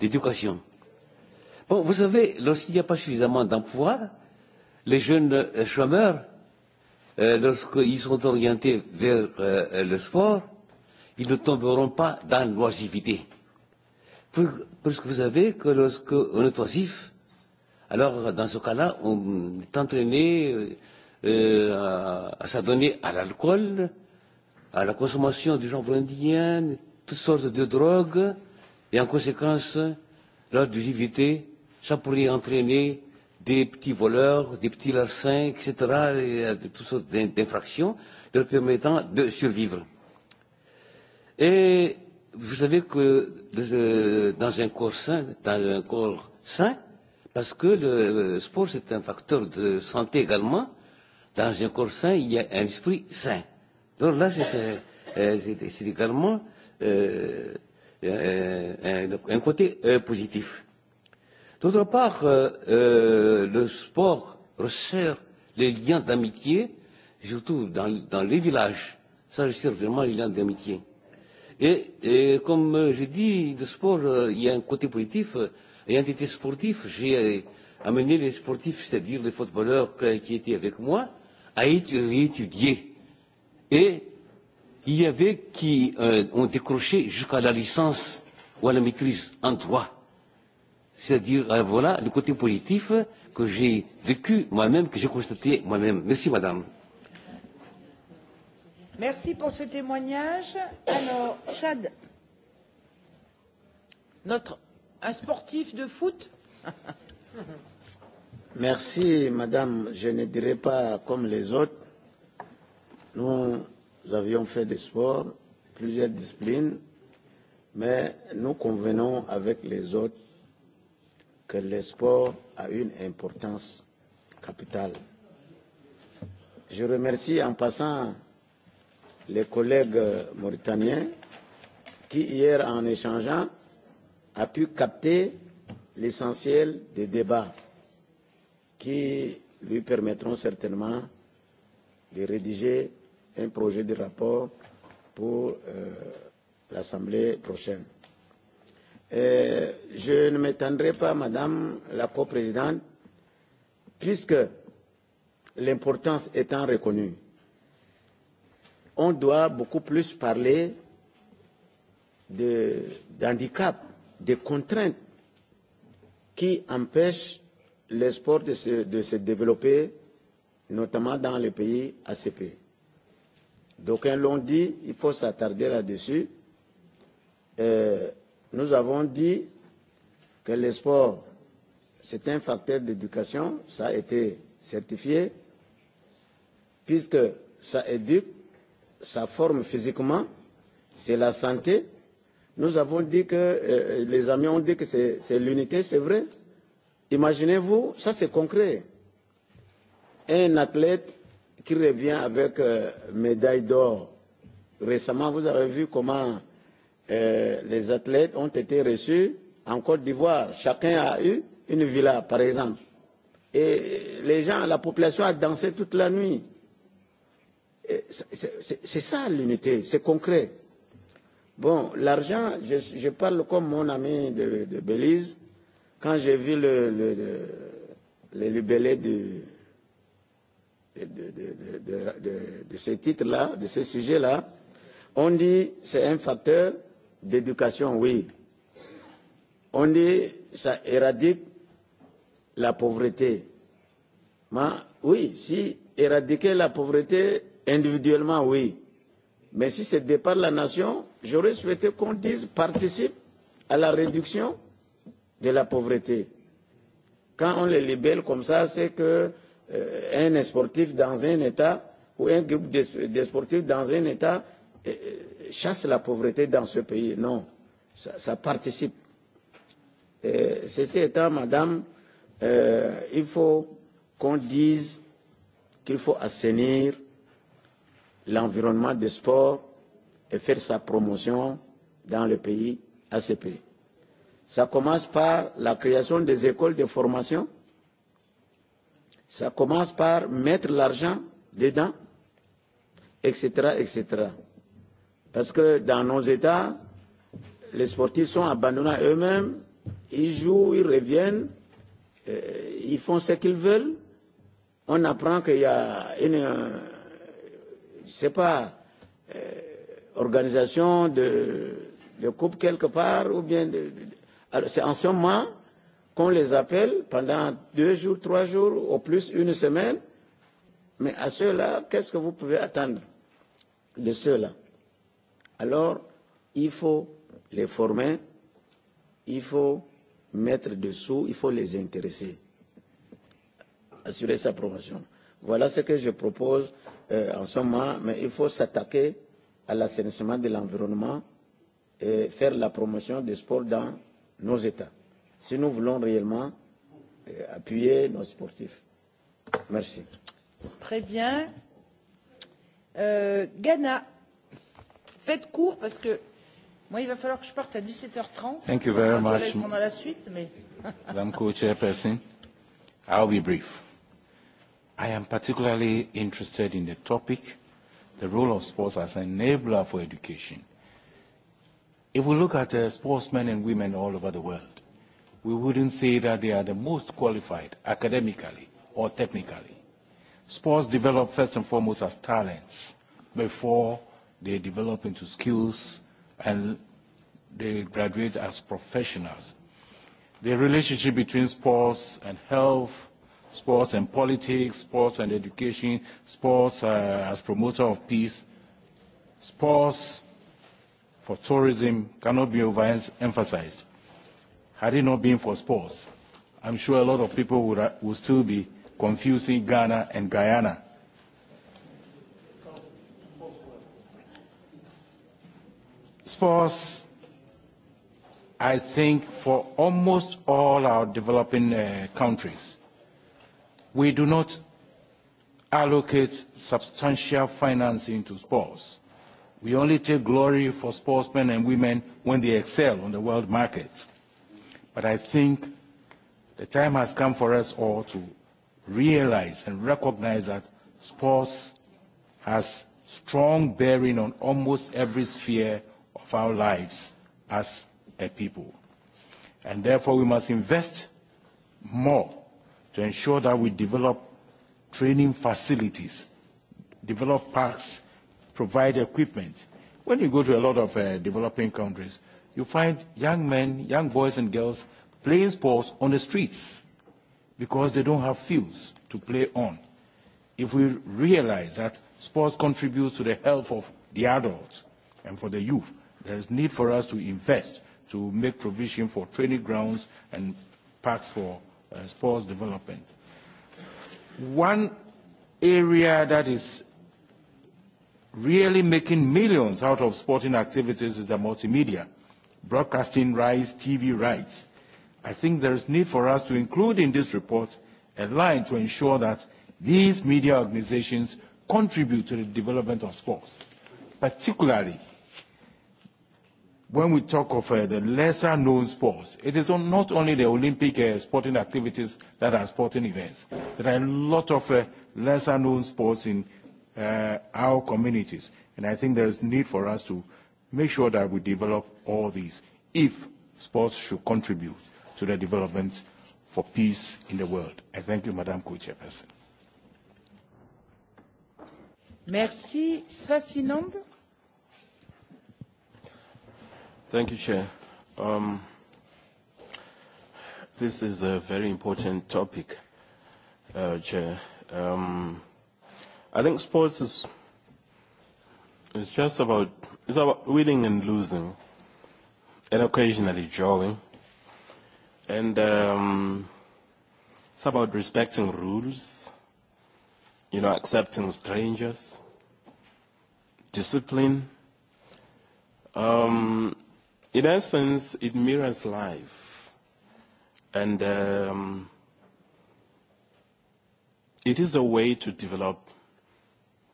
d'éducation. Bon, vous savez, lorsqu'il n'y a pas suffisamment d'emplois, les jeunes euh, chômeurs, euh, lorsqu'ils sont orientés vers euh, euh, le sport, ils ne tomberont pas dans l'oisivité. Parce que vous savez que lorsqu'on est oisif, alors dans ce cas-là, on est entraîné euh, euh à, à s'adonner à l'alcool, euh, à la consommation du genre indien, toutes sortes de drogues, et en conséquence, leur dusivité, ça pourrait entraîner des petits voleurs, des petits larcins, etc., et euh, toutes sortes d'infractions, leur permettant de survivre. Et vous savez que euh, dans un corps sain, dans un corps sain, parce que le sport c'est un facteur de santé également, dans un corps sain, il y a un esprit sain. Donc là, c'était euh, également euh, euh, un, un côté euh, positif. D'autre part, euh, euh, le sport resserre les liens d'amitié, surtout dans, dans les villages. Ça resserre vraiment les liens d'amitié. Et, et comme je dis, le sport, euh, il y a un côté positif. Et un côté sportif, j'ai amené les sportifs, c'est-à-dire les footballeurs qui étaient avec moi, à étudier Et il y avait qui euh, ont décroché jusqu'à la licence ou à la maîtrise en droit. C'est-à-dire, euh, voilà le côté positif que j'ai vécu moi-même, que j'ai constaté moi-même. Merci, madame. Merci pour ce témoignage. Alors, Chad, notre, un sportif de foot Merci, madame. Je ne dirai pas comme les autres Nous avions fait des sports, plusieurs disciplines, mais nous convenons avec les autres que le sport a une importance capitale. Je remercie en passant les collègues mauritaniens qui, hier, en échangeant, a pu capter l'essentiel des débats qui lui permettront certainement de rédiger un projet de rapport pour euh, l'Assemblée prochaine. Et je ne m'étendrai pas, Madame la coprésidente, puisque l'importance étant reconnue, on doit beaucoup plus parler d'handicap, de, de contraintes qui empêchent le sport de se, de se développer, notamment dans les pays ACP. Euh, D'aucuns l'ont dit, il faut s'attarder là-dessus. Euh, nous avons dit que le sport, c'est un facteur d'éducation, ça a été certifié, puisque ça éduque, ça forme physiquement, c'est la santé. Nous avons dit que, euh, les amis ont dit que c'est l'unité, c'est vrai. Imaginez-vous, ça c'est concret. Un athlète qui revient avec euh, médaille d'or. Récemment, vous avez vu comment euh, les athlètes ont été reçus en Côte d'Ivoire. Chacun a eu une villa, par exemple. Et les gens, la population a dansé toute la nuit. C'est ça l'unité, c'est concret. Bon, l'argent, je, je parle comme mon ami de, de Belize, quand j'ai vu le, le, le, le libellé du, de, de, de, de, de, de ces titres-là, de ces sujets-là, on dit c'est un facteur d'éducation, oui. On dit ça éradique la pauvreté. Mais oui, si éradiquer la pauvreté individuellement, oui. Mais si c'est départ de la nation, j'aurais souhaité qu'on dise participe à la réduction de la pauvreté. Quand on les libelle comme ça, c'est que Euh, un sportif dans un État ou un groupe de, de sportifs dans un État euh, euh, chasse la pauvreté dans ce pays. Non, ça, ça participe. Et ceci étant, Madame, euh, il faut qu'on dise qu'il faut assainir l'environnement du sport et faire sa promotion dans le pays ACP. Ça commence par la création des écoles de formation – Ça commence par mettre l'argent dedans, etc., etc. Parce que dans nos États, les sportifs sont abandonnés eux-mêmes, ils jouent, ils reviennent, euh, ils font ce qu'ils veulent. On apprend qu'il y a une, euh, je sais pas, euh, organisation de, de coupe quelque part, ou bien, de, de, de, c'est en ce moment, qu'on les appelle pendant deux jours, trois jours, au plus une semaine. Mais à ceux-là, qu'est-ce que vous pouvez attendre de ceux-là Alors, il faut les former, il faut mettre dessous, il faut les intéresser, assurer sa promotion. Voilà ce que je propose euh, en ce moment, mais il faut s'attaquer à l'assainissement de l'environnement et faire la promotion des sports dans nos États si nous voulons réellement euh, appuyer nos sportifs. Merci. Très bien. Euh, Ghana, faites court parce que moi, il va falloir que je parte à 17h30. Thank you very much. Pendant la suite, mais. Madame Co-Chairperson, I'll be brief. I am particularly interested in the topic, the role of sports as an enabler for education. If we look at uh, sportsmen and women all over the world, we wouldn't say that they are the most qualified academically or technically. Sports develop first and foremost as talents before they develop into skills and they graduate as professionals. The relationship between sports and health, sports and politics, sports and education, sports uh, as promoter of peace, sports for tourism cannot be overemphasized had it not been for sports, I'm sure a lot of people would, uh, would still be confusing Ghana and Guyana. Sports, I think, for almost all our developing uh, countries, we do not allocate substantial financing to sports. We only take glory for sportsmen and women when they excel on the world markets But I think the time has come for us all to realize and recognize that sports has strong bearing on almost every sphere of our lives as a people. And therefore, we must invest more to ensure that we develop training facilities, develop parks, provide equipment. When you go to a lot of uh, developing countries, you find young men, young boys and girls playing sports on the streets because they don't have fields to play on. If we realize that sports contributes to the health of the adults and for the youth, there is need for us to invest to make provision for training grounds and parks for uh, sports development. One area that is really making millions out of sporting activities is the multimedia broadcasting rights, TV rights. I think there is need for us to include in this report a line to ensure that these media organizations contribute to the development of sports, particularly when we talk of uh, the lesser known sports, it is on not only the Olympic uh, sporting activities that are sporting events. There are a lot of uh, lesser known sports in uh, our communities. And I think there is need for us to make sure that we develop all these if sports should contribute to the development for peace in the world. I thank you, Madam Co-Chairperson. Merci. Swasinong. Thank you, Chair. Um, this is a very important topic, uh, Chair. Um, I think sports is It's just about, it's about winning and losing, and occasionally drawing. And um, it's about respecting rules, you know, accepting strangers, discipline. Um, in essence, it mirrors life. And um, it is a way to develop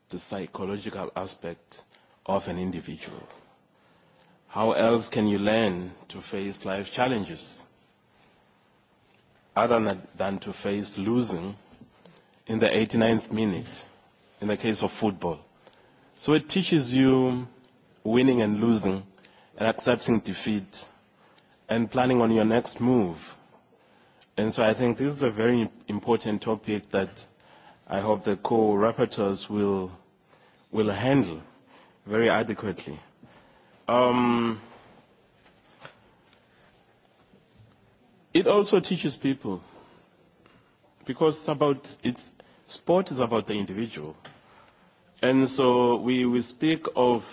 the psychological aspect of an individual. How else can you learn to face life challenges other than to face losing in the 89th minute in the case of football? So it teaches you winning and losing and accepting defeat and planning on your next move. And so I think this is a very important topic that I hope the co-rapporteurs will, will handle very adequately. Um, it also teaches people because it's about it's, sport is about the individual. And so we, we speak of,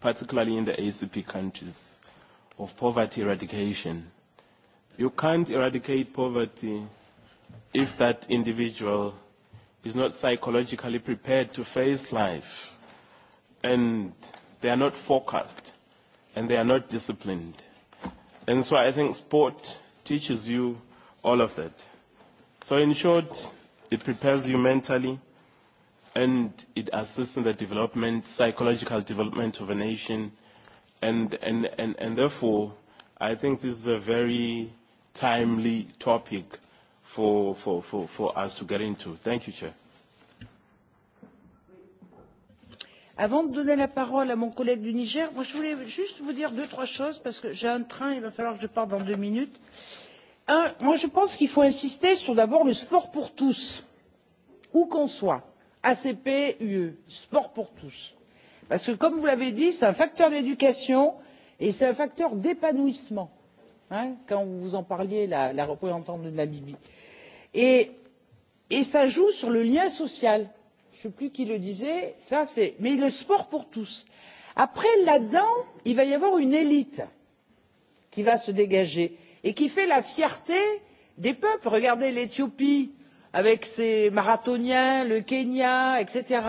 particularly in the ACP countries, of poverty eradication. You can't eradicate poverty if that individual is not psychologically prepared to face life and they are not focused and they are not disciplined. And so I think sport teaches you all of that. So in short, it prepares you mentally and it assists in the development, psychological development of a nation. And, and, and, and therefore, I think this is a very timely topic for, for, for, for us to get into. Thank you, Chair. avant de donner la parole à mon collègue du niger moi, je voulais juste vous dire deux trois choses parce que j'ai un train il va falloir que je parte dans deux minutes. un moi, je pense qu'il faut insister sur d'abord le sport pour tous où qu'on soit acp ue sport pour tous parce que comme vous l'avez dit c'est un facteur d'éducation et c'est un facteur d'épanouissement hein, quand vous en parliez la, la représentante de namibie et, et ça joue sur le lien social je ne sais plus qui le disait ça c'est mais le sport pour tous. après là dedans il va y avoir une élite qui va se dégager et qui fait la fierté des peuples regardez l'éthiopie avec ses marathoniens le kenya etc.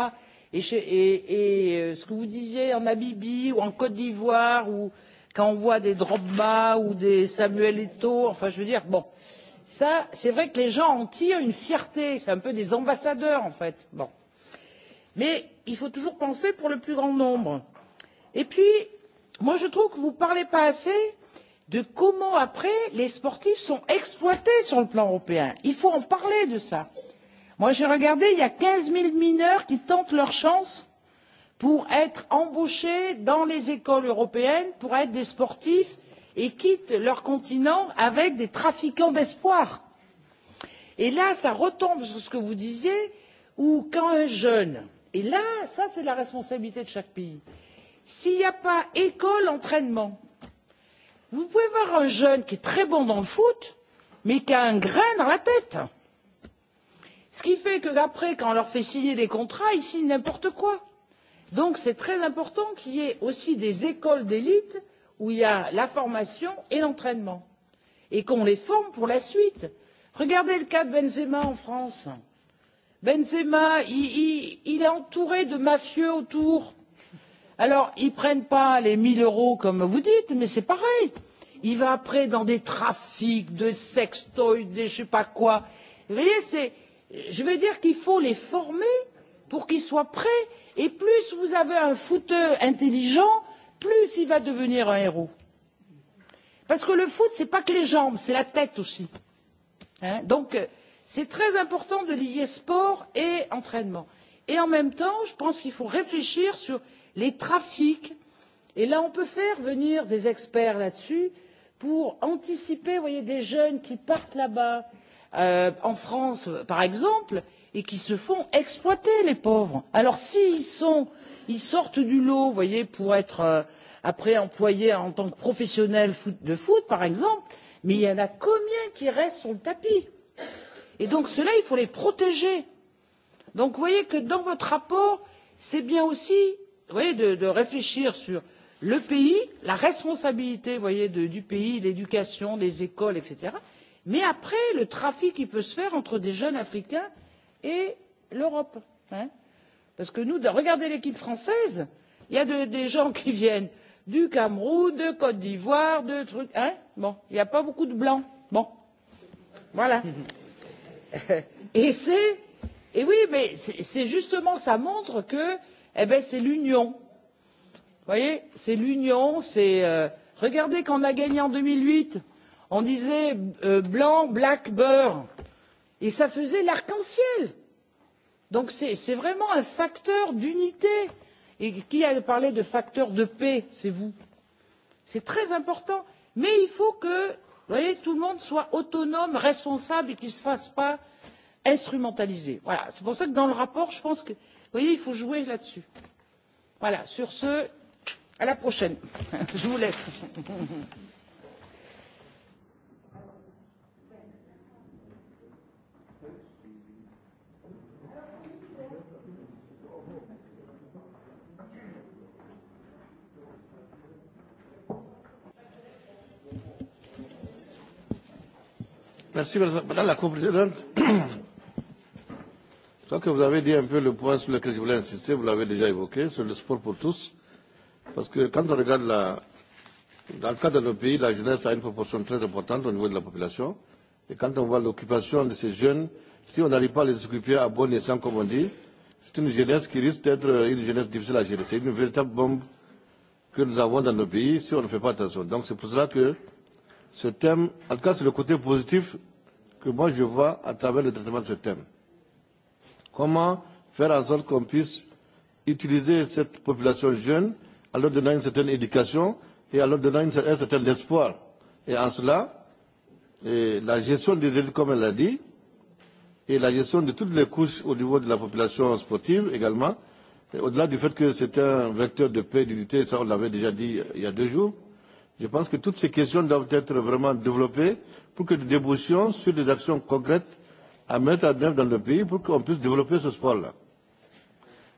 Et, et, et euh, ce que vous disiez en namibie ou en côte d'ivoire ou quand on voit des drogba ou des samuel Eto, enfin je veux dire bon ça c'est vrai que les gens en tirent une fierté c'est un peu des ambassadeurs en fait. bon mais il faut toujours penser pour le plus grand nombre. et puis moi je trouve que vous ne parlez pas assez de comment après les sportifs sont exploités sur le plan européen. il faut en parler de cela. moi j'ai regardé il y a quinze zéro mineurs qui tentent leur chance pour être embauchés dans les écoles européennes pour être des sportifs et quittent leur continent avec des trafiquants d'espoir. et là ça retombe sur ce que vous disiez où quand un jeune Et là, ça, c'est la responsabilité de chaque pays. S'il n'y a pas école, entraînement, vous pouvez voir un jeune qui est très bon dans le foot, mais qui a un grain dans la tête. Ce qui fait qu'après, quand on leur fait signer des contrats, ils signent n'importe quoi. Donc, c'est très important qu'il y ait aussi des écoles d'élite où il y a la formation et l'entraînement et qu'on les forme pour la suite. Regardez le cas de Benzema en France. Benzema, il, est entouré de mafieux autour. Alors, ils prennent pas les 1000 euros comme vous dites, mais c'est pareil. Il va après dans des trafics de sextoys, des je sais pas quoi. Vous voyez, c'est, je veux dire qu'il faut les former pour qu'ils soient prêts. Et plus vous avez un footeur intelligent, plus il va devenir un héros. Parce que le foot, c'est pas que les jambes, c'est la tête aussi. Hein Donc, euh, c'est très important de lier sport et entraînement et en même temps je pense qu'il faut réfléchir sur les trafics et là on peut faire venir des experts là dessus pour anticiper vous voyez des jeunes qui partent là bas euh, en France par exemple et qui se font exploiter les pauvres. alors s'ils sont ils sortent du lot vous voyez pour être euh, après employés en tant que professionnels de foot par exemple mais il y en a combien qui restent sur le tapis? et donc cela, il faut les protéger. donc vous voyez que dans votre rapport c'est bien aussi vous voyez, de, de réfléchir sur le pays la responsabilité vous voyez, de, du pays l'éducation les écoles etc. mais après le trafic qui peut se faire entre des jeunes africains et l'europe. Hein. parce que nous regardez l'équipe française il y a de, des gens qui viennent du cameroun de côte d'ivoire de trucs hein bon il n'y a pas beaucoup de blancs bon voilà et c'est et oui mais c'est justement ça montre que eh c'est l'union vous voyez c'est l'union c'est euh, regardez quand on a gagné en deux mille huit on disait euh, blanc black beurre et ça faisait l'arc en ciel donc c'est vraiment un facteur d'unité et qui a parlé de facteur de paix c'est vous c'est très important mais il faut que voyez, que tout le monde soit autonome, responsable et qu'il ne se fasse pas instrumentaliser. Voilà. C'est pour ça que dans le rapport, je pense que, vous voyez, il faut jouer là-dessus. Voilà. Sur ce, à la prochaine. je vous laisse. Madame la Co-Présidente, Je crois que vous avez dit un peu le point sur lequel je voulais insister, vous l'avez déjà évoqué, sur le sport pour tous. Parce que quand on regarde la, dans le cas de nos pays, la jeunesse a une proportion très importante au niveau de la population. Et quand on voit l'occupation de ces jeunes, si on n'arrive pas à les occuper à bon escient, comme on dit, c'est une jeunesse qui risque d'être une jeunesse difficile à gérer. C'est une véritable bombe que nous avons dans nos pays si on ne fait pas attention. Donc c'est pour cela que ce thème, en tout cas c'est le côté positif que moi je vois à travers le traitement de ce thème. Comment faire en sorte qu'on puisse utiliser cette population jeune en leur donnant une certaine éducation et en leur donnant un certain espoir. Et en cela, et la gestion des élites, comme elle l'a dit, et la gestion de toutes les couches au niveau de la population sportive également, au-delà du fait que c'est un vecteur de paix et d'unité, ça on l'avait déjà dit il y a deux jours, Je pense que toutes ces questions doivent être vraiment développées pour que nous débouchions sur des actions concrètes à mettre en œuvre dans le pays pour qu'on puisse développer ce sport-là.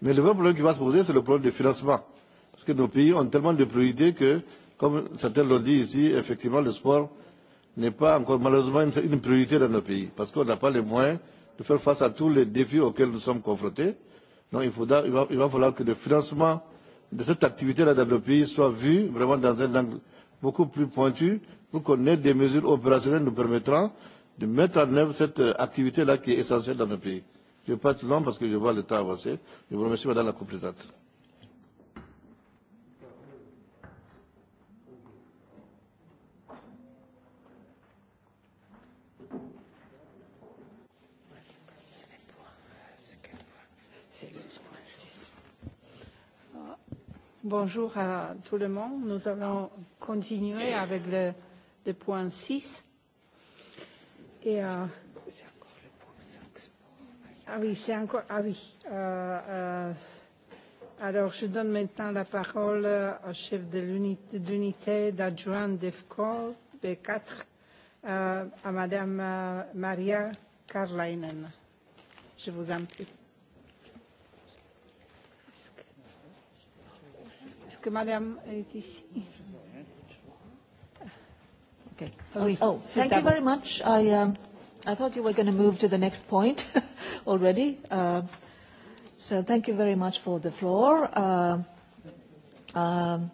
Mais le vrai problème qui va se poser, c'est le problème du financement. Parce que nos pays ont tellement de priorités que, comme certains l'ont dit ici, effectivement, le sport n'est pas encore malheureusement une, une priorité dans nos pays. Parce qu'on n'a pas les moyens de faire face à tous les défis auxquels nous sommes confrontés. Donc il, faudra, il, va, il va falloir que le financement de cette activité-là dans nos pays soit vu vraiment dans un angle beaucoup plus pointue pour qu'on ait des mesures opérationnelles nous permettant de mettre en œuvre cette activité-là qui est essentielle dans nos pays. Je ne vais pas être long parce que je vois le temps avancer. Je vous remercie, Madame la Présidente. Bonjour à tout le monde. Nous allons continuer avec le, le point 6. Et, euh, ah oui, c'est encore. Ah oui. Euh, euh, alors, je donne maintenant la parole au chef de l'unité d'adjoint d'EFCO B4, euh, à Madame euh, Maria Karlainen. Je vous en prie. que Madame ici. Okay. Oh, oui. Oh, thank you very much. I, um, I thought you were going to move to the next point already. Uh, so thank you very much for the floor. Uh, um,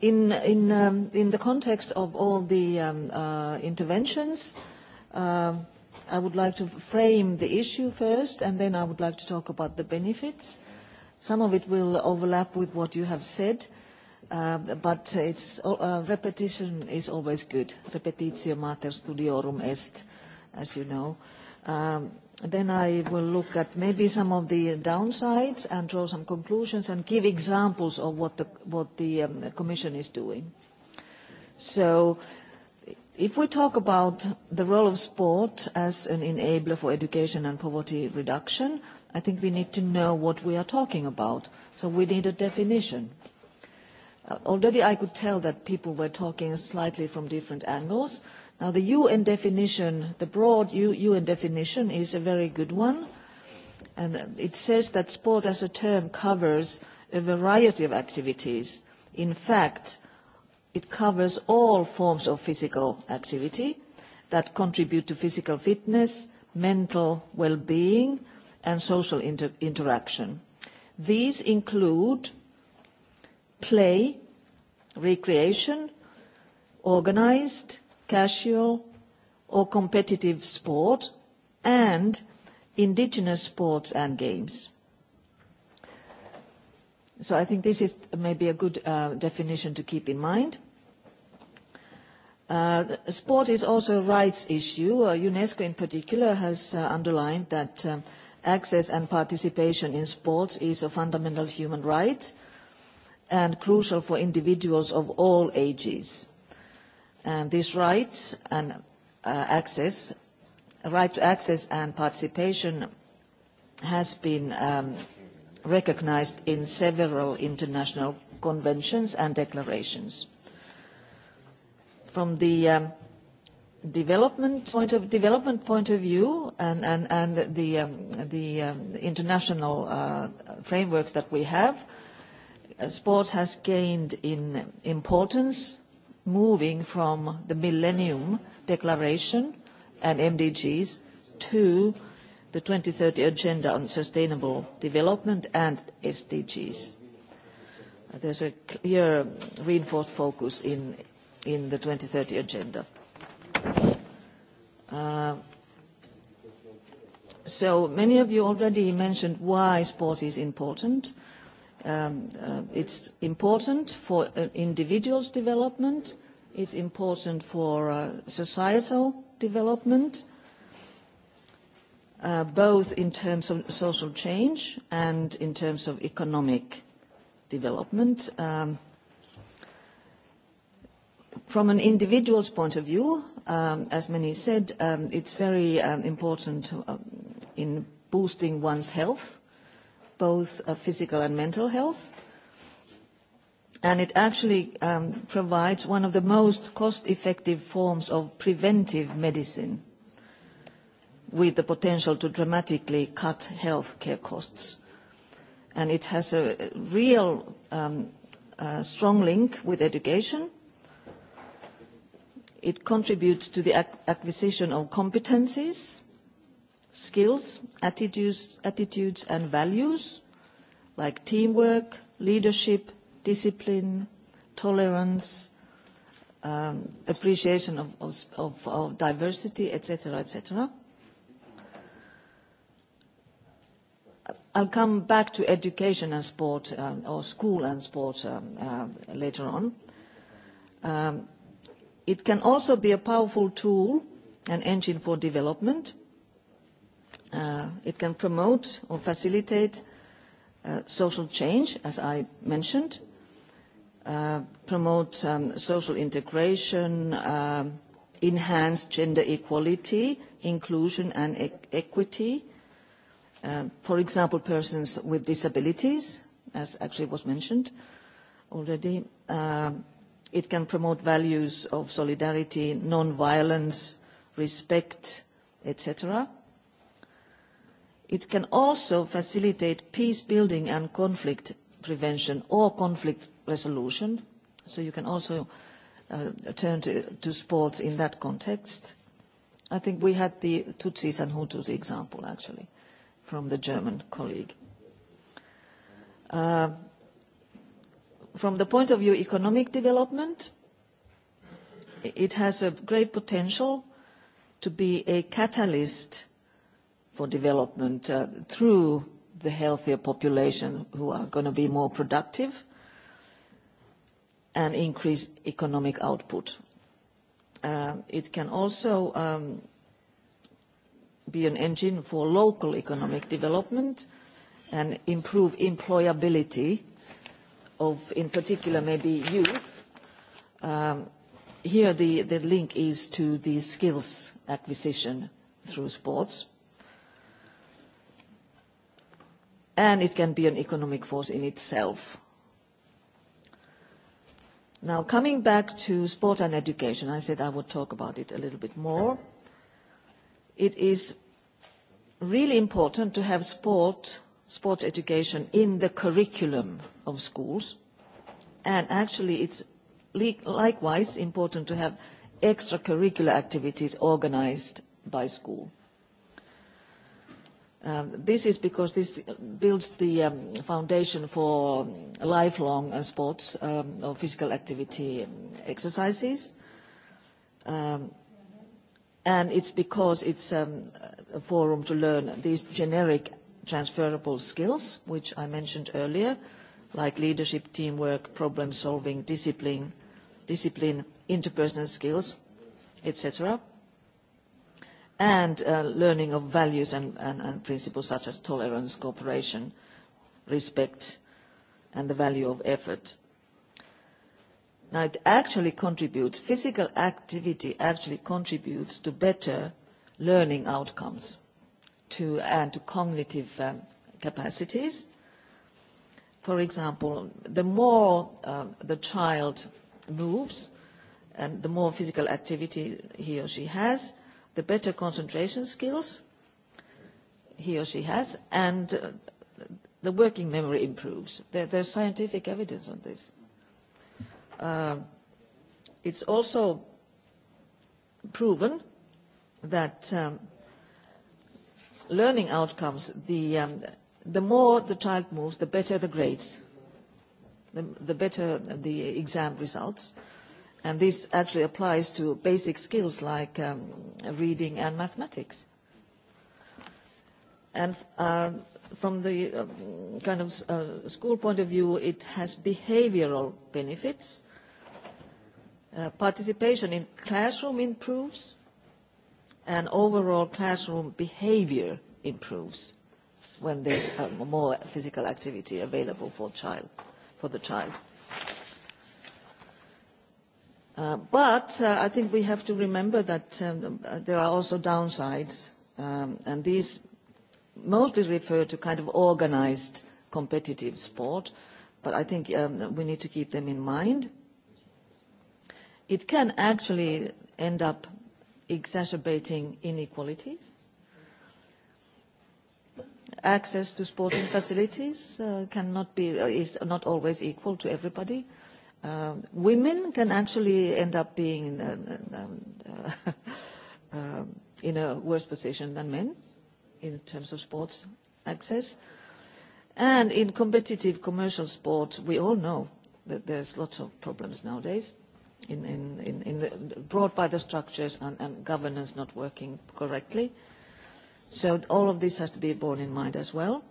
in, in, um, in the context of all the um, uh, interventions, uh, I would like to frame the issue first, and then I would like to talk about the benefits. Some of it will overlap with what you have said, uh, but it's, uh, repetition is always good. Repetitio mater studiorum est, as you know. Um, then I will look at maybe some of the downsides and draw some conclusions and give examples of what the, um, Commission is doing. So If we talk about the role of sport as an enabler for education and poverty reduction, I think we need to know what we are talking about. So we need a definition. Uh, already I could tell that people were talking slightly from different angles. Now the UN definition, the broad UN definition is a very good one. And it says that sport as a term covers a variety of activities. In fact, It covers all forms of physical activity that contribute to physical fitness, mental well-being, and social inter interaction. These include play, recreation, organised, casual, or competitive sport, and indigenous sports and games. So I think this is maybe a good uh, definition to keep in mind. Uh, sport is also a rights issue. Uh, UNESCO in particular has uh, underlined that um, access and participation in sports is a fundamental human right and crucial for individuals of all ages. And this right and uh, access, right to access and participation has been um, recognised in several international conventions and declarations. From the um, development point of development point of view and, and, and the, um, the um, international uh, frameworks that we have, uh, sport has gained in importance moving from the Millennium Declaration and MDGs to the 2030 Agenda on Sustainable Development and SDGs. Uh, there's a clear reinforced focus in, in the 2030 Agenda. Uh, so many of you already mentioned why sport is important. Um, uh, it's important for uh, individuals' development. It's important for uh, societal development Uh, both in terms of social change and in terms of economic development. Um, from an individual's point of view, um, as many said, um, it's very um, important um, in boosting one's health, both uh, physical and mental health. And it actually um, provides one of the most cost-effective forms of preventive medicine with the potential to dramatically cut healthcare costs. And it has a real um, uh, strong link with education. It contributes to the acquisition of competencies, skills, attitudes, attitudes and values like teamwork, leadership, discipline, tolerance, um, appreciation of, of, of diversity, etc., etc. I'll come back to education and sport, um, or school and sport um, uh, later on. Um, it can also be a powerful tool, an engine for development. Uh, it can promote or facilitate uh, social change, as I mentioned, promote social integration, enhance gender equality, inclusion and equity, Uh, for example, persons with disabilities, as actually was mentioned already. Uh, it can promote values of solidarity, non-violence, respect, etc. It can also facilitate peace building and conflict prevention or conflict resolution. So you can also uh, turn to, to sports in that context. I think we had the Tutsis and Hutus example, actually. Uh, from the German colleague. Uh, from the point of view economic development, it has a great potential to be a catalyst for development uh, through the healthier population who are going to be more productive and increase economic output. Uh, it can also um, be an engine for local economic development and improve employability of, in particular, maybe youth. Um, here the, the link is to the skills acquisition through sports. And it can be an economic force in itself. Now, coming back to sport and education, I said I would talk about it a little bit more. Yeah it is really important to have sport, sports education in the curriculum of schools. And actually, it's likewise important to have extracurricular activities organized by school. Um, this is because this builds the um, foundation for lifelong uh, sports um, or physical activity um, exercises. Um, and it's because it's um, a forum to learn these generic transferable skills, which I mentioned earlier, like leadership, teamwork, problem solving, discipline, discipline, interpersonal skills, etc. And uh, learning of values and, and, and principles such as tolerance, cooperation, respect, and the value of effort Now, it actually contributes, physical activity actually contributes to better learning outcomes to, and to cognitive um, capacities. For example, the more uh, the child moves and the more physical activity he or she has, the better concentration skills he or she has, and uh, the working memory improves. There, there's scientific evidence on this. Uh, it's also proven that um, learning outcomes, the, um, the more the child moves, the better the grades, the, the better the exam results. And this actually applies to basic skills like um, reading and mathematics. And uh, from the uh, kind of uh, school point of view, it has behavioral benefits Uh, participation in classroom improves and overall classroom behavior improves when there's uh, more physical activity available for, child, for the child. Uh, but uh, I think we have to remember that um, uh, there are also downsides, um, and these mostly refer to kind of organized competitive sport, but I think um, we need to keep them in mind it can actually end up exacerbating inequalities. Access to sporting facilities uh, cannot be, uh, is not always equal to everybody. Uh, women can actually end up being uh, uh, uh, in a worse position than men in terms of sports access. And in competitive commercial sports, we all know that there's lots of problems nowadays brought by the structures and, and governance not working correctly. So all of this has to be borne in mind as well.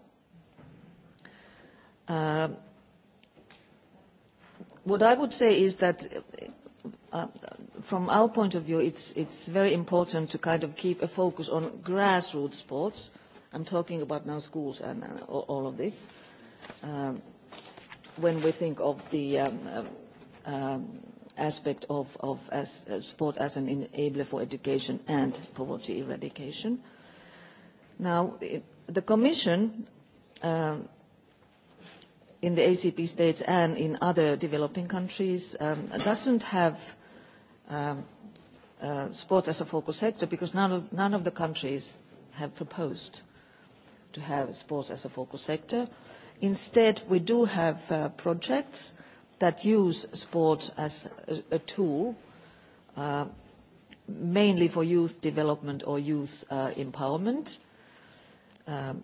Uh, what I would say is that uh, uh, from our point of view, it's, it's very important to kind of keep a focus on grassroots sports. I'm talking about now schools and, uh, all of this. Um, when we think of the um, um, um aspect of, of as, uh, sport as an enabler for education and poverty eradication. Now, it, the Commission uh, in the ACP states and in other developing countries um, doesn't have uh, uh, sport as a focal sector because none of, none of the countries have proposed to have sports as a focal sector. Instead, we do have uh, projects that use sports as a, a tool, uh, mainly for youth development or youth uh, empowerment, um,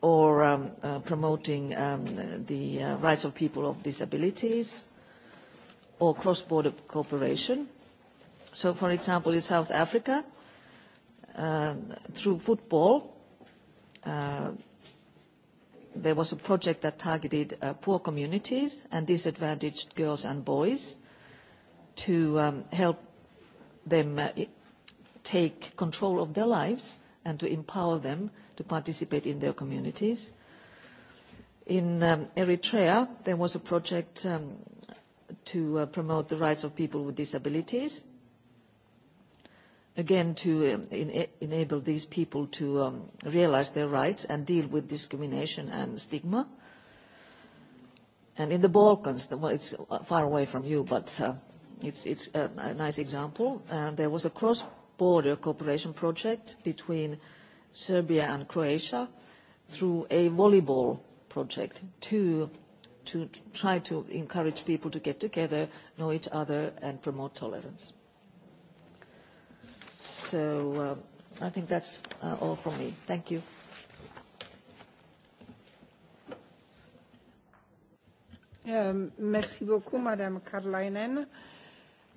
or um, uh, promoting um, the uh, rights of people of disabilities, or cross-border cooperation. So, for example, in South Africa, uh, through football, uh, there was a project that targeted uh, poor communities and disadvantaged girls and boys to um, help them uh, take control of their lives and to empower them to participate in their communities. In um, Eritrea, there was a project um, to uh, promote the rights of people with disabilities again to um, in, enable these people to um, realize their rights and deal with discrimination and stigma. And in the Balkans, the, well, it's uh, far away from you, but uh, it's, it's a, a nice example. Uh, there was a cross-border cooperation project between Serbia and Croatia through a volleyball project to, to try to encourage people to get together, know each other, and promote tolerance. So uh, I think that's uh, all from me. Thank you. Euh, merci beaucoup, Madame Karlainen.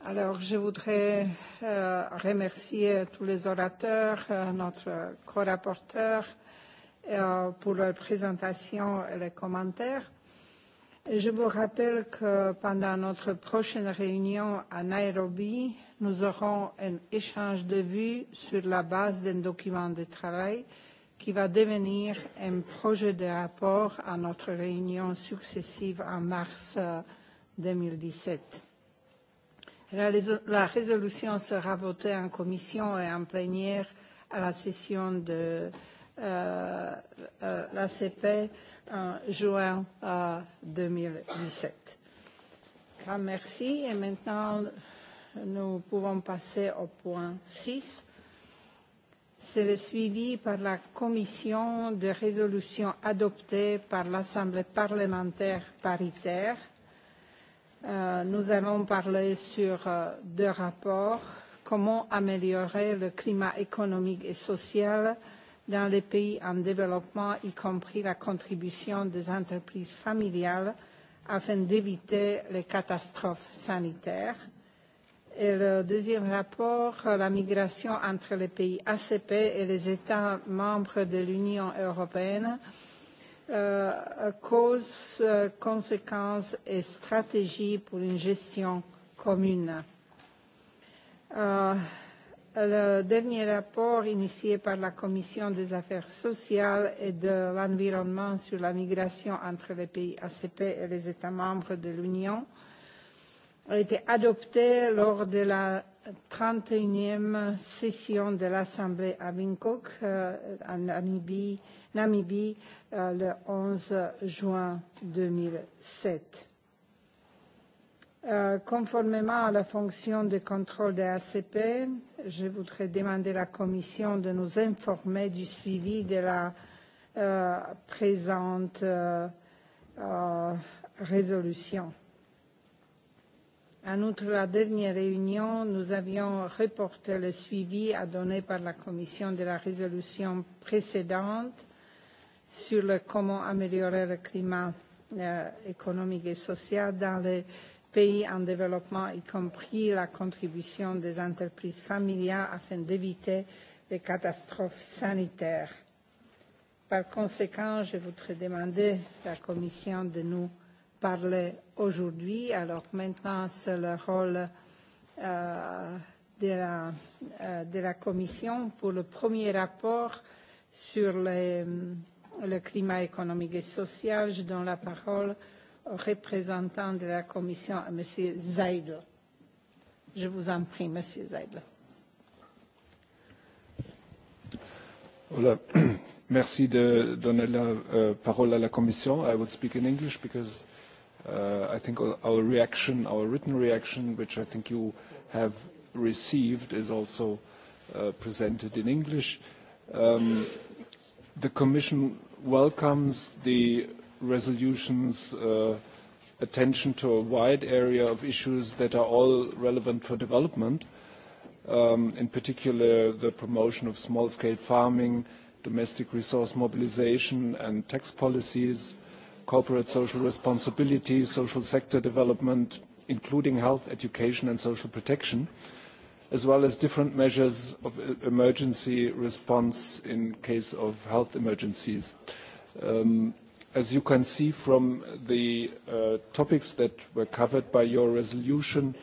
Alors, je voudrais euh, remercier tous les orateurs, euh, notre co-rapporteur, euh, pour leur présentation et les commentaires. Je vous rappelle que pendant notre prochaine réunion à Nairobi, Nous aurons un échange de vues sur la base d'un document de travail qui va devenir un projet de rapport à notre réunion successive en mars 2017. Euh, la résolution sera votée en commission et en plénière à la session de euh, euh, CP en juin euh, 2017. Grand merci et maintenant Nous pouvons passer au point 6. C'est le suivi par la commission de résolutions adoptées par l'Assemblée parlementaire paritaire. Euh, nous allons parler sur euh, deux rapports. Comment améliorer le climat économique et social dans les pays en développement, y compris la contribution des entreprises familiales, afin d'éviter les catastrophes sanitaires Et le deuxième rapport, euh, la migration entre les pays ACP et les États membres de l'Union européenne, euh, causes, euh, conséquences et stratégies pour une gestion commune. Euh, le dernier rapport initié par la Commission des affaires sociales et de l'environnement sur la migration entre les pays ACP et les États membres de l'Union a été adopté lors de la 31e session de l'Assemblée à Bangkok, en euh, Namibie, Namibie euh, le 11 juin 2007. Euh, conformément à la fonction de contrôle de ACP, je voudrais demander à la Commission de nous informer du suivi de la euh, présente euh, euh, résolution. En outre, la dernière réunion, nous avions reporté le suivi à donner par la Commission de la résolution précédente sur le comment améliorer le climat euh, économique et social dans les pays en développement, y compris la contribution des entreprises familiales afin d'éviter les catastrophes sanitaires. Par conséquent, je voudrais demander à la Commission de nous parler aujourd'hui. Alors maintenant, c'est le rôle euh, de, la, euh, de la Commission pour le premier rapport sur les, le climat économique et social. Je donne la parole au représentant de la Commission, M. Zeidel. Je vous en prie, M. Zeidel. Hola. Merci de donner la euh, parole à la Commission. I would speak in English because Uh, I think our reaction, our written reaction, which I think you have received, is also uh, presented in English. Um, the Commission welcomes the resolution's uh, attention to a wide area of issues that are all relevant for development, um, in particular the promotion of small-scale farming, domestic resource mobilization and tax policies, uh, corporate social responsibility, social sector development, including health, education and social protection, as well as different measures of emergency response in case of health emergencies. Um, as you can see from the uh, topics that were covered by your resolution,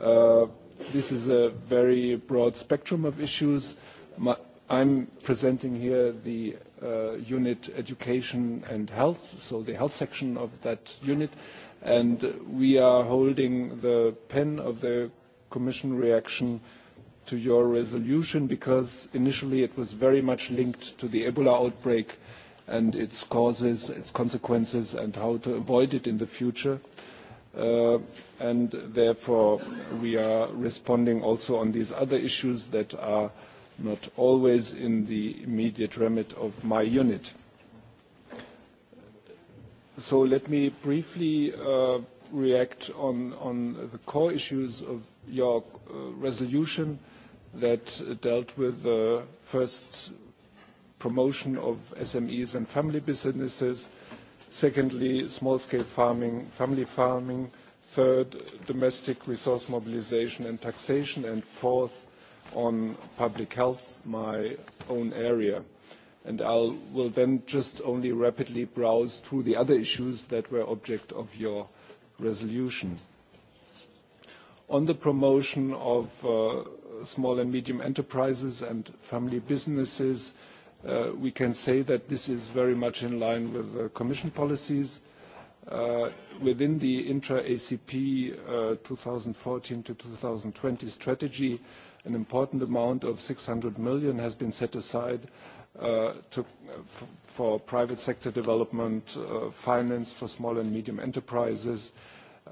uh, this is a very broad spectrum of issues. My, I'm presenting here the uh, unit education and health, so the health section of that unit. And we are holding the pen of the Commission reaction to your resolution because initially it was very much linked to the Ebola outbreak and its causes, its consequences, and how to avoid it in the future. Uh, and therefore, we are responding also on these other issues that are uh, not always in the immediate remit of my unit. So let me briefly uh, react on, on the core issues of your uh, resolution that dealt with the uh, first promotion of SMEs and family businesses, secondly, small-scale farming, family farming, third, domestic resource mobilization and taxation, and fourth, on public health, my own area. And I will then just only rapidly browse through the other issues that were object of your resolution. On the promotion of uh, small and medium enterprises and family businesses, uh, we can say that this is very much in line with the Commission policies. Uh, within the intra-ACP 2014 uh, to 2020 strategy, An important amount of 600 million has been set aside uh, to, uh, for private sector development, uh, finance for small and medium enterprises,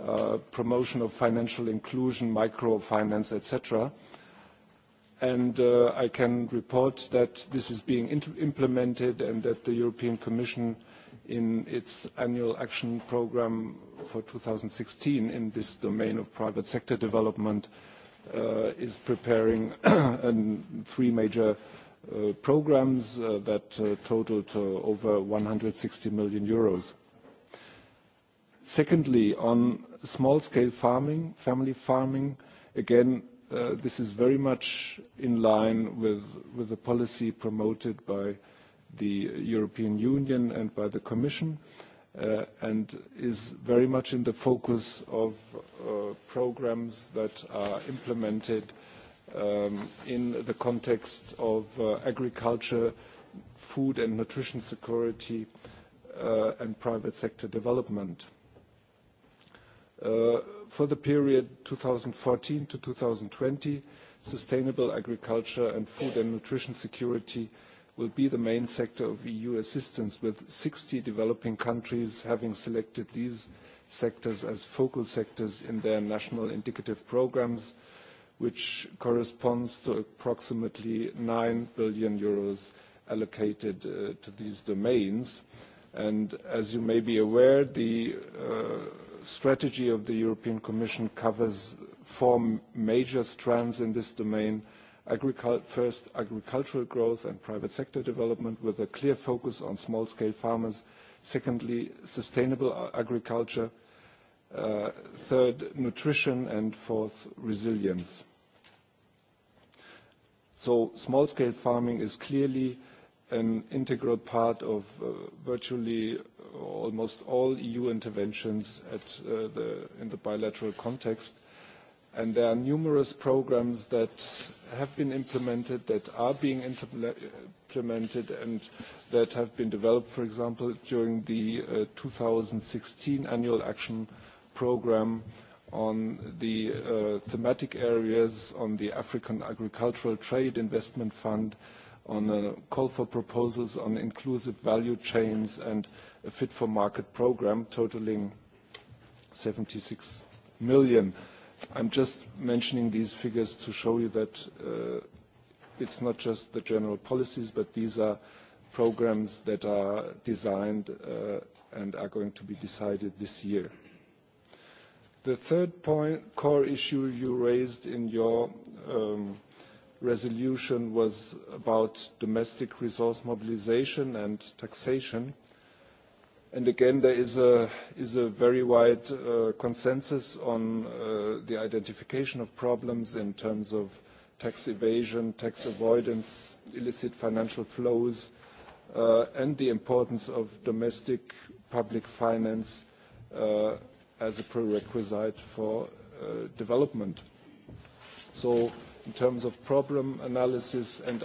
uh, promotion of financial inclusion, microfinance, etc. And uh, I can report that this is being implemented and that the European Commission in its annual action program for 2016 in this domain of private sector development uh, Uh, is preparing three major uh, programs uh, that total to over 160 million euros. Secondly, on small-scale farming, family farming, again, this is very much in line with, the policy promoted by the European Union and by the Commission. Uh, and is very much in the focus of uh, programs that are implemented um, in the context of uh, agriculture, food and nutrition security, uh, and private sector development. Uh, for the period 2014 to 2020, sustainable agriculture and food and nutrition security will be the main sector of EU assistance, with 60 developing countries having selected these sectors as focal sectors in their national indicative programs, which corresponds to approximately 9 billion euros allocated uh, to these domains. And as you may be aware, the uh, strategy of the European Commission covers four major strands in this domain, first, agricultural growth and private sector development with a clear focus on small-scale farmers. Secondly, sustainable agriculture. Uh, third, nutrition, and fourth, resilience. So small-scale farming is clearly an integral part of uh, virtually almost all EU interventions uh, in the bilateral context And there are numerous programs that have been implemented, that are being implemented, and that have been developed, for example, during the uh, 2016 annual action program on the uh, thematic areas, on the African Agricultural Trade Investment Fund, on a uh, call for proposals on inclusive value chains, and a fit for market program totaling 76 million. million. I'm just mentioning these figures to show you that uh, it's not just the general policies, but these are programs that are designed uh, and are going to be decided this year. The third point, core issue you raised in your um, resolution was about domestic resource mobilization and taxation. And again, there is a, is a very wide uh, consensus on uh, the identification of problems in terms of tax evasion, tax avoidance, illicit financial flows, uh, and the importance of domestic public finance uh, as a prerequisite for uh, development. So in terms of problem analysis, and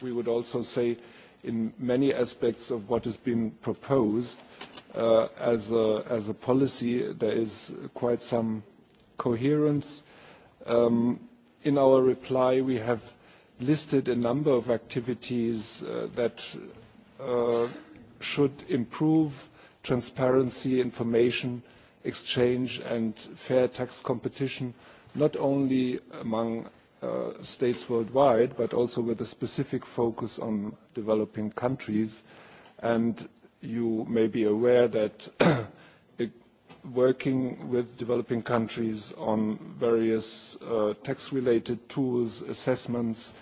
we would also say in many aspects of what has been proposed uh, as, a, as a policy, there is quite some coherence. Um, in our reply, we have listed a number of activities uh, that uh, should improve transparency, information, exchange, and fair tax competition, not only among Uh, states worldwide, but also with a specific focus on developing countries. And you may be aware that working with developing countries on various uh, tax-related tools, assessments,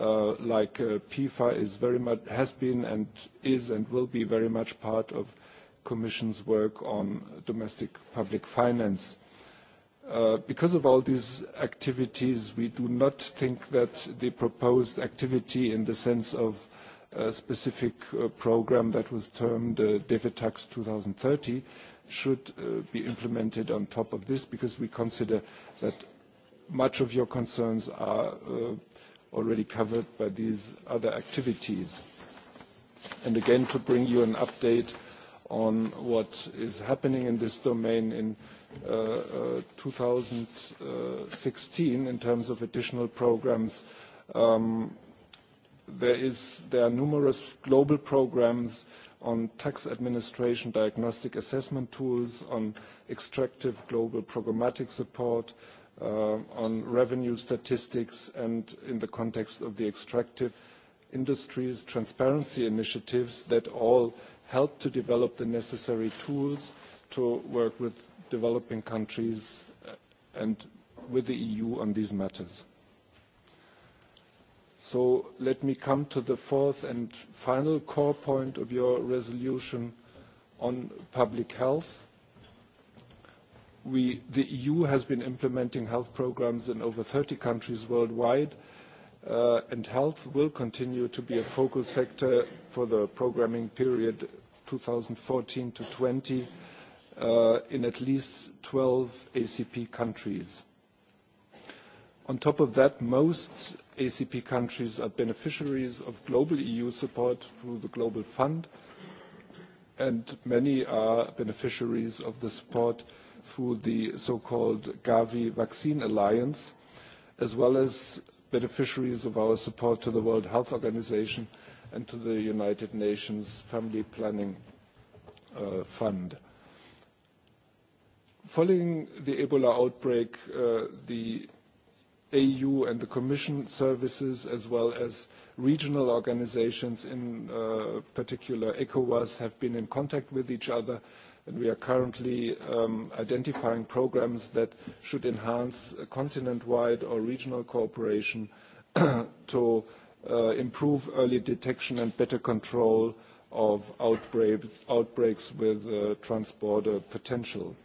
uh, like uh, PIFA is very much, has been and is and will be very much part of Commission's work on domestic public finance. Uh, because of all these activities, we do not think that the proposed activity in the sense of a specific programme uh, program that was termed uh, DEVETAX 2030 should uh, be implemented on top of this because we consider that much of your concerns are already covered by these other activities. And again, to bring you an update on what is happening in this domain in 2016 uh, uh, in terms of additional programs. Um, there, are numerous global programs on tax administration diagnostic assessment tools, on extractive global programmatic support, uh, on revenue statistics, and in the context of the extractive industries transparency initiatives that all help to develop the necessary tools to work with developing countries uh, and with the EU on these matters. So let me come to the fourth and final core point of your resolution on public health. We, the EU has been implementing health programs in over 30 countries worldwide, uh, and health will continue to be a focal sector for the programming period 2014 to 20. Uh, in at least 12 ACP countries. On top of that, most ACP countries are beneficiaries of global EU support through the Global Fund, and many are beneficiaries of the support through the so-called Gavi Vaccine Alliance, as well as beneficiaries of our support to the World Health Organization and to the United Nations Family Planning uh, Fund. Following the Ebola outbreak, uh, the AU and the Commission services, as well as regional organizations, in uh, particular ECOWAS, have been in contact with each other, and we are currently um, identifying programs that should enhance continent-wide or regional cooperation to uh, improve early detection and better control of outbreaks, outbreaks with uh, transborder potential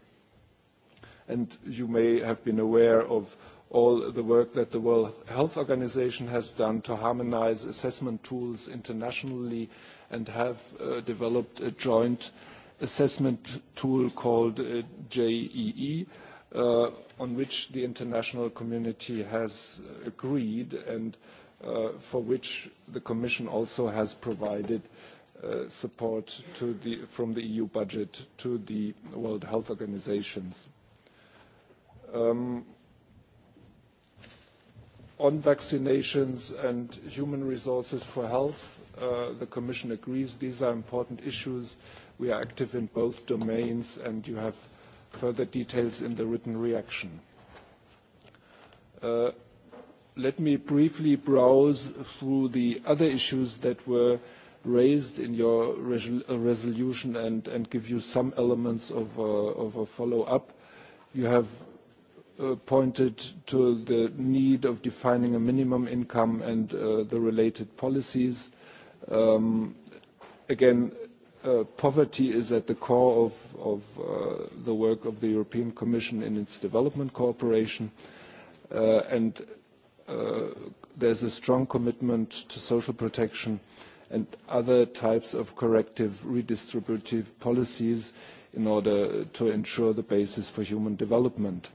and you may have been aware of all the work that the World Health Organization has done to harmonize assessment tools internationally and have uh, developed a joint assessment tool called uh, JEE, uh, on which the international community has agreed and uh, for which the Commission also has provided uh, support to the, from the EU budget to the World Health Organizations. Um, on vaccinations and human resources for health, uh, the Commission agrees these are important issues. We are active in both domains, and you have further details in the written reaction. Uh, let me briefly browse through the other issues that were raised in your uh, resolution and, give you some elements of a follow-up. You have Uh, pointed to the need of defining a minimum income and uh, the related policies. Um, again, uh, poverty is at the core of, of uh, the work of the European Commission in its development cooperation, uh, and there's a strong commitment to social protection and other types of corrective redistributive policies in order to ensure the basis for human development.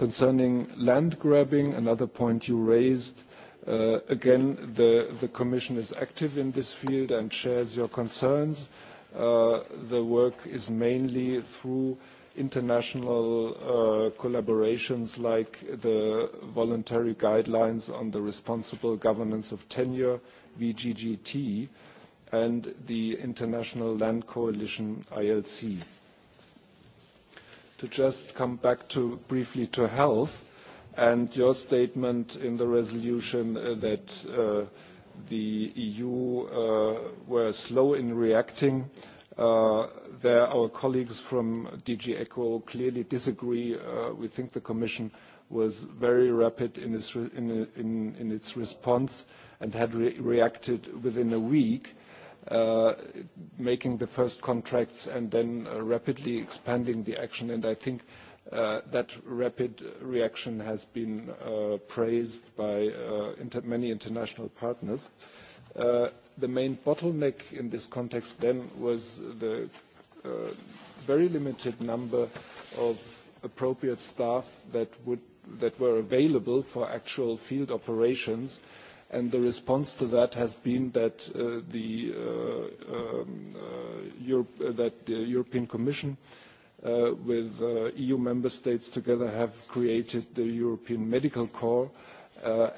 Concerning land grabbing, another point you raised, uh, again, the, Commission is active in this field and shares your concerns. Uh, the work is mainly through international uh, collaborations like the voluntary guidelines on the responsible governance of tenure, VGGT, and the International Land Coalition, ILC to just come back to briefly to health and your statement in the resolution uh, that uh, the EU uh, were slow in reacting. Uh, there, our colleagues from DG ECHO clearly disagree. Uh, we think the Commission was very rapid in its, in, in, in its response and had re reacted within a week. Uh, making the first contracts and then uh, rapidly expanding the action. And I think uh, that rapid reaction has been praised by many international partners. The main bottleneck in this context then was the very limited number of appropriate staff that were available for actual field operations, and the response to that has been that, uh, the, uh, um, uh, Europe, uh, that the European Commission uh, with EU member states together have created the European Medical Corps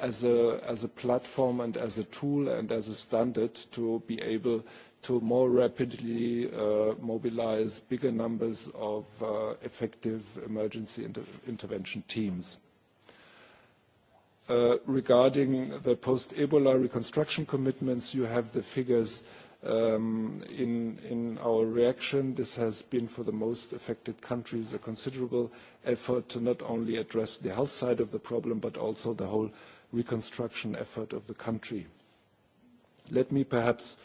as a, as a platform and as a tool and as a standard to be able to more rapidly uh, mobilize bigger numbers of uh, effective emergency inter intervention teams. Uh, regarding the post-Ebola reconstruction commitments, you have the figures um, in, our reaction. This has been, for the most affected countries, a considerable effort to not only address the health side of the problem, but also the whole reconstruction effort of the country. Let me perhaps,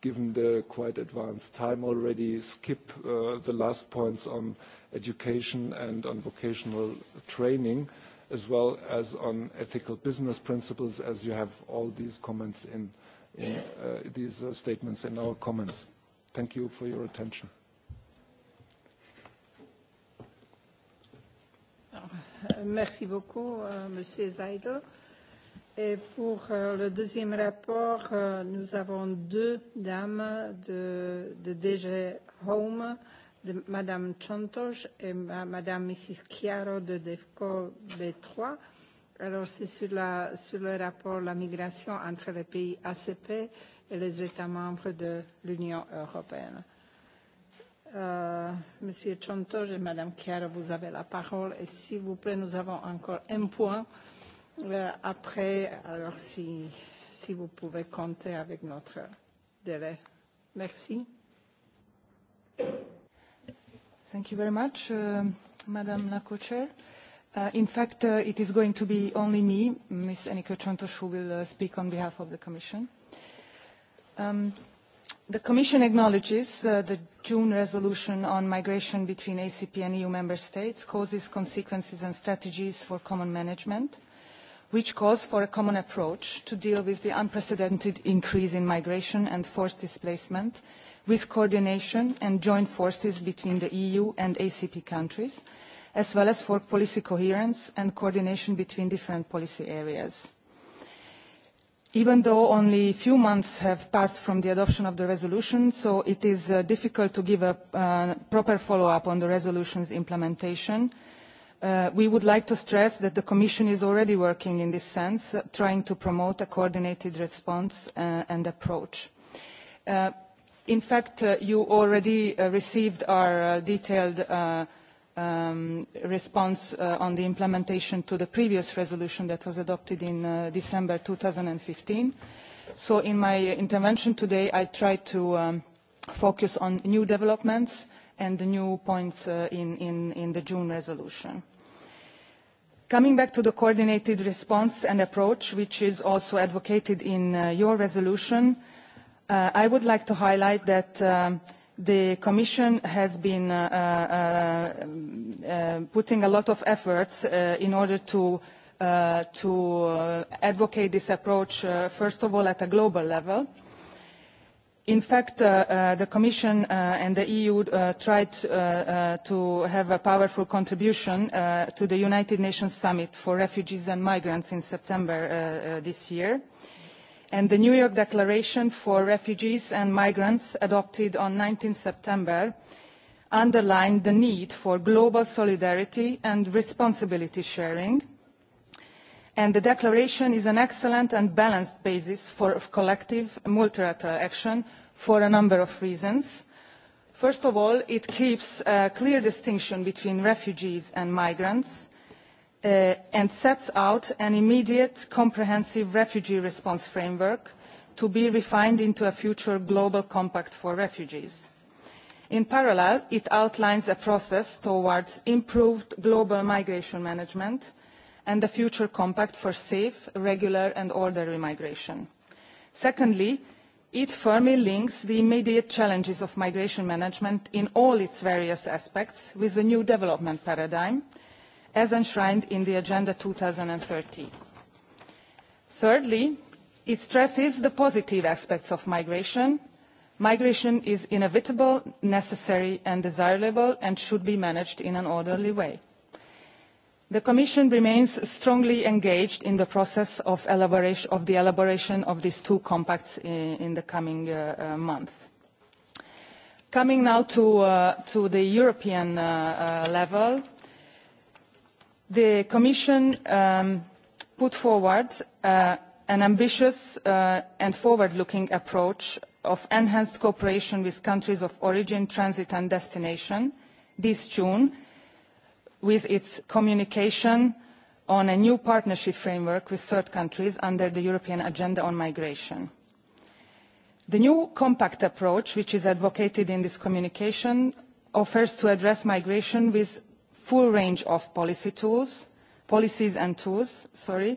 given the quite advanced time already, skip uh, the last points on education and on vocational training as well as on ethical business principles, as you have all these comments in, in uh, these uh, statements in our comments. Thank you for your attention. Euh, merci beaucoup, euh, Monsieur Zaidel. Et pour euh, le deuxième rapport, euh, nous avons deux dames de, de DG Home. Madame Chontosh et Madame Mrs. Chiaro de DEFCO B3. Alors, c'est sur, la, sur le rapport la migration entre les pays ACP et les États membres de l'Union européenne. Euh, Monsieur Chontosh et Madame Chiaro, vous avez la parole. Et s'il vous plaît, nous avons encore un point euh, après. Alors, si, si vous pouvez compter avec notre délai. Merci. Thank you. Thank you very much, uh, Madam la Co-Chair. Uh, in fact, uh, it is going to be only me, Ms. Enika Csontos, who will uh, speak on behalf of the Commission. Um, the Commission acknowledges uh, the June resolution on migration between ACP and EU member states causes consequences and strategies for common management, which calls for a common approach to deal with the unprecedented increase in migration and forced displacement with coordination and joint forces between the EU and ACP countries, as well as for policy coherence and coordination between different policy areas. Even though only a few months have passed from the adoption of the resolution, so it is uh, difficult to give a uh, proper follow-up on the resolution's implementation, uh, we would like to stress that the Commission is already working in this sense, trying to promote a coordinated response and approach in fact, uh, you already uh, received our uh, detailed uh, um, response uh, on the implementation to the previous resolution that was adopted in uh, December 2015. So in my intervention today, I tried to um, focus on new developments and the new points uh, in, in, in the June resolution. Coming back to the coordinated response and approach, which is also advocated in uh, your resolution, uh, Uh, I would like to highlight that um, the Commission has been uh, uh, putting a lot of efforts in order to, to advocate this approach, first of all, at a global level. In fact, uh, uh, the Commission uh, and the EU tried to have a powerful contribution to the United Nations Summit for Refugees and Migrants in September this year. Uh, and the New York Declaration for Refugees and Migrants adopted on 19 September underlined the need for global solidarity and responsibility sharing, and the declaration is an excellent and balanced basis for collective multilateral action for a number of reasons. First of all, it keeps a clear distinction between refugees and migrants, Uh, and sets out an immediate comprehensive refugee response framework to be refined into a future global compact for refugees. In parallel, it outlines a process towards improved global migration management and a future compact for safe, regular and orderly migration. Secondly, it firmly links the immediate challenges of migration management in all its various aspects with the new development paradigm, as enshrined in the Agenda 2030. Thirdly, it stresses the positive aspects of migration. Migration is inevitable, necessary and desirable and should be managed in an orderly way. The Commission remains strongly engaged in the process of, elaboration, of the elaboration of these two compacts in, in the coming uh, uh, months. Coming now to, uh, to the European uh, uh, level, The Commission um, put forward uh, an ambitious uh, and forward-looking approach of enhanced cooperation with countries of origin, transit and destination this June with its communication on a new partnership framework with third countries under the European Agenda on Migration. The new compact approach, which is advocated in this communication, offers to address migration with full range of policy tools, policies and tools, sorry,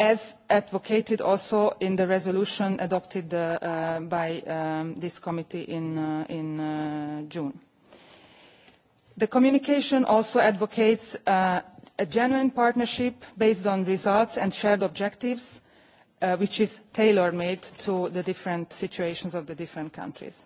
as advocated also in the resolution adopted uh, uh, by um, this committee in, uh, in uh, June. The communication also advocates uh, a genuine partnership based on results and shared objectives, uh, which is tailor-made to the different situations of the different countries.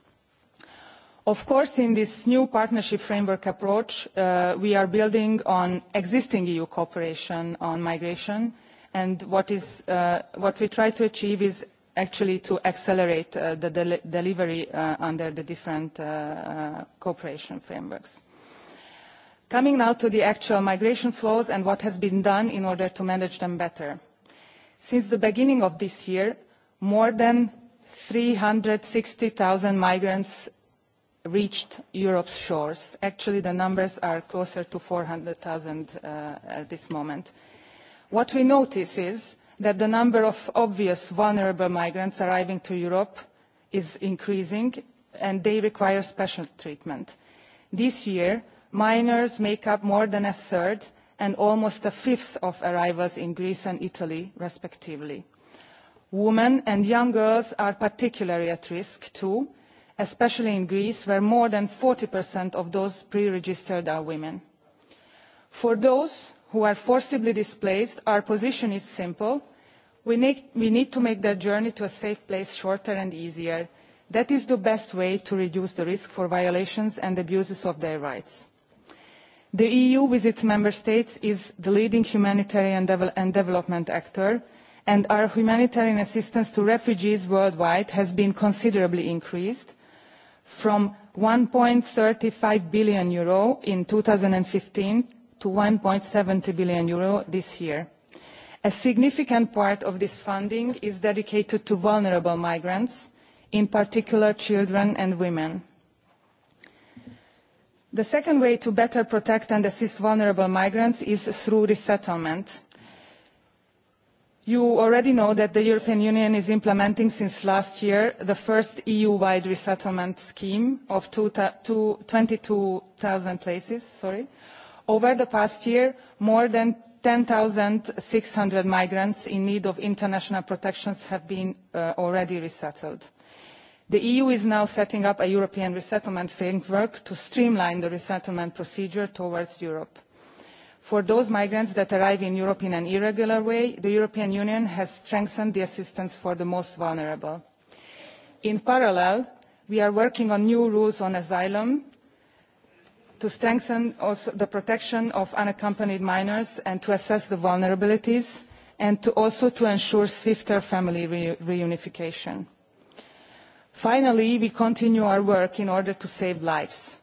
Of course, in this new partnership framework approach, uh, we are building on existing EU cooperation on migration, and what, is, uh, what we try to achieve is actually to accelerate uh, the del delivery uh, under the different uh, uh, cooperation frameworks. Coming now to the actual migration flows and what has been done in order to manage them better. Since the beginning of this year, more than 360,000 migrants reached Europe's shores. Actually, the numbers are closer to 400,000 uh, at this moment. What we notice is that the number of obvious vulnerable migrants arriving to Europe is increasing, and they require special treatment. This year, minors make up more than a third and almost a fifth of arrivals in Greece and Italy, respectively. Women and young girls are particularly at risk, too, especially in Greece, where more than 40% of those pre-registered are women. For those who are forcibly displaced, our position is simple. We, need to make their journey to a safe place shorter and easier. That is the best way to reduce the risk for violations and abuses of their rights. The EU, with its member states, is the leading humanitarian and development actor, and our humanitarian assistance to refugees worldwide has been considerably increased, from 1.35 billion euro in 2015 to 1.70 billion euro this year. A significant part of this funding is dedicated to vulnerable migrants, in particular children and women. The second way to better protect and assist vulnerable migrants is through resettlement you already know that the european union is implementing since last year the first eu wide resettlement scheme of twenty two zero places. Sorry. over the past year more than ten six hundred migrants in need of international protection have been uh, already resettled. the eu is now setting up a european resettlement framework to streamline the resettlement procedure towards europe For those migrants that arrive in Europe in an irregular way, the European Union has strengthened the assistance for the most vulnerable. In parallel, we are working on new rules on asylum to strengthen also the protection of unaccompanied minors and to assess the vulnerabilities and to also to ensure swifter family re reunification. Finally, we continue our work in order to save lives.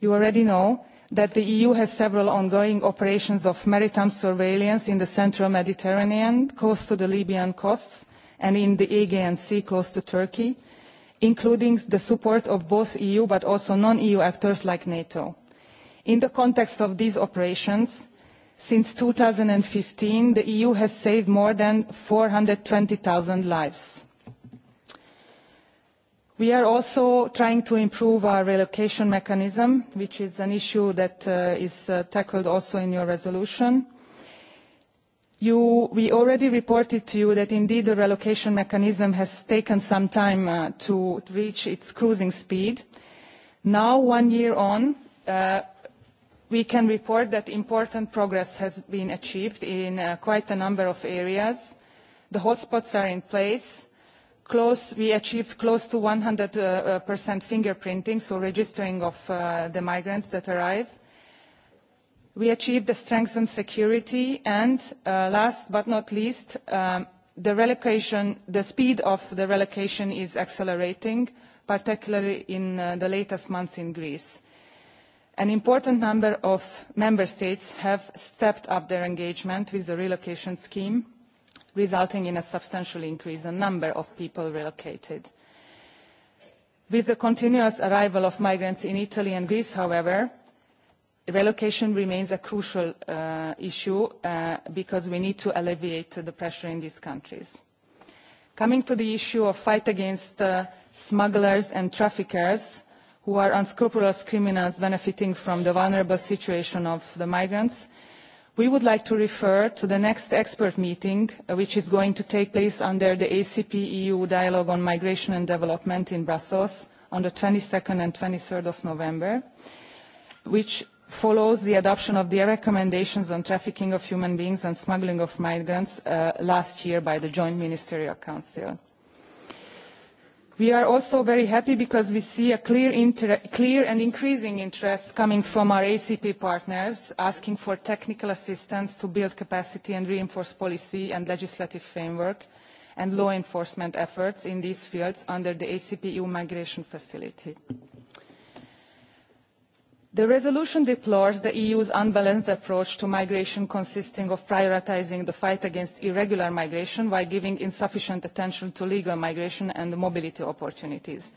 You already know that the EU has several ongoing operations of maritime surveillance in the central Mediterranean, close to the Libyan coasts, and in the Aegean Sea, close to Turkey, including the support of both EU but also non-EU actors like NATO. In the context of these operations, since 2015, the EU has saved more than 420,000 lives. We are also trying to improve our relocation mechanism, which is an issue that uh, is uh, tackled also in your resolution. You, we already reported to you that indeed the relocation mechanism has taken some time uh, to reach its cruising speed. Now, one year on, uh, we can report that important progress has been achieved in uh, quite a number of areas. The hotspots are in place close, we achieved close to 100% uh, uh, fingerprinting, so registering of uh, the migrants that arrive. We achieved the strengthened security and uh, last but not least, um, the relocation, the speed of the relocation is accelerating, particularly in uh, the latest months in Greece. An important number of member states have stepped up their engagement with the relocation scheme resulting in a substantial increase in the number of people relocated. With the continuous arrival of migrants in Italy and Greece, however, relocation remains a crucial uh, issue uh, because we need to alleviate the pressure in these countries. Coming to the issue of fight against uh, smugglers and traffickers, who are unscrupulous criminals benefiting from the vulnerable situation of the migrants, We would like to refer to the next expert meeting, uh, which is going to take place under the ACP-EU Dialogue on Migration and Development in Brussels on the 22nd and 23rd of November, which follows the adoption of the recommendations on trafficking of human beings and smuggling of migrants uh, last year by the Joint Ministerial Council we are also very happy because we see a clear, clear and increasing interest coming from our acp partners asking for technical assistance to build capacity and reinforce policy and legislative framework and law enforcement efforts in these fields under the acp eu migration facility. The resolution deplores the EU's unbalanced approach to migration consisting of prioritising the fight against irregular migration while giving insufficient attention to legal migration and mobility opportunities.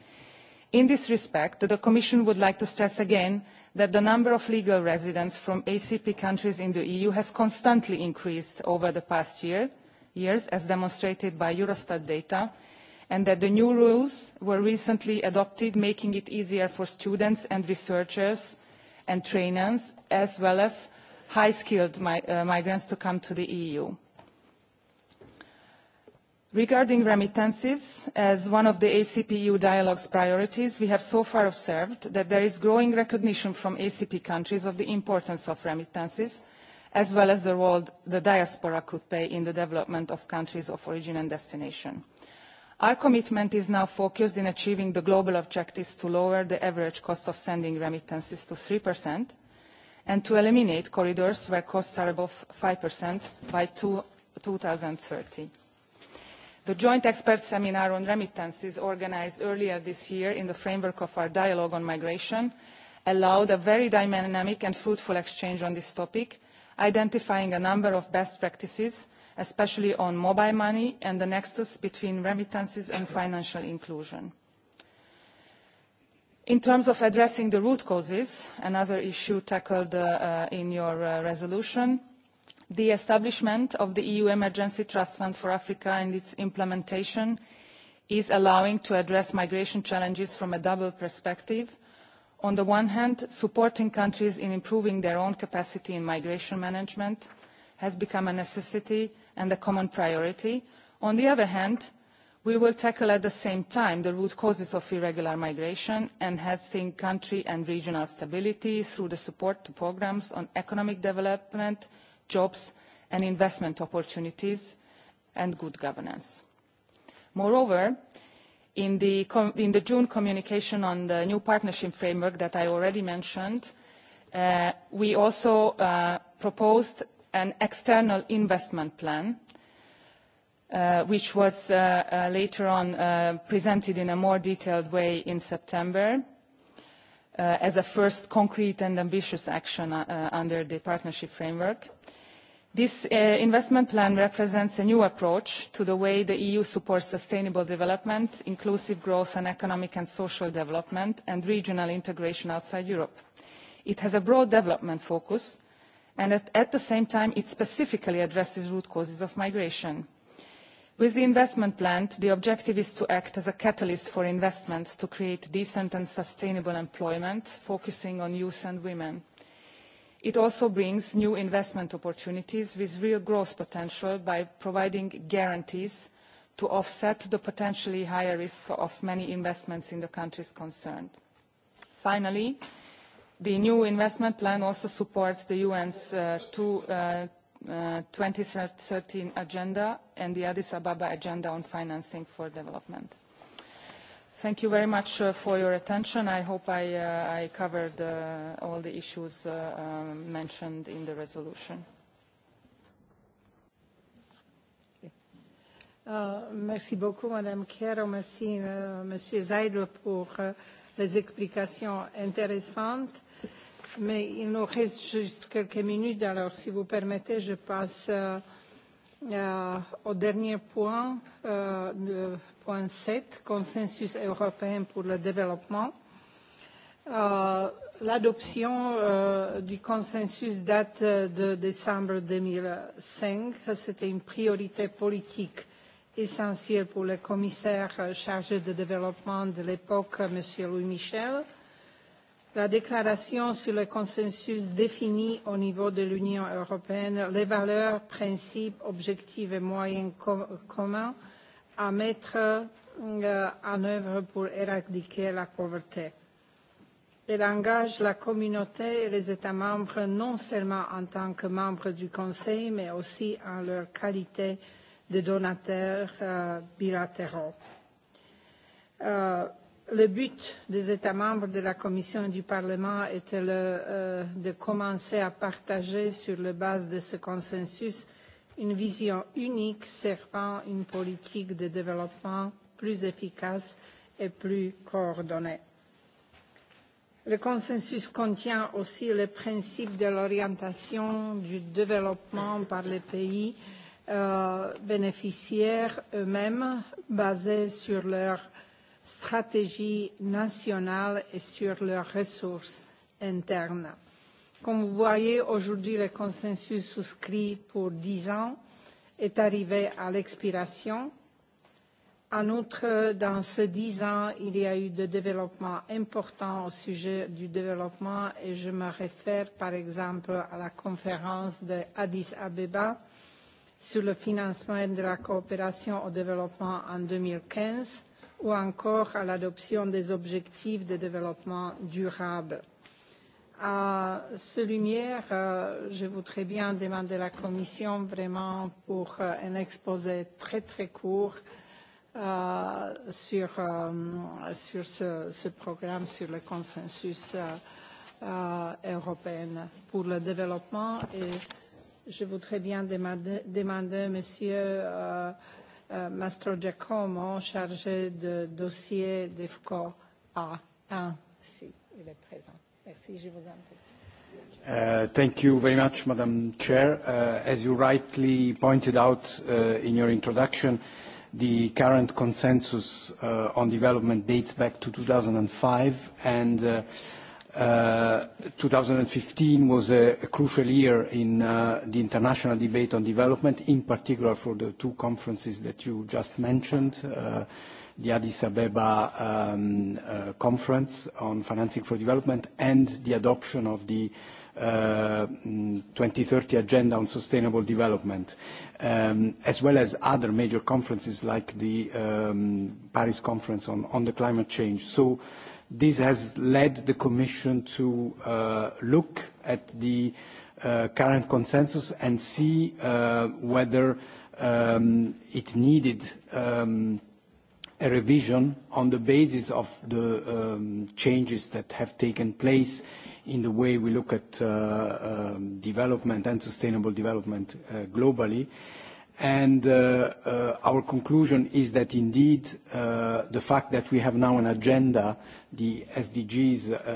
In this respect, the Commission would like to stress again that the number of legal residents from ACP countries in the EU has constantly increased over the past year, years, as demonstrated by Eurostat data, and that the new rules were recently adopted, making it easier for students and researchers and trainers, as well as high-skilled mi uh, migrants to come to the EU. Regarding remittances, as one of the ACP-EU dialogue's priorities, we have so far observed that there is growing recognition from ACP countries of the importance of remittances, as well as the role the diaspora could play in the development of countries of origin and destination. Our commitment is now focused in achieving the global objectives to lower the average cost of sending remittances to 3% and to eliminate corridors where costs are above 5% by two, 2030. The joint expert seminar on remittances organised earlier this year in the framework of our dialogue on migration allowed a very dynamic and fruitful exchange on this topic, identifying a number of best practices especially on mobile money and the nexus between remittances and financial inclusion. In terms of addressing the root causes, another issue tackled uh, uh in your uh, resolution, the establishment of the EU Emergency Trust Fund for Africa and its implementation is allowing to address migration challenges from a double perspective. On the one hand, supporting countries in improving their own capacity in migration management has become a necessity and a common priority. On the other hand, we will tackle at the same time the root causes of irregular migration and enhancing country and regional stability through the support to programmes on economic development, jobs and investment opportunities and good governance. Moreover, in the, June communication on the new partnership framework that I already mentioned, uh, we also uh, proposed an external investment plan uh, which was uh, uh, later on uh, presented in a more detailed way in September uh, as a first concrete and ambitious action uh, under the partnership framework. This investment plan represents a new approach to the way the EU supports sustainable development, inclusive growth and economic and social development and regional integration outside Europe. It has a broad development focus and at, at the same time it specifically addresses root causes of migration. With the investment plan, the objective is to act as a catalyst for investments to create decent and sustainable employment, focusing on youth and women. It also brings new investment opportunities with real growth potential by providing guarantees to offset the potentially higher risk of many investments in the countries concerned. Finally, The new investment plan also supports the UN's uh, two, uh, uh, 2013 agenda and the Addis Ababa agenda on financing for development. Thank you very much uh, for your attention. I hope I, uh, I covered uh, all the issues uh, um, mentioned in the resolution. Uh, merci beaucoup, Madame Kerr. Merci, uh, Monsieur Zeidel, pour uh, les explications intéressantes. Mais il nous reste juste quelques minutes, alors si vous permettez, je passe euh, euh, au dernier point, euh, le point 7, consensus européen pour le développement. Euh, L'adoption euh, du consensus date de décembre 2005. C'était une priorité politique essentiel pour le commissaire chargé du développement de l'époque, M. Louis Michel. La déclaration sur le consensus la au niveau de l'Union européenne les valeurs, principes, objectifs et moyens com communs à mettre euh, en œuvre pour éradiquer la pauvreté. Elle engage la communauté et les États membres non seulement en tant que membres du Conseil, mais aussi en leur qualité de de donateurs euh, bilatéraux. Euh, le but des États membres de la Commission et du Parlement était le, euh, de commencer à partager sur la base de ce consensus une vision unique servant une politique de développement plus efficace et plus coordonnée. Le consensus contient aussi le principe de l'orientation du développement par les pays euh, Euh, bénéficiaires eux-mêmes basés sur leur stratégie nationale et sur leurs ressources internes. Comme vous voyez, aujourd'hui, le consensus souscrit pour 10 ans est arrivé à l'expiration. En outre, dans ces dix ans, il y a eu des développements importants au sujet du développement et je me réfère par exemple à la conférence de Addis Abeba sur le financement de la coopération au développement en 2015 ou encore à l'adoption des objectifs de développement durable. À ce lumière, euh, je voudrais bien demander à la Commission vraiment pour euh, un exposé très très court euh, sur, euh, sur ce, ce programme, sur le consensus euh, euh, européen pour le développement et je voudrais bien demander, demander à Monsieur euh, euh, Mastro Giacomo, chargé de dossier d'EFCO A1, si il est présent. Merci, je vous en prie. Uh, thank you very much, Madam Chair. Uh, as you rightly pointed out uh, in your introduction, the current consensus uh, on development dates back to 2005 and uh, 2015 uh, was a, a crucial year in uh, the international debate on development, in particular for the two conferences that you just mentioned, uh, the Addis Abeba um, uh, conference on financing for development and the adoption of the 2030 uh, agenda on sustainable development, um, as well as other major conferences like the um, Paris conference on, on the climate change. So, This has led the Commission to uh, look at the uh, current consensus and see uh, whether um, it needed um, a revision on the basis of the um, changes that have taken place in the way we look at uh, um, development and sustainable development uh, globally. Uh, and uh, uh, our conclusion is that indeed uh, the fact that we have now an agenda, the SDGs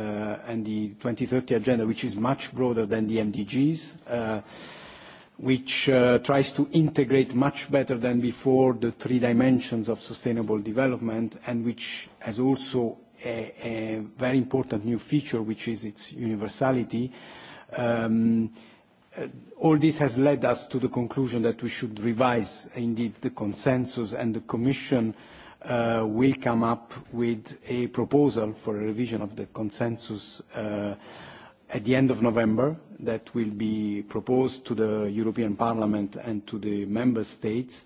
and the 2030 agenda, which is much broader than the MDGs, which tries to integrate much better than before the three dimensions of sustainable development and which has also a, very important new feature, which is its universality. Um, Uh, all this has led us to the conclusion that we should revise indeed the consensus and the Commission uh, will come up with a proposal for a revision of the consensus uh, at the end of November that will be proposed to the European Parliament and to the Member States.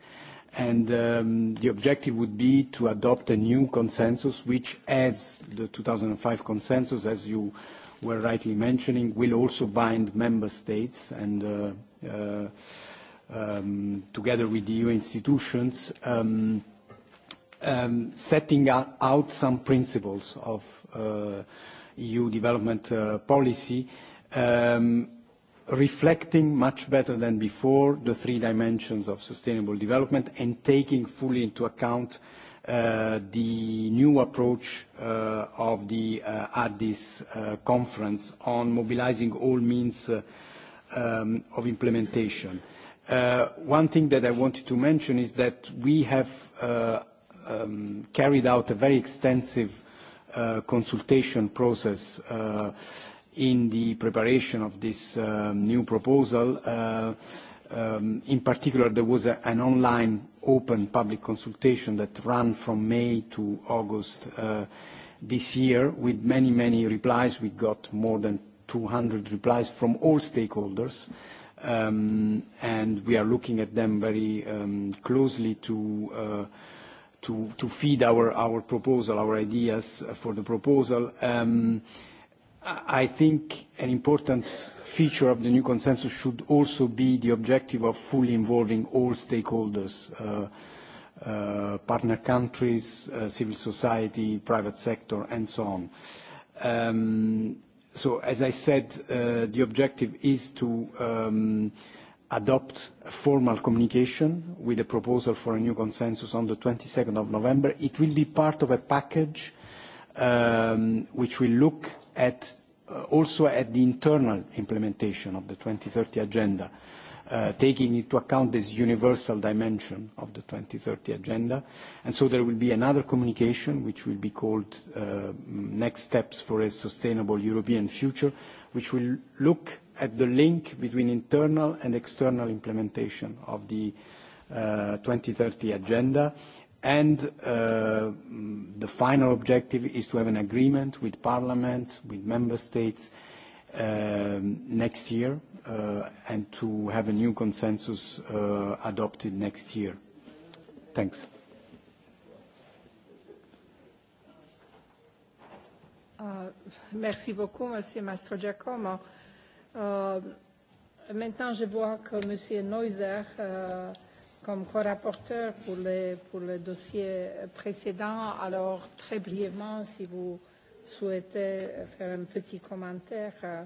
And um, the objective would be to adopt a new consensus which, as the 2005 consensus, as you were rightly mentioning, will also bind member states and uh, uh, um, together with the EU institutions, um, um, setting out some principles of uh, EU development policy, reflecting much better than before the three dimensions of sustainable development and taking fully into account Uh, the new approach uh, of the uh, Addis uh, conference on mobilizing all means uh, um, of implementation. Uh, one thing that I wanted to mention is that we have uh, um, carried out a very extensive uh, consultation process uh, in the preparation of this um, new proposal. Uh, um, in particular, there was a, an online open public consultation that ran from May to August uh, this year with many, many replies. We got more than 200 replies from all stakeholders, um, and we are looking at them very um, closely uh, to, to, feed our, our proposal, our ideas for the proposal. Um, I think an important feature of the new consensus should also be the objective of fully involving all stakeholders, uh, uh, partner countries, uh, civil society, private sector, and so on. Um, so, as I said, uh, the objective is to um, adopt a formal communication with a proposal for a new consensus on the 22nd of November. It will be part of a package Um, which will look at uh, also at the internal implementation of the 2030 agenda, uh, taking into account this universal dimension of the 2030 agenda. And so there will be another communication, which will be called uh, Next Steps for a Sustainable European Future, which will look at the link between internal and external implementation of the 2030 agenda And uh, the final objective is to have an agreement with Parliament, with Member States uh, next year, uh, and to have a new consensus uh, adopted next year. Thanks. Uh, merci beaucoup, Monsieur Mastrogiacomo. Uh, maintenant, je vois que Monsieur Neuser euh, comme co-rapporteur pour le, pour le dossier précédent. Alors, très brièvement, si vous souhaitez faire un petit commentaire euh,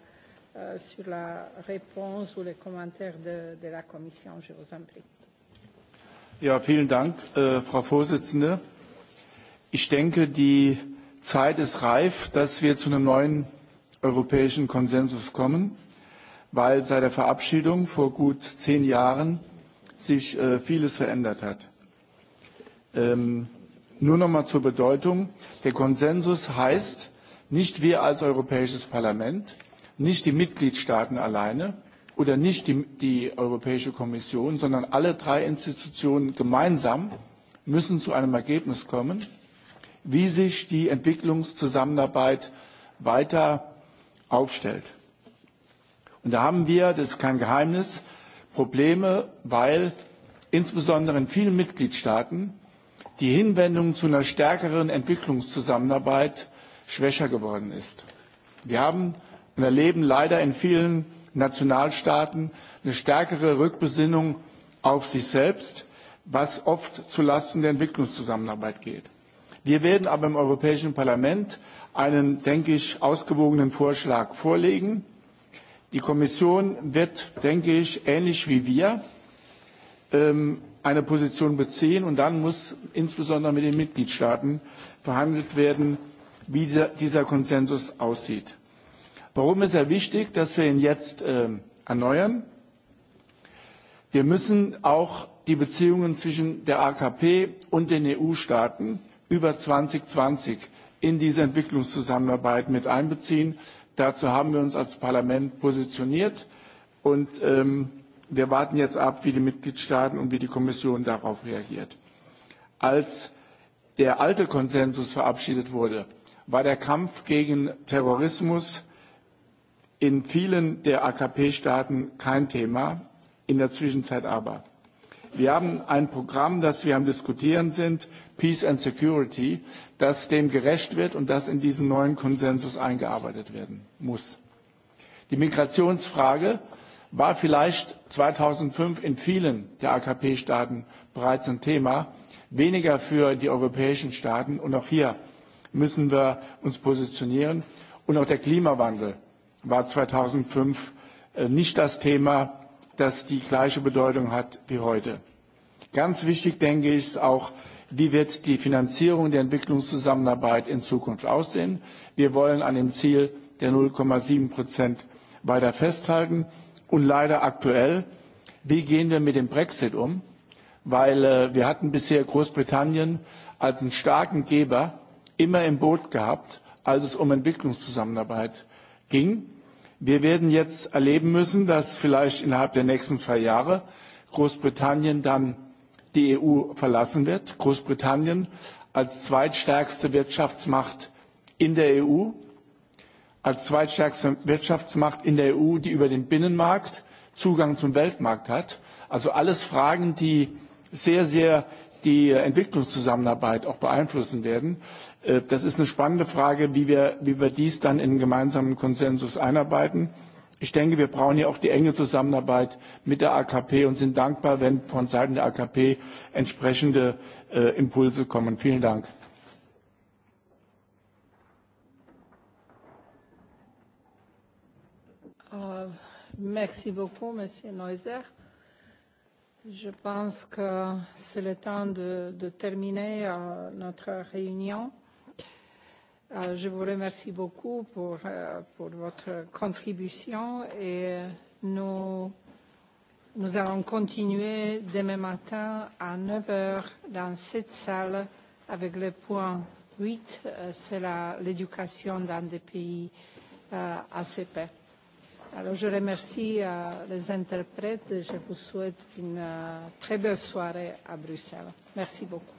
euh, sur la réponse ou les commentaires de, de la Commission, je vous en prie. Ja, vielen Dank, äh, Frau Vorsitzende. Ich denke, die Zeit ist reif, dass wir zu einem neuen europäischen Konsensus kommen, weil seit der Verabschiedung vor gut zehn Jahren sich äh, vieles verändert hat. Ähm, nur noch mal zur Bedeutung. Der Konsensus heißt, nicht wir als Europäisches Parlament, nicht die Mitgliedstaaten alleine oder nicht die, die Europäische Kommission, sondern alle drei Institutionen gemeinsam müssen zu einem Ergebnis kommen, wie sich die Entwicklungszusammenarbeit weiter aufstellt. Und da haben wir, das ist kein Geheimnis, Probleme, weil insbesondere in vielen Mitgliedstaaten die Hinwendung zu einer stärkeren Entwicklungszusammenarbeit schwächer geworden ist. Wir haben und erleben leider in vielen Nationalstaaten eine stärkere Rückbesinnung auf sich selbst, was oft zulasten der Entwicklungszusammenarbeit geht. Wir werden aber im Europäischen Parlament einen, denke ich, ausgewogenen Vorschlag vorlegen Die Kommission wird, denke ich, ähnlich wie wir ähm, eine Position beziehen und dann muss insbesondere mit den Mitgliedstaaten verhandelt werden, wie dieser, dieser Konsensus aussieht. Warum ist er wichtig, dass wir ihn jetzt ähm, erneuern? Wir müssen auch die Beziehungen zwischen der AKP und den EU-Staaten über 2020 in diese Entwicklungszusammenarbeit mit einbeziehen. Dazu haben wir uns als Parlament positioniert und ähm, wir warten jetzt ab, wie die Mitgliedstaaten und wie die Kommission darauf reagiert. Als der alte Konsensus verabschiedet wurde, war der Kampf gegen Terrorismus in vielen der AKP-Staaten kein Thema, in der Zwischenzeit aber. Wir haben ein Programm, das wir am Diskutieren sind, Peace and Security, dass dem gerecht wird und dass in diesen neuen Konsensus eingearbeitet werden muss. Die Migrationsfrage war vielleicht 2005 in vielen der AKP-Staaten bereits ein Thema, weniger für die europäischen Staaten. Und auch hier müssen wir uns positionieren. Und auch der Klimawandel war 2005 äh, nicht das Thema, das die gleiche Bedeutung hat wie heute. Ganz wichtig, denke ich, ist auch Wie wird die Finanzierung der Entwicklungszusammenarbeit in Zukunft aussehen? Wir wollen an dem Ziel der 0,7 Prozent weiter festhalten. Und leider aktuell, wie gehen wir mit dem Brexit um? Weil äh, wir hatten bisher Großbritannien als einen starken Geber immer im Boot gehabt, als es um Entwicklungszusammenarbeit ging. Wir werden jetzt erleben müssen, dass vielleicht innerhalb der nächsten zwei Jahre Großbritannien dann die EU verlassen wird. Großbritannien als zweitstärkste Wirtschaftsmacht in der EU, als zweitstärkste Wirtschaftsmacht in der EU, die über den Binnenmarkt Zugang zum Weltmarkt hat. Also alles Fragen, die sehr, sehr die Entwicklungszusammenarbeit auch beeinflussen werden. Äh, das ist eine spannende Frage, wie wir, wie wir dies dann in einen gemeinsamen Konsensus einarbeiten. Ich denke, wir brauchen hier auch die enge Zusammenarbeit mit der AKP und sind dankbar, wenn von Seiten der AKP entsprechende äh, Impulse kommen. Vielen Dank. Euh, merci beaucoup, Monsieur Neuser. Je pense que c'est le temps de, de terminer uh, notre réunion. Euh, je vous remercie beaucoup pour, euh, pour votre contribution et nous, nous allons continuer demain matin à 9 heures dans cette salle avec le point 8, euh, c'est l'éducation dans des pays euh, ACP. Alors je remercie euh, les interprètes et je vous souhaite une euh, très belle soirée à Bruxelles. Merci beaucoup.